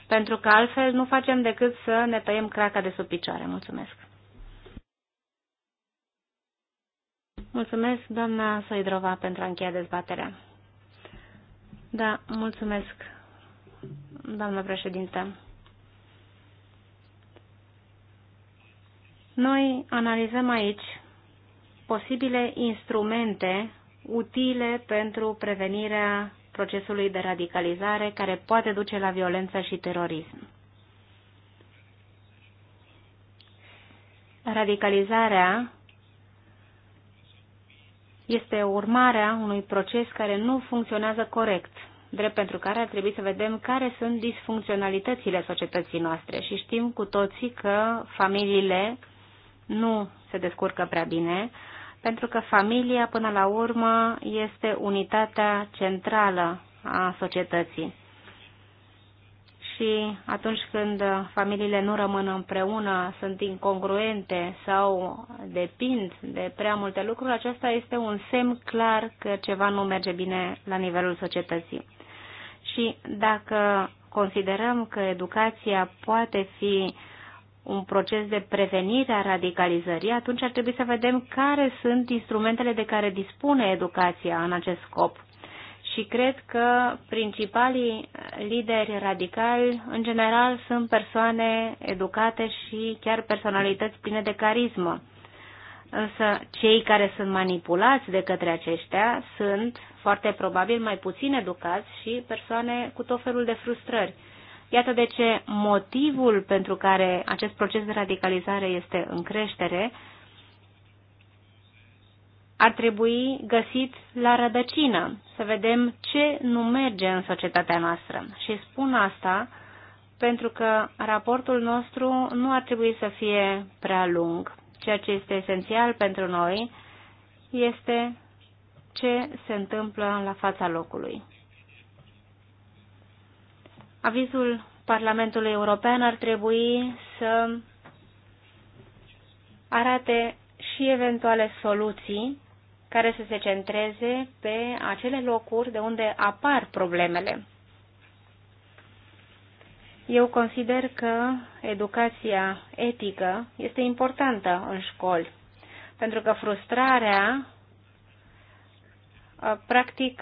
pentru că altfel nu facem decât să ne tăiem craca de sub picioare. Mulțumesc! Mulțumesc, doamna Soidrova, pentru a încheia dezbaterea. Da, mulțumesc doamnă președinte. Noi analizăm aici posibile instrumente utile pentru prevenirea procesului de radicalizare care poate duce la violență și terorism. Radicalizarea este urmarea unui proces care nu funcționează corect drept pentru care ar trebui să vedem care sunt disfuncționalitățile societății noastre și știm cu toții că familiile nu se descurcă prea bine, pentru că familia, până la urmă, este unitatea centrală a societății. Și atunci când familiile nu rămân împreună, sunt incongruente sau depind de prea multe lucruri, acesta este un semn clar că ceva nu merge bine la nivelul societății. Și dacă considerăm că educația poate fi un proces de prevenire a radicalizării, atunci ar trebui să vedem care sunt instrumentele de care dispune educația în acest scop. Și cred că principalii lideri radicali, în general, sunt persoane educate și chiar personalități pline de carismă. Însă cei care sunt manipulați de către aceștia sunt foarte probabil mai puțin educați și persoane cu tot felul de frustrări. Iată de ce motivul pentru care acest proces de radicalizare este în creștere ar trebui găsit la rădăcină, să vedem ce nu merge în societatea noastră. Și spun asta pentru că raportul nostru nu ar trebui să fie prea lung Ceea ce este esențial pentru noi este ce se întâmplă la fața locului. Avizul Parlamentului European ar trebui să arate și eventuale soluții care să se centreze pe acele locuri de unde apar problemele. Eu consider că educația etică este importantă în școli, pentru că frustrarea, practic,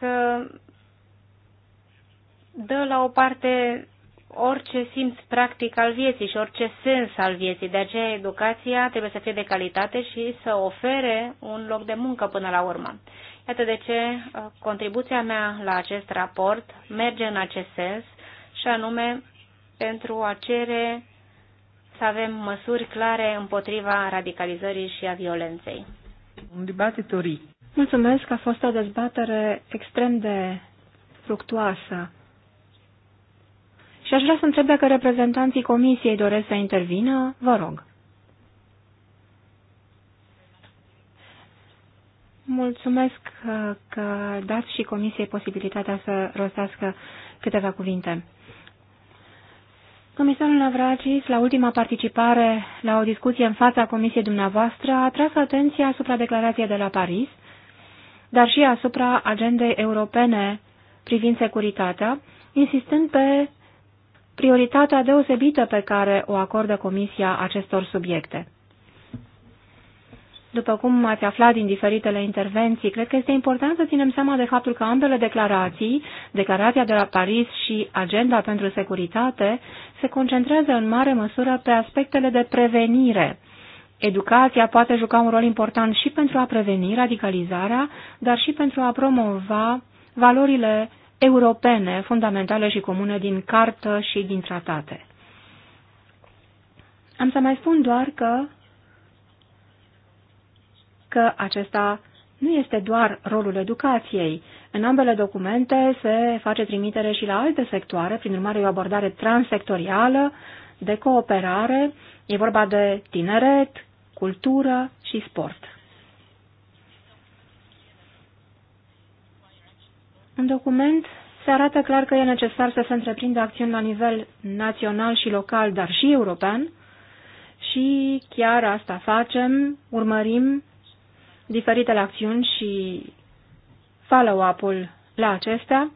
dă la o parte orice simț practic al vieții și orice sens al vieții. De aceea educația trebuie să fie de calitate și să ofere un loc de muncă până la urmă. Iată de ce contribuția mea la acest raport merge în acest sens și anume pentru a cere să avem măsuri clare împotriva radicalizării și a violenței. Un dibatit Mulțumesc, a fost o dezbatere extrem de fructuoasă. Și aș vrea să întreb dacă reprezentanții comisiei doresc să intervină, vă rog. Mulțumesc că dați și comisiei posibilitatea să rostească câteva cuvinte. Comisarul Navracis, la ultima participare la o discuție în fața comisiei dumneavoastră, a atras atenția asupra declarației de la Paris, dar și asupra agendei europene privind securitatea, insistând pe prioritatea deosebită pe care o acordă Comisia acestor subiecte. După cum ați aflat din diferitele intervenții, cred că este important să ținem seama de faptul că ambele declarații, declarația de la Paris și agenda pentru securitate, se concentrează în mare măsură pe aspectele de prevenire. Educația poate juca un rol important și pentru a preveni radicalizarea, dar și pentru a promova valorile europene fundamentale și comune din cartă și din tratate. Am să mai spun doar că că acesta nu este doar rolul educației. În ambele documente se face trimitere și la alte sectoare, prin urmare o abordare transsectorială, de cooperare, e vorba de tineret, cultură și sport. În document se arată clar că e necesar să se întreprindă acțiuni la nivel național și local, dar și european, și chiar asta facem, urmărim diferitele acțiuni și follow-up-ul la acestea.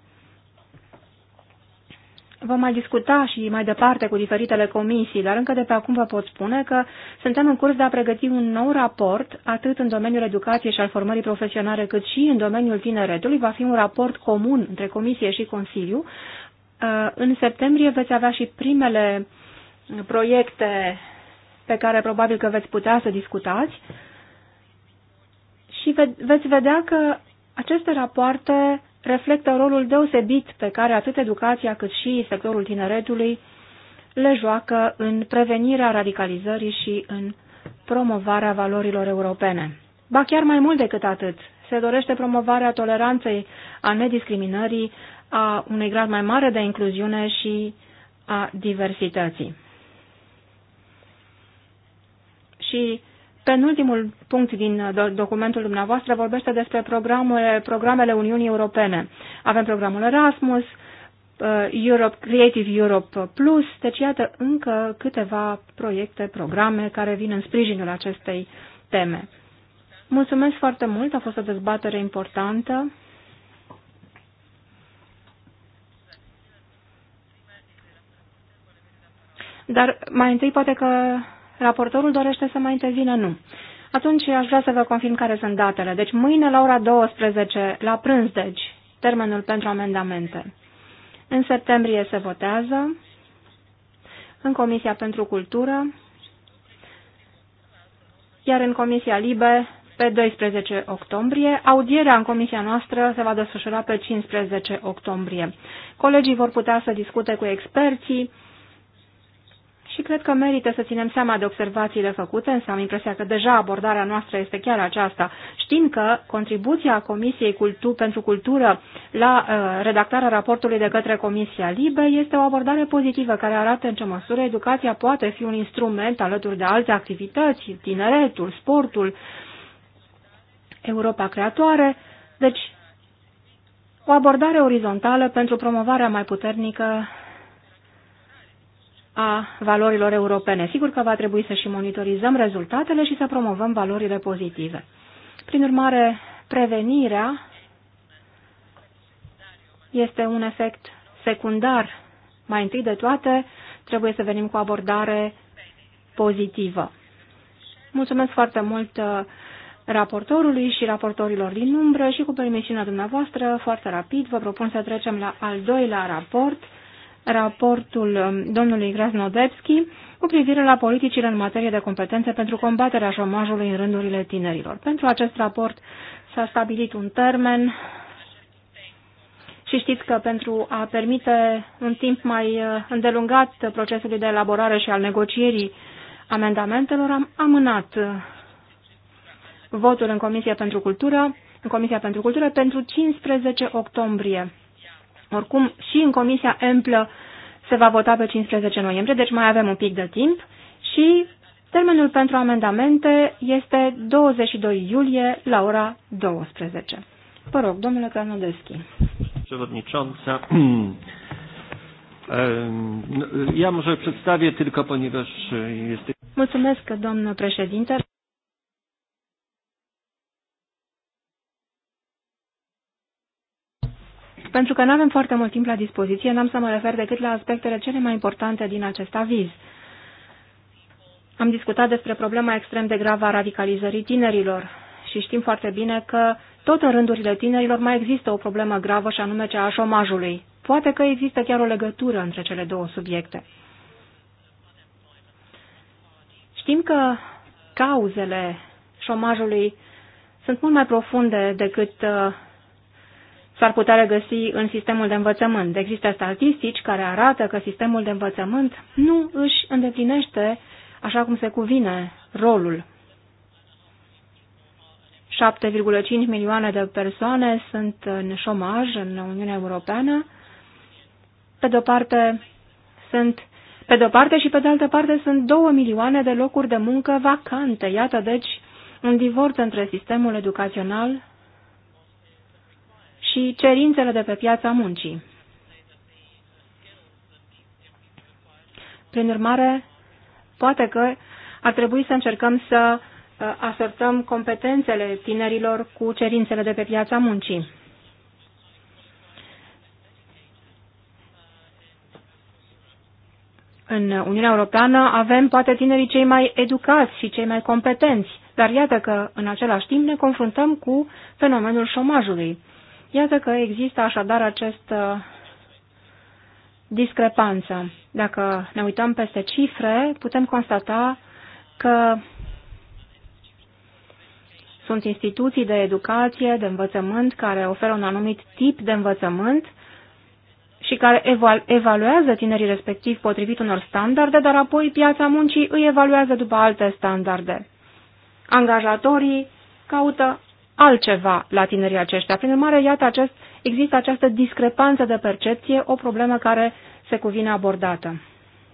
Vom mai discuta și mai departe cu diferitele comisii, dar încă de pe acum vă pot spune că suntem în curs de a pregăti un nou raport, atât în domeniul educației și al formării profesionale, cât și în domeniul tineretului. Va fi un raport comun între comisie și Consiliu. Uh, în septembrie veți avea și primele proiecte pe care probabil că veți putea să discutați și ve veți vedea că aceste rapoarte reflectă rolul deosebit pe care atât educația cât și sectorul tineretului le joacă în prevenirea radicalizării și în promovarea valorilor europene. Ba chiar mai mult decât atât, se dorește promovarea toleranței, a nediscriminării, a unui grad mai mare de incluziune și a diversității. Și Penultimul punct din uh, documentul dumneavoastră vorbește despre programele, programele Uniunii Europene. Avem programul Erasmus, uh, Europe, Creative Europe Plus, deci iată încă câteva proiecte, programe care vin în sprijinul acestei teme. Mulțumesc foarte mult, a fost o dezbatere importantă. Dar mai întâi poate că Raportorul dorește să mai intervină? Nu. Atunci aș vrea să vă confirm care sunt datele. Deci mâine la ora 12, la prânz, deci, termenul pentru amendamente. În septembrie se votează în Comisia pentru Cultură, iar în Comisia Libe pe 12 octombrie. Audierea în comisia noastră se va desfășura pe 15 octombrie. Colegii vor putea să discute cu experții și cred că merită să ținem seama de observațiile făcute, însă am impresia că deja abordarea noastră este chiar aceasta. Știm că contribuția Comisiei Cultu pentru Cultură la uh, redactarea raportului de către Comisia Libe este o abordare pozitivă care arată în ce măsură educația poate fi un instrument alături de alte activități, tineretul, sportul, Europa creatoare, deci o abordare orizontală pentru promovarea mai puternică a valorilor europene. Sigur că va trebui să și monitorizăm rezultatele și să promovăm valorile pozitive. Prin urmare, prevenirea este un efect secundar. Mai întâi de toate, trebuie să venim cu abordare pozitivă. Mulțumesc foarte mult uh, raportorului și raportorilor din umbră și cu permisiunea dumneavoastră, foarte rapid, vă propun să trecem la al doilea raport, raportul um, domnului Krasnodebski cu privire la politicile în materie de competențe pentru combaterea șomajului în rândurile tinerilor. Pentru acest raport s-a stabilit un termen și știți că pentru a permite un timp mai uh, îndelungat procesului de elaborare și al negocierii amendamentelor, am amânat uh, votul în Comisia pentru Cultură, în Comisia pentru Cultură pentru 15 octombrie. Oricum, și în Comisia Emplă se va vota pe 15 noiembrie, deci mai avem un pic de timp și termenul pentru amendamente este 22 iulie la ora 12. Vă rog, domnule Cranodeschi. Przewodnicząca, [clears throat] ja może przedstawię tylko, ponieważ jest... Mulțumesc, domnule președinte. Pentru că nu avem foarte mult timp la dispoziție, n-am să mă refer decât la aspectele cele mai importante din acest aviz. Am discutat despre problema extrem de gravă a radicalizării tinerilor și știm foarte bine că tot în rândurile tinerilor mai există o problemă gravă și anume cea a șomajului. Poate că există chiar o legătură între cele două subiecte. Știm că cauzele șomajului sunt mult mai profunde decât uh, s-ar putea regăsi în sistemul de învățământ. Există statistici care arată că sistemul de învățământ nu își îndeplinește așa cum se cuvine rolul. 7,5 milioane de persoane sunt în șomaj în Uniunea Europeană. Pe de o parte sunt pe de o parte și pe de altă parte sunt 2 milioane de locuri de muncă vacante. Iată deci un divorț între sistemul educațional și cerințele de pe piața muncii. Prin urmare, poate că ar trebui să încercăm să uh, asortăm competențele tinerilor cu cerințele de pe piața muncii. În Uniunea Europeană avem poate tinerii cei mai educați și cei mai competenți, dar iată că în același timp ne confruntăm cu fenomenul șomajului. Iată că există așadar această uh, discrepanță. Dacă ne uităm peste cifre, putem constata că sunt instituții de educație, de învățământ, care oferă un anumit tip de învățământ și care evaluează tinerii respectiv potrivit unor standarde, dar apoi piața muncii îi evaluează după alte standarde. Angajatorii caută altceva la tinerii aceștia. Prin urmare, iată, acest, există această discrepanță de percepție, o problemă care se cuvine abordată.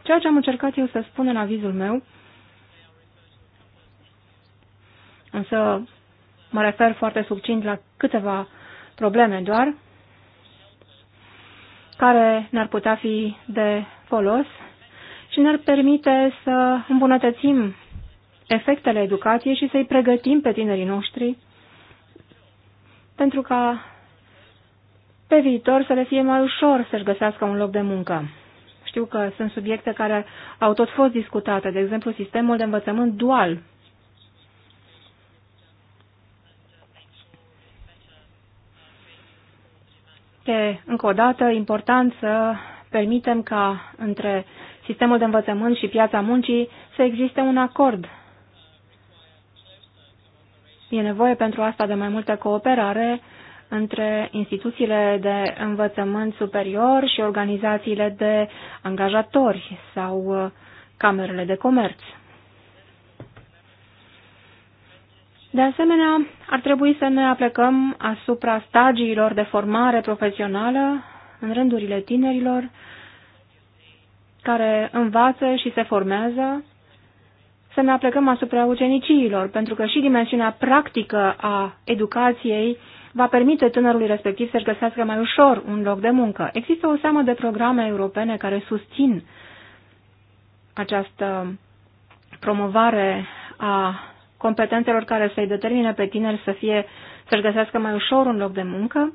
Ceea ce am încercat eu să spun în avizul meu, însă mă refer foarte succint la câteva probleme doar, care ne-ar putea fi de folos și ne-ar permite să îmbunătățim efectele educației și să-i pregătim pe tinerii noștri pentru ca pe viitor să le fie mai ușor să-și găsească un loc de muncă. Știu că sunt subiecte care au tot fost discutate, de exemplu sistemul de învățământ dual. E încă o dată important să permitem ca între sistemul de învățământ și piața muncii să existe un acord E nevoie pentru asta de mai multă cooperare între instituțiile de învățământ superior și organizațiile de angajatori sau uh, camerele de comerț. De asemenea, ar trebui să ne aplecăm asupra stagiilor de formare profesională în rândurile tinerilor care învață și se formează să ne aplecăm asupra uceniciilor, pentru că și dimensiunea practică a educației va permite tânărului respectiv să-și găsească mai ușor un loc de muncă. Există o seamă de programe europene care susțin această promovare a competențelor care să-i determine pe tineri să fie, să-și găsească mai ușor un loc de muncă.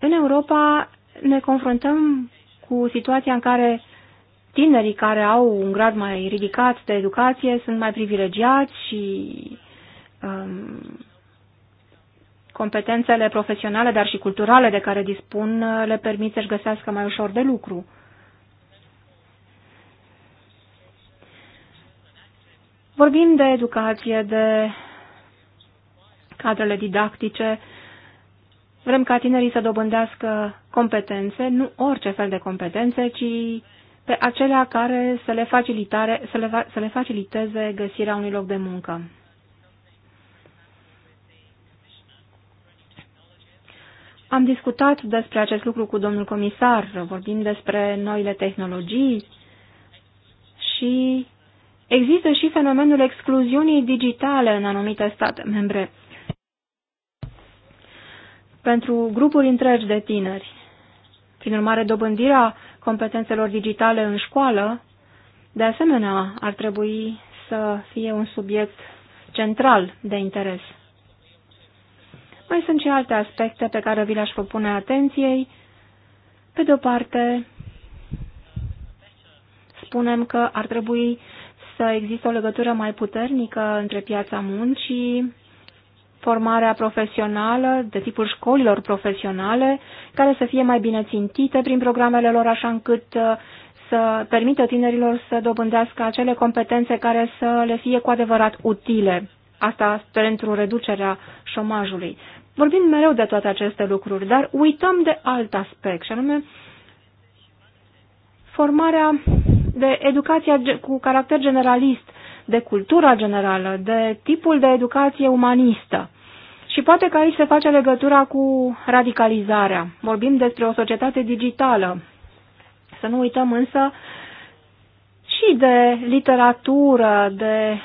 În Europa ne confruntăm cu situația în care tinerii care au un grad mai ridicat de educație sunt mai privilegiați și um, competențele profesionale, dar și culturale de care dispun uh, le permit să-și găsească mai ușor de lucru. Vorbim de educație, de cadrele didactice, vrem ca tinerii să dobândească competențe, nu orice fel de competențe, ci pe acelea care să le, facilitare, să, le, să le faciliteze găsirea unui loc de muncă. Am discutat despre acest lucru cu domnul comisar, vorbim despre noile tehnologii și există și fenomenul excluziunii digitale în anumite state membre pentru grupuri întregi de tineri. Prin urmare, dobândirea competențelor digitale în școală, de asemenea, ar trebui să fie un subiect central de interes. Mai sunt și alte aspecte pe care vi le-aș propune atenției. Pe de o parte, spunem că ar trebui să există o legătură mai puternică între piața muncii formarea profesională, de tipul școlilor profesionale, care să fie mai bine țintite prin programele lor, așa încât uh, să permită tinerilor să dobândească acele competențe care să le fie cu adevărat utile. Asta pentru reducerea șomajului. Vorbim mereu de toate aceste lucruri, dar uităm de alt aspect, și anume formarea de educația cu caracter generalist de cultura generală, de tipul de educație umanistă. Și poate că aici se face legătura cu radicalizarea. Vorbim despre o societate digitală. Să nu uităm însă și de literatură, de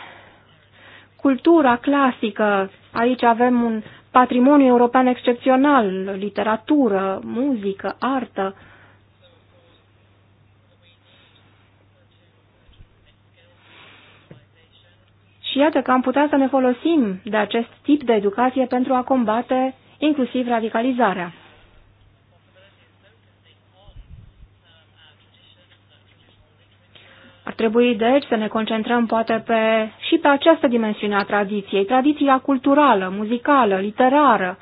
cultura clasică. Aici avem un patrimoniu european excepțional, literatură, muzică, artă. Și iată că am putea să ne folosim de acest tip de educație pentru a combate inclusiv radicalizarea. Ar trebui, deci, să ne concentrăm poate pe, și pe această dimensiune a tradiției, tradiția culturală, muzicală, literară.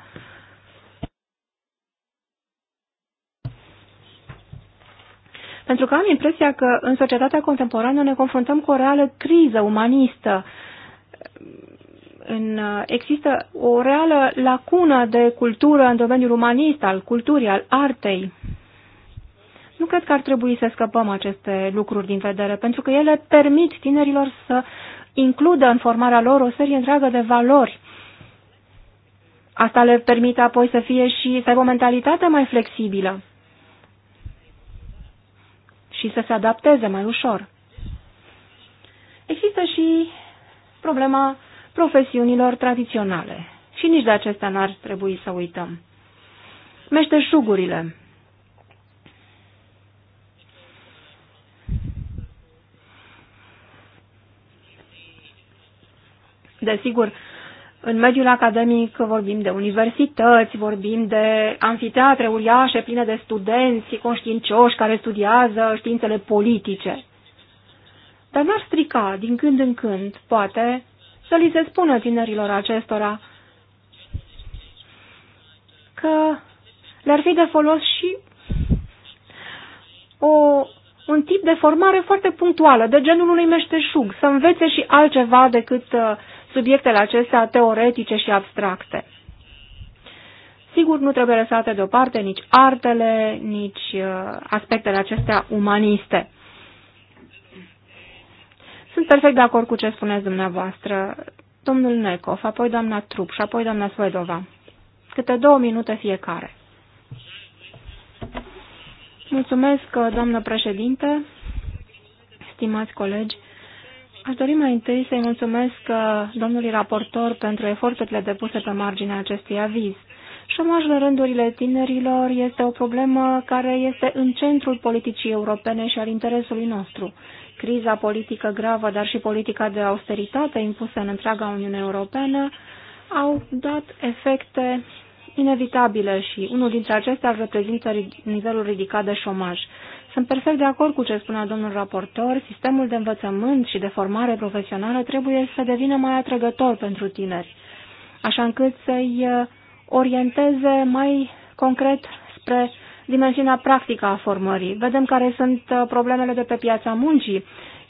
Pentru că am impresia că în societatea contemporană ne confruntăm cu o reală criză umanistă în, există o reală lacună de cultură în domeniul umanist, al culturii, al artei. Nu cred că ar trebui să scăpăm aceste lucruri din vedere, pentru că ele permit tinerilor să includă în formarea lor o serie întreagă de valori. Asta le permite apoi să fie și să aibă o mentalitate mai flexibilă și să se adapteze mai ușor. Există și problema profesiunilor tradiționale. Și nici de acestea n-ar trebui să uităm. Meșteșugurile. Desigur, în mediul academic vorbim de universități, vorbim de anfiteatre uriașe pline de studenți conștiincioși care studiază științele politice. Dar n-ar strica din când în când, poate, să li se spună tinerilor acestora că le-ar fi de folos și o, un tip de formare foarte punctuală, de genul unui meșteșug, să învețe și altceva decât uh, subiectele acestea teoretice și abstracte. Sigur, nu trebuie lăsate deoparte nici artele, nici uh, aspectele acestea umaniste. Sunt perfect de acord cu ce spuneți dumneavoastră. Domnul Necov, apoi doamna Trup și apoi doamna Svedova, Câte două minute fiecare. Mulțumesc, doamnă președinte, stimați colegi. Aș dori mai întâi să-i mulțumesc domnului raportor pentru eforturile depuse pe marginea acestui aviz. Șomajul în rândurile tinerilor este o problemă care este în centrul politicii europene și al interesului nostru. Criza politică gravă, dar și politica de austeritate impusă în întreaga Uniune Europeană au dat efecte inevitabile și unul dintre acestea reprezintă nivelul ridicat de șomaj. Sunt perfect de acord cu ce spunea domnul raportor, sistemul de învățământ și de formare profesională trebuie să devină mai atrăgător pentru tineri, așa încât să-i uh, orienteze mai concret spre dimensiunea practică a formării. Vedem care sunt uh, problemele de pe piața muncii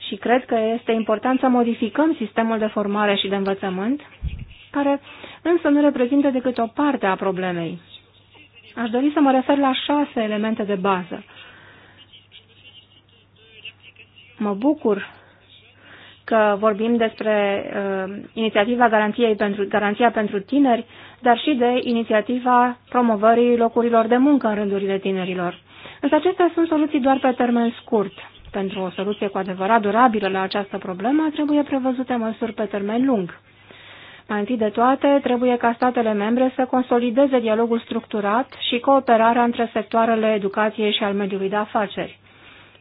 și cred că este important să modificăm sistemul de formare și de învățământ, care însă nu reprezintă decât o parte a problemei. Aș dori să mă refer la șase elemente de bază. Mă bucur că vorbim despre uh, inițiativa Garanției pentru, Garanția pentru Tineri, dar și de inițiativa promovării locurilor de muncă în rândurile tinerilor. Însă acestea sunt soluții doar pe termen scurt. Pentru o soluție cu adevărat durabilă la această problemă, trebuie prevăzute măsuri pe termen lung. Mai întâi de toate, trebuie ca statele membre să consolideze dialogul structurat și cooperarea între sectoarele educației și al mediului de afaceri,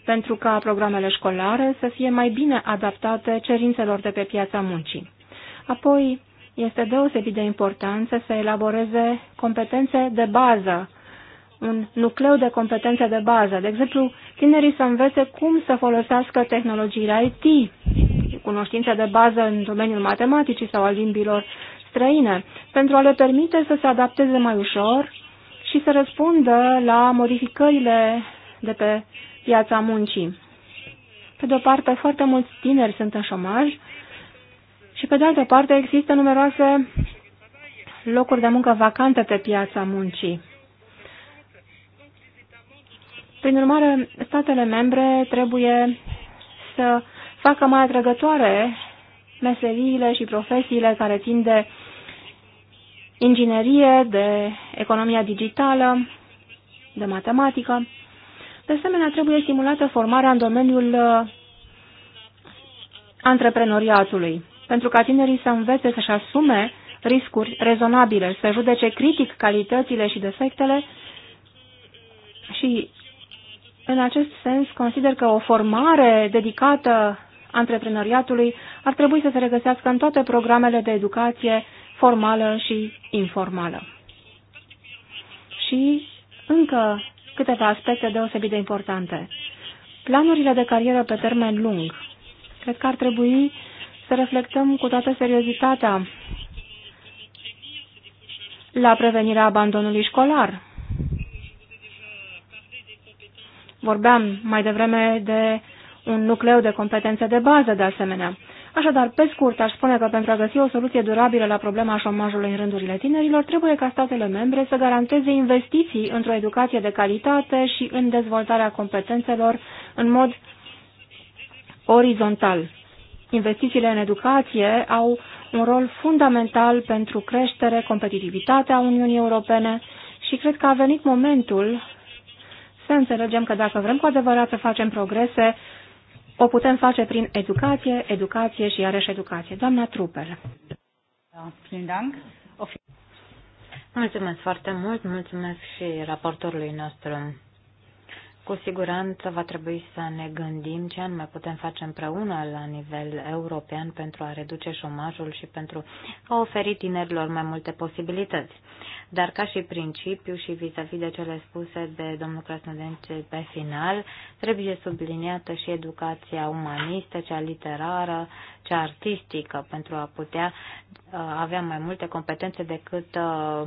pentru ca programele școlare să fie mai bine adaptate cerințelor de pe piața muncii. Apoi, este deosebit de important să se elaboreze competențe de bază, un nucleu de competențe de bază. De exemplu, tinerii să învețe cum să folosească tehnologiile IT, cunoștințe de bază în domeniul matematicii sau al limbilor străine, pentru a le permite să se adapteze mai ușor și să răspundă la modificările de pe piața muncii. Pe de o parte, foarte mulți tineri sunt în șomaj, și pe de altă parte există numeroase locuri de muncă vacante pe piața muncii. Prin urmare, statele membre trebuie să facă mai atrăgătoare meseriile și profesiile care țin de inginerie, de economia digitală, de matematică. De asemenea, trebuie stimulată formarea în domeniul uh, antreprenoriatului pentru ca tinerii să învețe să-și asume riscuri rezonabile, să judece critic calitățile și defectele și în acest sens consider că o formare dedicată antreprenoriatului ar trebui să se regăsească în toate programele de educație formală și informală. Și încă câteva aspecte deosebit de importante. Planurile de carieră pe termen lung. Cred că ar trebui să reflectăm cu toată seriozitatea la prevenirea abandonului școlar. Vorbeam mai devreme de un nucleu de competențe de bază, de asemenea. Așadar, pe scurt, aș spune că pentru a găsi o soluție durabilă la problema șomajului în rândurile tinerilor, trebuie ca statele membre să garanteze investiții într-o educație de calitate și în dezvoltarea competențelor în mod orizontal. Investițiile în educație au un rol fundamental pentru creștere, competitivitatea Uniunii Europene și cred că a venit momentul să înțelegem că dacă vrem cu adevărat să facem progrese, o putem face prin educație, educație și iarăși educație. Doamna Trupel. Da, mulțumesc foarte mult, mulțumesc și raportorului nostru cu siguranță va trebui să ne gândim ce anume putem face împreună la nivel european pentru a reduce șomajul și pentru a oferi tinerilor mai multe posibilități. Dar ca și principiu și vis-a-vis -vis de cele spuse de domnul Crasnodence pe final, trebuie subliniată și educația umanistă, cea literară, cea artistică, pentru a putea uh, avea mai multe competențe decât uh,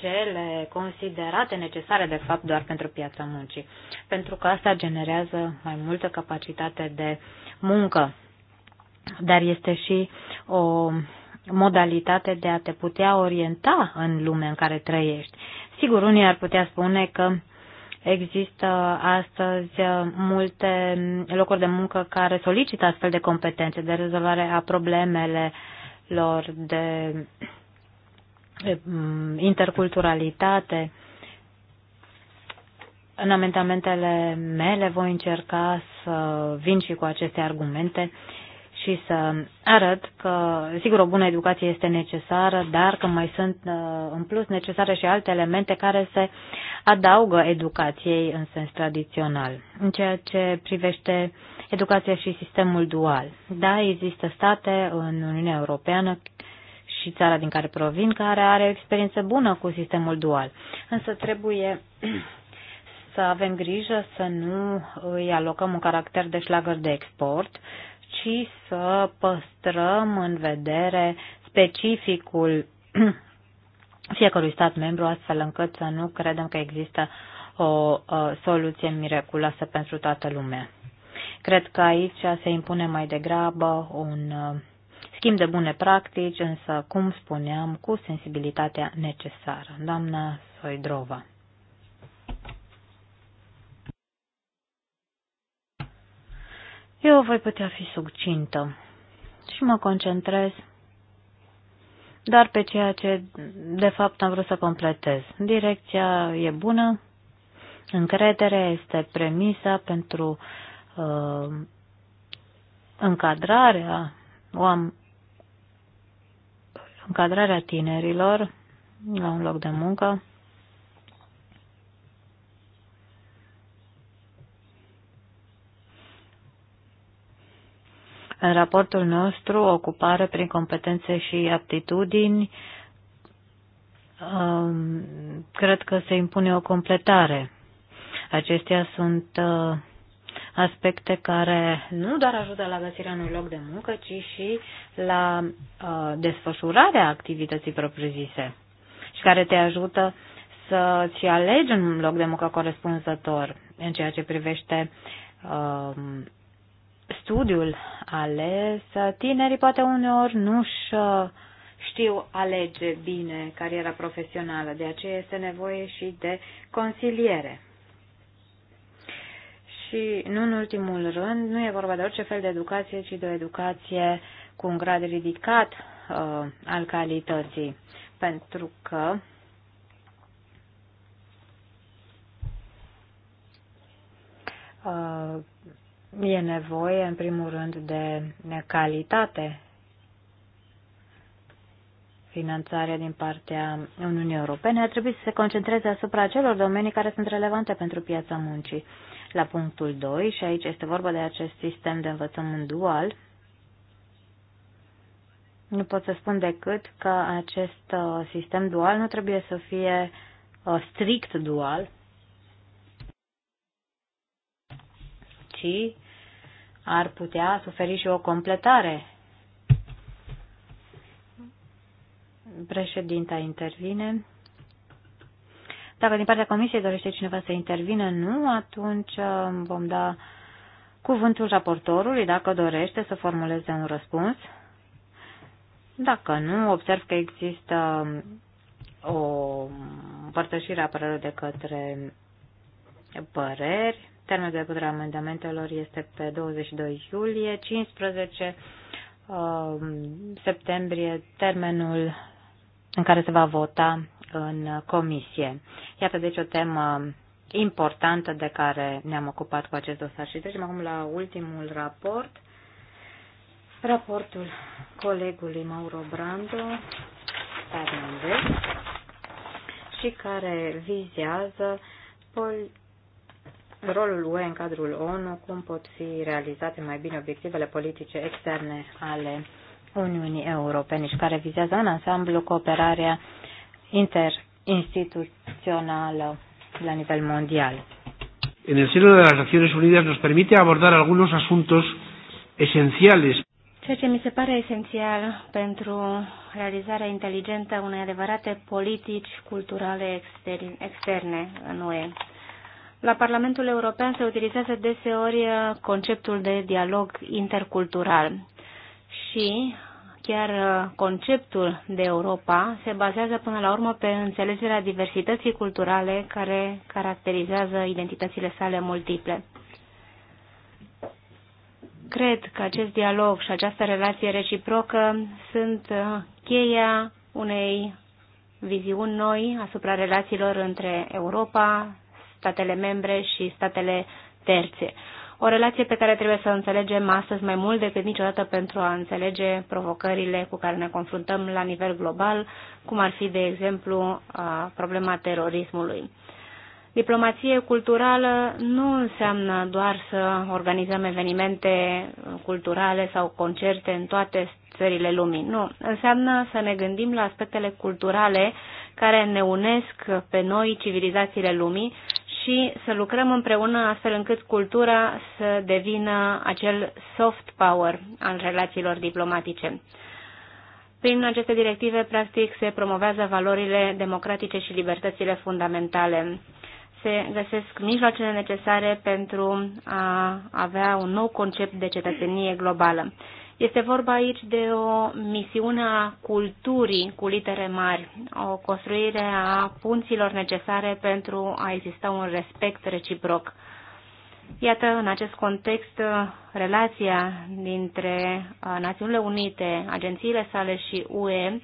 cele considerate necesare, de fapt, doar pentru piața muncii, pentru că asta generează mai multă capacitate de muncă, dar este și o modalitate de a te putea orienta în lumea în care trăiești. Sigur, unii ar putea spune că există astăzi multe locuri de muncă care solicită astfel de competențe de rezolvare a problemelor, de Mm, interculturalitate. În amendamentele mele voi încerca să vin și cu aceste argumente și să arăt că, sigur, o bună educație este necesară, dar că mai sunt uh, în plus necesare și alte elemente care se adaugă educației în sens tradițional, în ceea ce privește educația și sistemul dual. Da, există state în Uniunea Europeană și țara din care provin, care are o experiență bună cu sistemul dual. Însă trebuie [clears throat] să avem grijă să nu îi alocăm un caracter de șlagăr de export, ci să păstrăm în vedere specificul [clears throat] fiecărui stat membru, astfel încât să nu credem că există o soluție miraculoasă pentru toată lumea. Cred că aici se impune mai degrabă un schimb de bune practici, însă, cum spuneam, cu sensibilitatea necesară. Doamna Soidrova. Eu voi putea fi succintă și mă concentrez dar pe ceea ce de fapt am vrut să completez. Direcția e bună, încrederea este premisa pentru uh, încadrarea oam- încadrarea tinerilor la un loc de muncă. În raportul nostru, ocupare prin competențe și aptitudini, um, cred că se impune o completare. Acestea sunt uh, aspecte care nu doar ajută la găsirea unui loc de muncă, ci și la uh, desfășurarea activității propriu-zise și care te ajută să-ți alegi un loc de muncă corespunzător în ceea ce privește uh, studiul ales. Tinerii poate uneori nu-și uh, știu alege bine cariera profesională, de aceea este nevoie și de consiliere și, nu în ultimul rând, nu e vorba de orice fel de educație, ci de o educație cu un grad ridicat uh, al calității. Pentru că uh, e nevoie, în primul rând, de calitate finanțarea din partea Uniunii Europene ar trebui să se concentreze asupra celor domenii care sunt relevante pentru piața muncii la punctul 2 și aici este vorba de acest sistem de învățământ dual. Nu pot să spun decât că acest uh, sistem dual nu trebuie să fie uh, strict dual, ci ar putea suferi și o completare. Președinta intervine. Dacă din partea Comisiei dorește cineva să intervină, nu, atunci um, vom da cuvântul raportorului dacă dorește să formuleze un răspuns. Dacă nu, observ că există um, o împărtășire a părerilor de către păreri. Termenul de depunere a amendamentelor este pe 22 iulie, 15 um, septembrie, termenul în care se va vota în comisie. Iată deci o temă importantă de care ne-am ocupat cu acest dosar. Și trecem acum la ultimul raport, raportul colegului Mauro Brando, Fernandez, și care vizează pol- rolul UE în cadrul ONU, cum pot fi realizate mai bine obiectivele politice externe ale Uniunii Europene și care vizează în ansamblu cooperarea uh, interinstituțională la nivel mundial. En el seno de las Naciones Unidas nos permite abordar algunos asuntos esenciales. Ceea ce mi se pare esențial pentru realizarea inteligentă unei adevărate politici culturale externe în UE. La Parlamentul European se utilizează deseori conceptul de dialog intercultural și Chiar uh, conceptul de Europa se bazează până la urmă pe înțelegerea diversității culturale care caracterizează identitățile sale multiple. Cred că acest dialog și această relație reciprocă sunt uh, cheia unei viziuni noi asupra relațiilor între Europa, statele membre și statele terțe o relație pe care trebuie să o înțelegem astăzi mai mult decât niciodată pentru a înțelege provocările cu care ne confruntăm la nivel global, cum ar fi, de exemplu, problema terorismului. Diplomație culturală nu înseamnă doar să organizăm evenimente culturale sau concerte în toate țările lumii. Nu, înseamnă să ne gândim la aspectele culturale care ne unesc pe noi civilizațiile lumii și să lucrăm împreună astfel încât cultura să devină acel soft power al relațiilor diplomatice. Prin aceste directive, practic, se promovează valorile democratice și libertățile fundamentale. Se găsesc mijloacele necesare pentru a avea un nou concept de cetățenie globală. Este vorba aici de o misiune a culturii cu litere mari, o construire a punților necesare pentru a exista un respect reciproc. Iată, în acest context, relația dintre uh, Națiunile Unite, agențiile sale și UE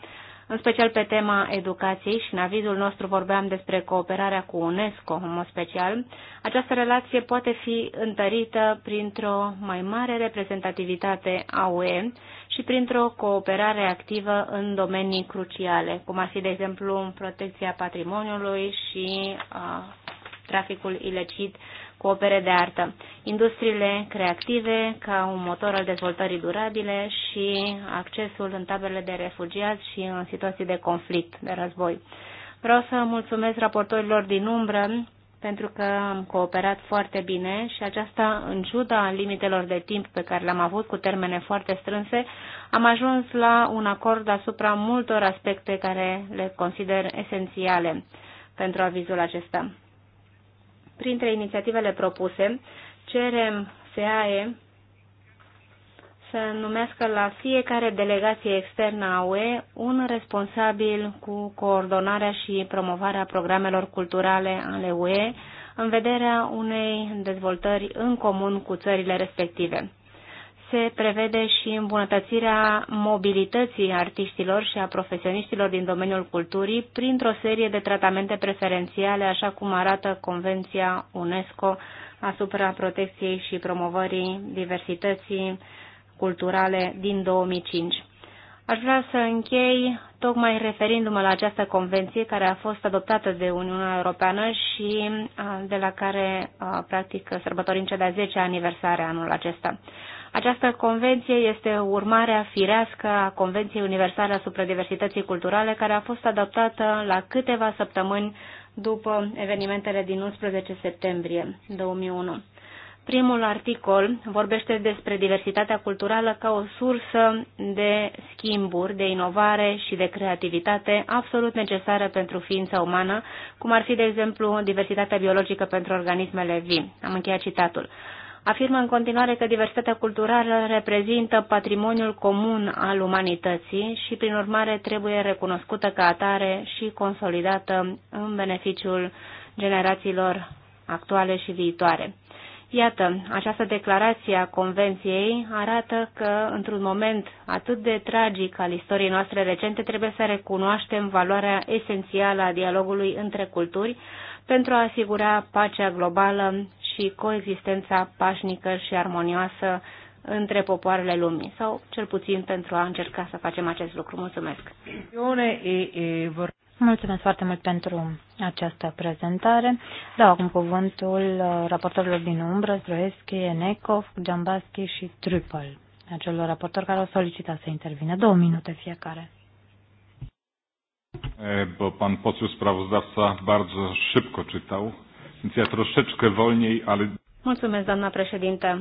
în special pe tema educației și în avizul nostru vorbeam despre cooperarea cu UNESCO în mod special, această relație poate fi întărită printr-o mai mare reprezentativitate a UE și printr-o cooperare activă în domenii cruciale, cum ar fi, de exemplu, protecția patrimoniului și a, traficul ilicit cu opere de artă. Industriile creative ca un motor al dezvoltării durabile și accesul în taberele de refugiați și în situații de conflict, de război. Vreau să mulțumesc raportorilor din umbră pentru că am cooperat foarte bine și aceasta, în ciuda limitelor de timp pe care le-am avut cu termene foarte strânse, am ajuns la un acord asupra multor aspecte care le consider esențiale pentru avizul acesta printre inițiativele propuse, cerem SEAE să numească la fiecare delegație externă a UE un responsabil cu coordonarea și promovarea programelor culturale ale UE în vederea unei dezvoltări în comun cu țările respective se prevede și îmbunătățirea mobilității artiștilor și a profesioniștilor din domeniul culturii printr-o serie de tratamente preferențiale, așa cum arată Convenția UNESCO asupra protecției și promovării diversității culturale din 2005. Aș vrea să închei tocmai referindu-mă la această convenție care a fost adoptată de Uniunea Europeană și de la care, practic, sărbătorim cea de-a 10 aniversare anul acesta. Această convenție este urmarea firească a Convenției Universale asupra Diversității Culturale, care a fost adoptată la câteva săptămâni după evenimentele din 11 septembrie 2001. Primul articol vorbește despre diversitatea culturală ca o sursă de schimburi, de inovare și de creativitate absolut necesară pentru ființa umană, cum ar fi, de exemplu, diversitatea biologică pentru organismele vii. Am încheiat citatul afirmă în continuare că diversitatea culturală reprezintă patrimoniul comun al umanității și, prin urmare, trebuie recunoscută ca atare și consolidată în beneficiul generațiilor actuale și viitoare. Iată, această declarație a Convenției arată că, într-un moment atât de tragic al istoriei noastre recente, trebuie să recunoaștem valoarea esențială a dialogului între culturi pentru a asigura pacea globală și coexistența pașnică și armonioasă între popoarele lumii, sau cel puțin pentru a încerca să facem acest lucru. Mulțumesc! Mulțumesc foarte mult pentru această prezentare. Dau acum cuvântul uh, raportorilor din umbră, Zdroeschi, Enekov, Giambaschi și Trupel, acelor raportori care au solicitat să intervină. Două minute fiecare. Bo pan poseł sprawozdawca bardzo szybko czytał Mulțumesc, doamna președintă.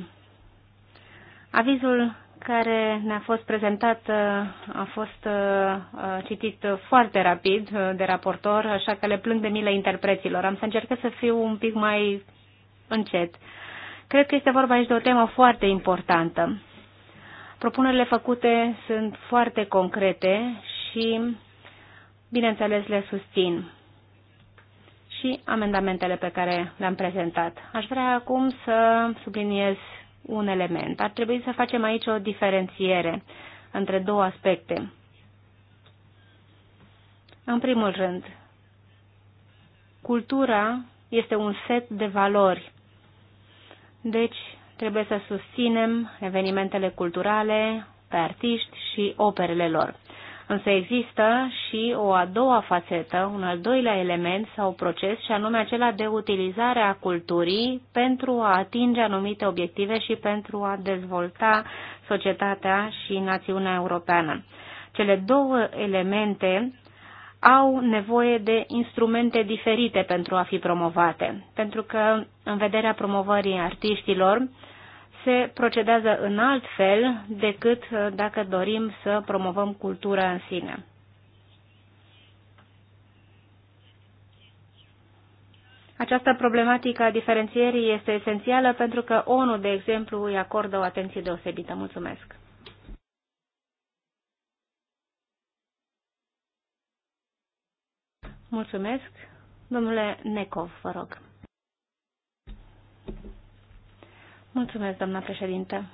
Avizul care ne-a fost prezentat uh, a fost uh, uh, citit foarte rapid de raportor, așa că le plâng de milă interpreților. Am să încerc să fiu un pic mai încet. Cred că este vorba aici de o temă foarte importantă. Propunerile făcute sunt foarte concrete și, bineînțeles, le susțin și amendamentele pe care le-am prezentat. Aș vrea acum să subliniez un element. Ar trebui să facem aici o diferențiere între două aspecte. În primul rând, cultura este un set de valori. Deci, trebuie să susținem evenimentele culturale pe artiști și operele lor. Însă există și o a doua fațetă, un al doilea element sau proces, și anume acela de utilizare a culturii pentru a atinge anumite obiective și pentru a dezvolta societatea și națiunea europeană. Cele două elemente au nevoie de instrumente diferite pentru a fi promovate, pentru că în vederea promovării artiștilor, se procedează în alt fel decât uh, dacă dorim să promovăm cultura în sine. Această problematică a diferențierii este esențială pentru că ONU, de exemplu, îi acordă o atenție deosebită. Mulțumesc! Mulțumesc! Domnule Necov, vă rog. Mulțumesc, doamna președinte.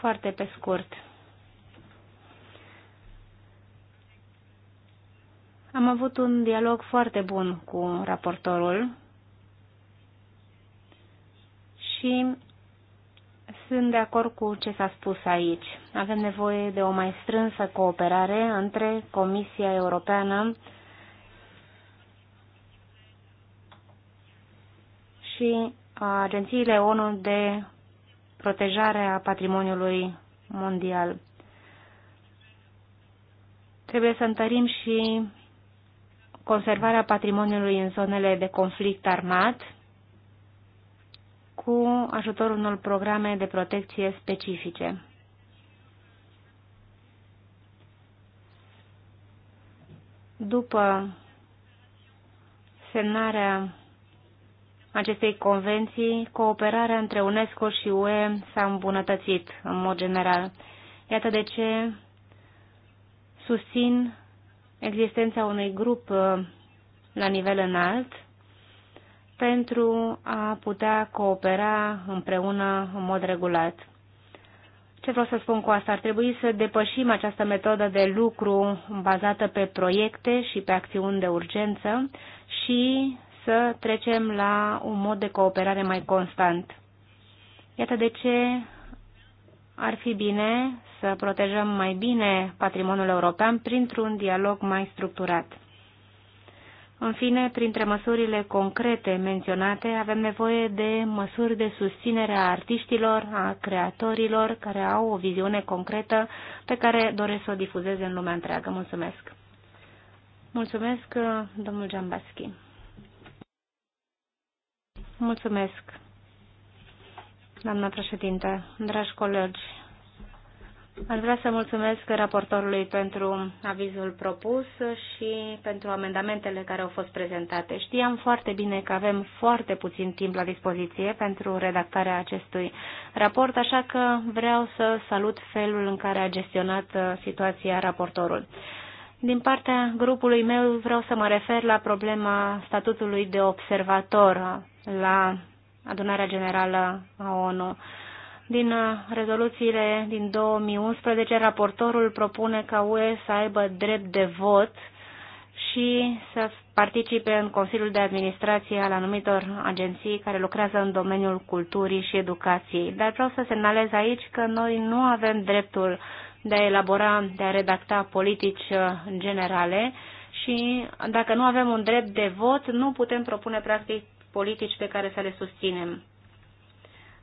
Foarte pe scurt. Am avut un dialog foarte bun cu raportorul și sunt de acord cu ce s-a spus aici. Avem nevoie de o mai strânsă cooperare între Comisia Europeană și agențiile ONU de protejare a patrimoniului mondial. Trebuie să întărim și conservarea patrimoniului în zonele de conflict armat cu ajutorul unor programe de protecție specifice. După semnarea acestei convenții, cooperarea între UNESCO și UE s-a îmbunătățit în mod general. Iată de ce susțin existența unui grup uh, la nivel înalt pentru a putea coopera împreună în mod regulat. Ce vreau să spun cu asta? Ar trebui să depășim această metodă de lucru bazată pe proiecte și pe acțiuni de urgență și să trecem la un mod de cooperare mai constant. Iată de ce ar fi bine să protejăm mai bine patrimoniul european printr-un dialog mai structurat. În fine, printre măsurile concrete menționate, avem nevoie de măsuri de susținere a artiștilor, a creatorilor care au o viziune concretă pe care doresc să o difuzeze în lumea întreagă. Mulțumesc! Mulțumesc, domnul Giambaschi. Mulțumesc, doamna președinte, dragi colegi. Aș vrea să mulțumesc raportorului pentru avizul propus și pentru amendamentele care au fost prezentate. Știam foarte bine că avem foarte puțin timp la dispoziție pentru redactarea acestui raport, așa că vreau să salut felul în care a gestionat uh, situația raportorul. Din partea grupului meu vreau să mă refer la problema statutului de observator la adunarea generală a ONU. Din uh, rezoluțiile din 2011, raportorul propune ca UE să aibă drept de vot și să participe în Consiliul de Administrație al anumitor agenții care lucrează în domeniul culturii și educației. Dar vreau să semnalez aici că noi nu avem dreptul de a elabora, de a redacta politici uh, generale și dacă nu avem un drept de vot, nu putem propune practic politici pe care să le susținem.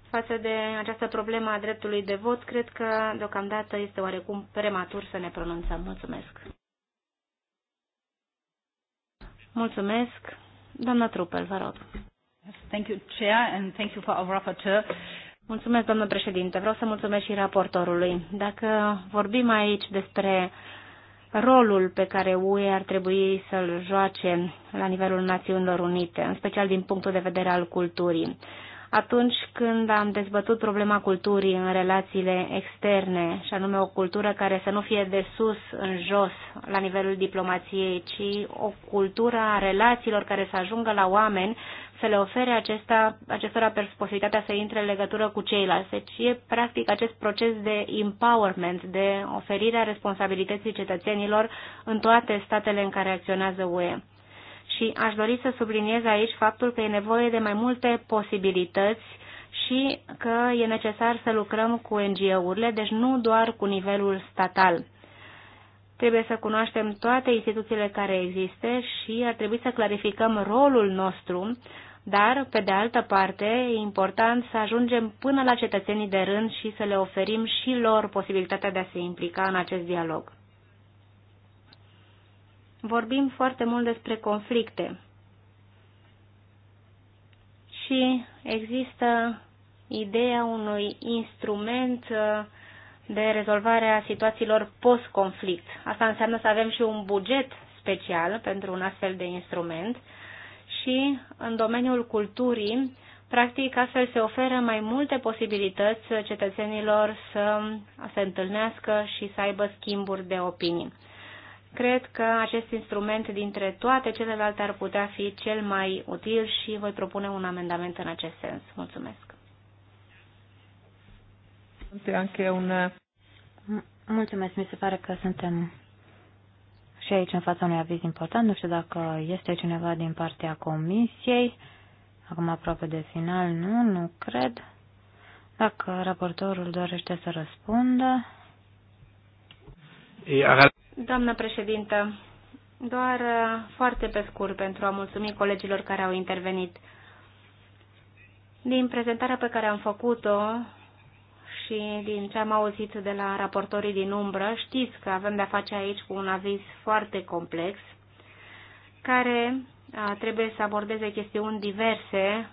Față de această problemă a dreptului de vot, cred că deocamdată este oarecum prematur să ne pronunțăm. Mulțumesc! Mulțumesc! Doamna Trupel, vă rog. Thank you, Chair, and thank you for our rapporteur. Mulțumesc, domnul președinte. Vreau să mulțumesc și raportorului. Dacă vorbim aici despre uh, rolul pe care UE ar trebui să-l joace la nivelul Națiunilor Unite, în special din punctul de vedere al culturii atunci când am dezbătut problema culturii în relațiile externe, și anume o cultură care să nu fie de sus în jos la nivelul diplomației, ci o cultură a relațiilor care să ajungă la oameni, să le ofere acesta, acestora posibilitatea să intre în legătură cu ceilalți. Deci e practic acest proces de empowerment, de oferirea responsabilității cetățenilor în toate statele în care acționează UE. Și aș dori să subliniez aici faptul că e nevoie de mai multe posibilități și că e necesar să lucrăm cu NGO-urile, deci nu doar cu nivelul statal. Trebuie să cunoaștem toate instituțiile care există și ar trebui să clarificăm rolul nostru, dar, pe de altă parte, e important să ajungem până la cetățenii de rând și să le oferim și lor posibilitatea de a se implica în acest dialog vorbim foarte mult despre conflicte. Și există ideea unui instrument uh, de rezolvare a situațiilor post-conflict. Asta înseamnă să avem și un buget special pentru un astfel de instrument și în domeniul culturii, practic astfel se oferă mai multe posibilități cetățenilor să se întâlnească și să aibă schimburi de opinii. Cred că acest instrument dintre toate celelalte ar putea fi cel mai util și voi propune un amendament în acest sens. Mulțumesc. un... Uh, mulțumesc, mi se pare că suntem și aici în fața unui aviz important. Nu știu dacă este cineva din partea comisiei. Acum aproape de final, nu, nu cred. Dacă raportorul dorește să răspundă. Doamnă președintă, doar uh, foarte pe scurt pentru a mulțumi colegilor care au intervenit. Din prezentarea pe care am făcut-o și din ce am auzit de la raportorii din umbră, știți că avem de-a face aici cu un aviz foarte complex, care uh, trebuie să abordeze chestiuni diverse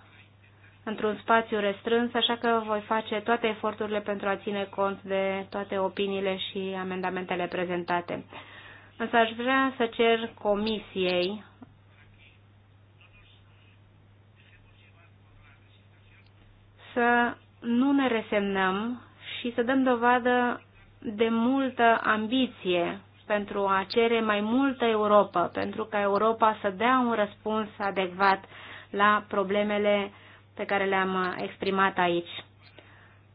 într-un spațiu restrâns, așa că voi face toate eforturile pentru a ține cont de toate opiniile și amendamentele prezentate. Însă aș vrea să cer comisiei să nu ne resemnăm și să dăm dovadă de multă ambiție pentru a cere mai multă Europa, pentru ca Europa să dea un răspuns adecvat la problemele pe care le-am uh, exprimat aici.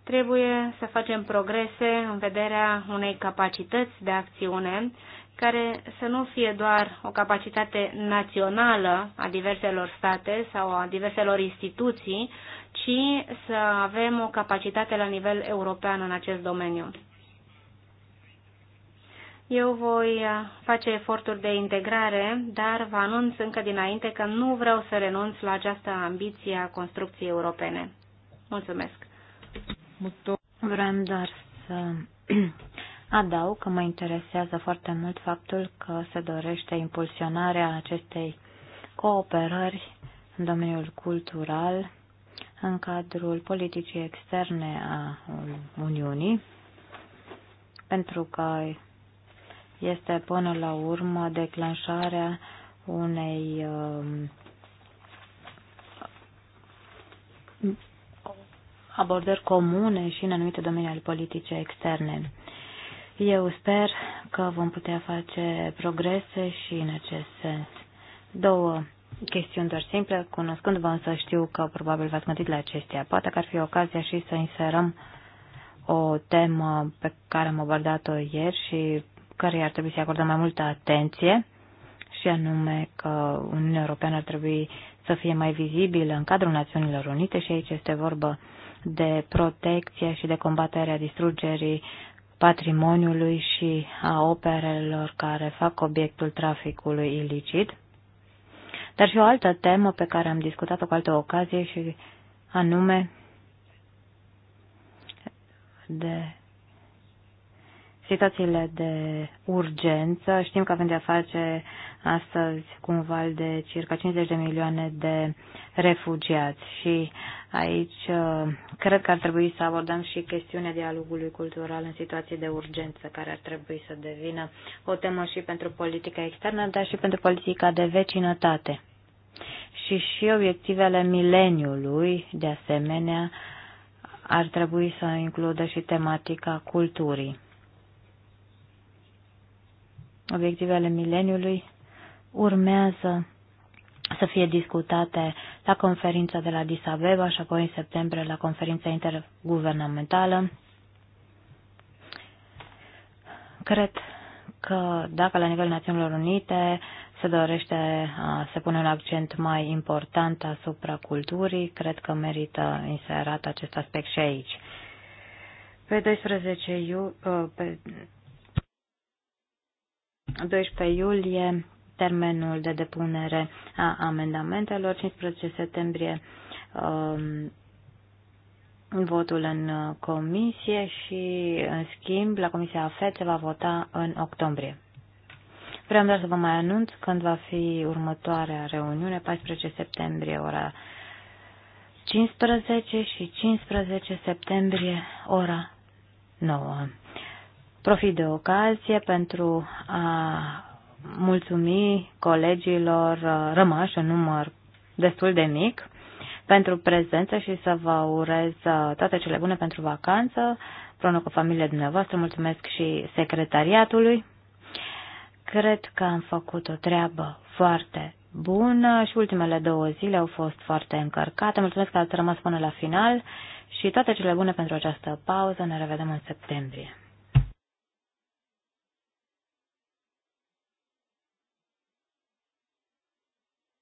Trebuie să facem progrese în vederea unei capacități de acțiune care să nu fie doar o capacitate națională a diverselor state sau a diverselor instituții, ci să avem o capacitate la nivel european în acest domeniu. Eu voi uh, face eforturi de integrare, dar vă anunț încă dinainte că nu vreau să renunț la această ambiție a construcției europene. Mulțumesc! Vreau doar să [clears throat] adaug că mă interesează foarte mult faptul că se dorește impulsionarea acestei cooperări în domeniul cultural în cadrul politicii externe a Uniunii, pentru că este până la urmă declanșarea unei um, abordări comune și în anumite domenii ale politicii externe. Eu sper că vom putea face progrese și în acest sens. Două chestiuni doar simple, cunoscându-vă însă știu că probabil v-ați gândit la acestea. Poate că ar fi ocazia și să inserăm o temă pe care am abordat-o ieri și care ar trebui să acordăm mai multă atenție, și anume că Uniunea Europeană ar trebui să fie mai vizibilă în cadrul Națiunilor Unite și aici este vorba de protecție și de combaterea distrugerii patrimoniului și a operelor care fac obiectul traficului ilicit. Dar și o altă temă pe care am discutat-o cu altă ocazie și anume de situațiile de urgență. Știm că avem de-a face astăzi cu un val de circa 50 de milioane de refugiați și aici uh, cred că ar trebui să abordăm și chestiunea dialogului cultural în situații de urgență, care ar trebui să devină o temă și pentru politica externă, dar și pentru politica de vecinătate. Și și obiectivele mileniului, de asemenea, ar trebui să includă și tematica culturii obiectivele mileniului urmează să fie discutate la conferința de la Disabeba și apoi în septembrie la conferința interguvernamentală. Cred că dacă la nivelul Națiunilor Unite se dorește să pune un accent mai important asupra culturii, cred că merită inserat acest aspect și aici. Pe 12 iulie. 12 iulie termenul de depunere a amendamentelor, 15 septembrie um, votul în comisie și, în schimb, la Comisia AFET se va vota în octombrie. Vreau doar să vă mai anunț când va fi următoarea reuniune, 14 septembrie, ora 15 și 15 septembrie, ora 9 profit de ocazie pentru a mulțumi colegilor uh, rămași în număr destul de mic pentru prezență și să vă urez uh, toate cele bune pentru vacanță, împreună cu familia dumneavoastră. Mulțumesc și secretariatului. Cred că am făcut o treabă foarte bună și ultimele două zile au fost foarte încărcate. Mulțumesc că ați rămas până la final și toate cele bune pentru această pauză. Ne revedem în septembrie.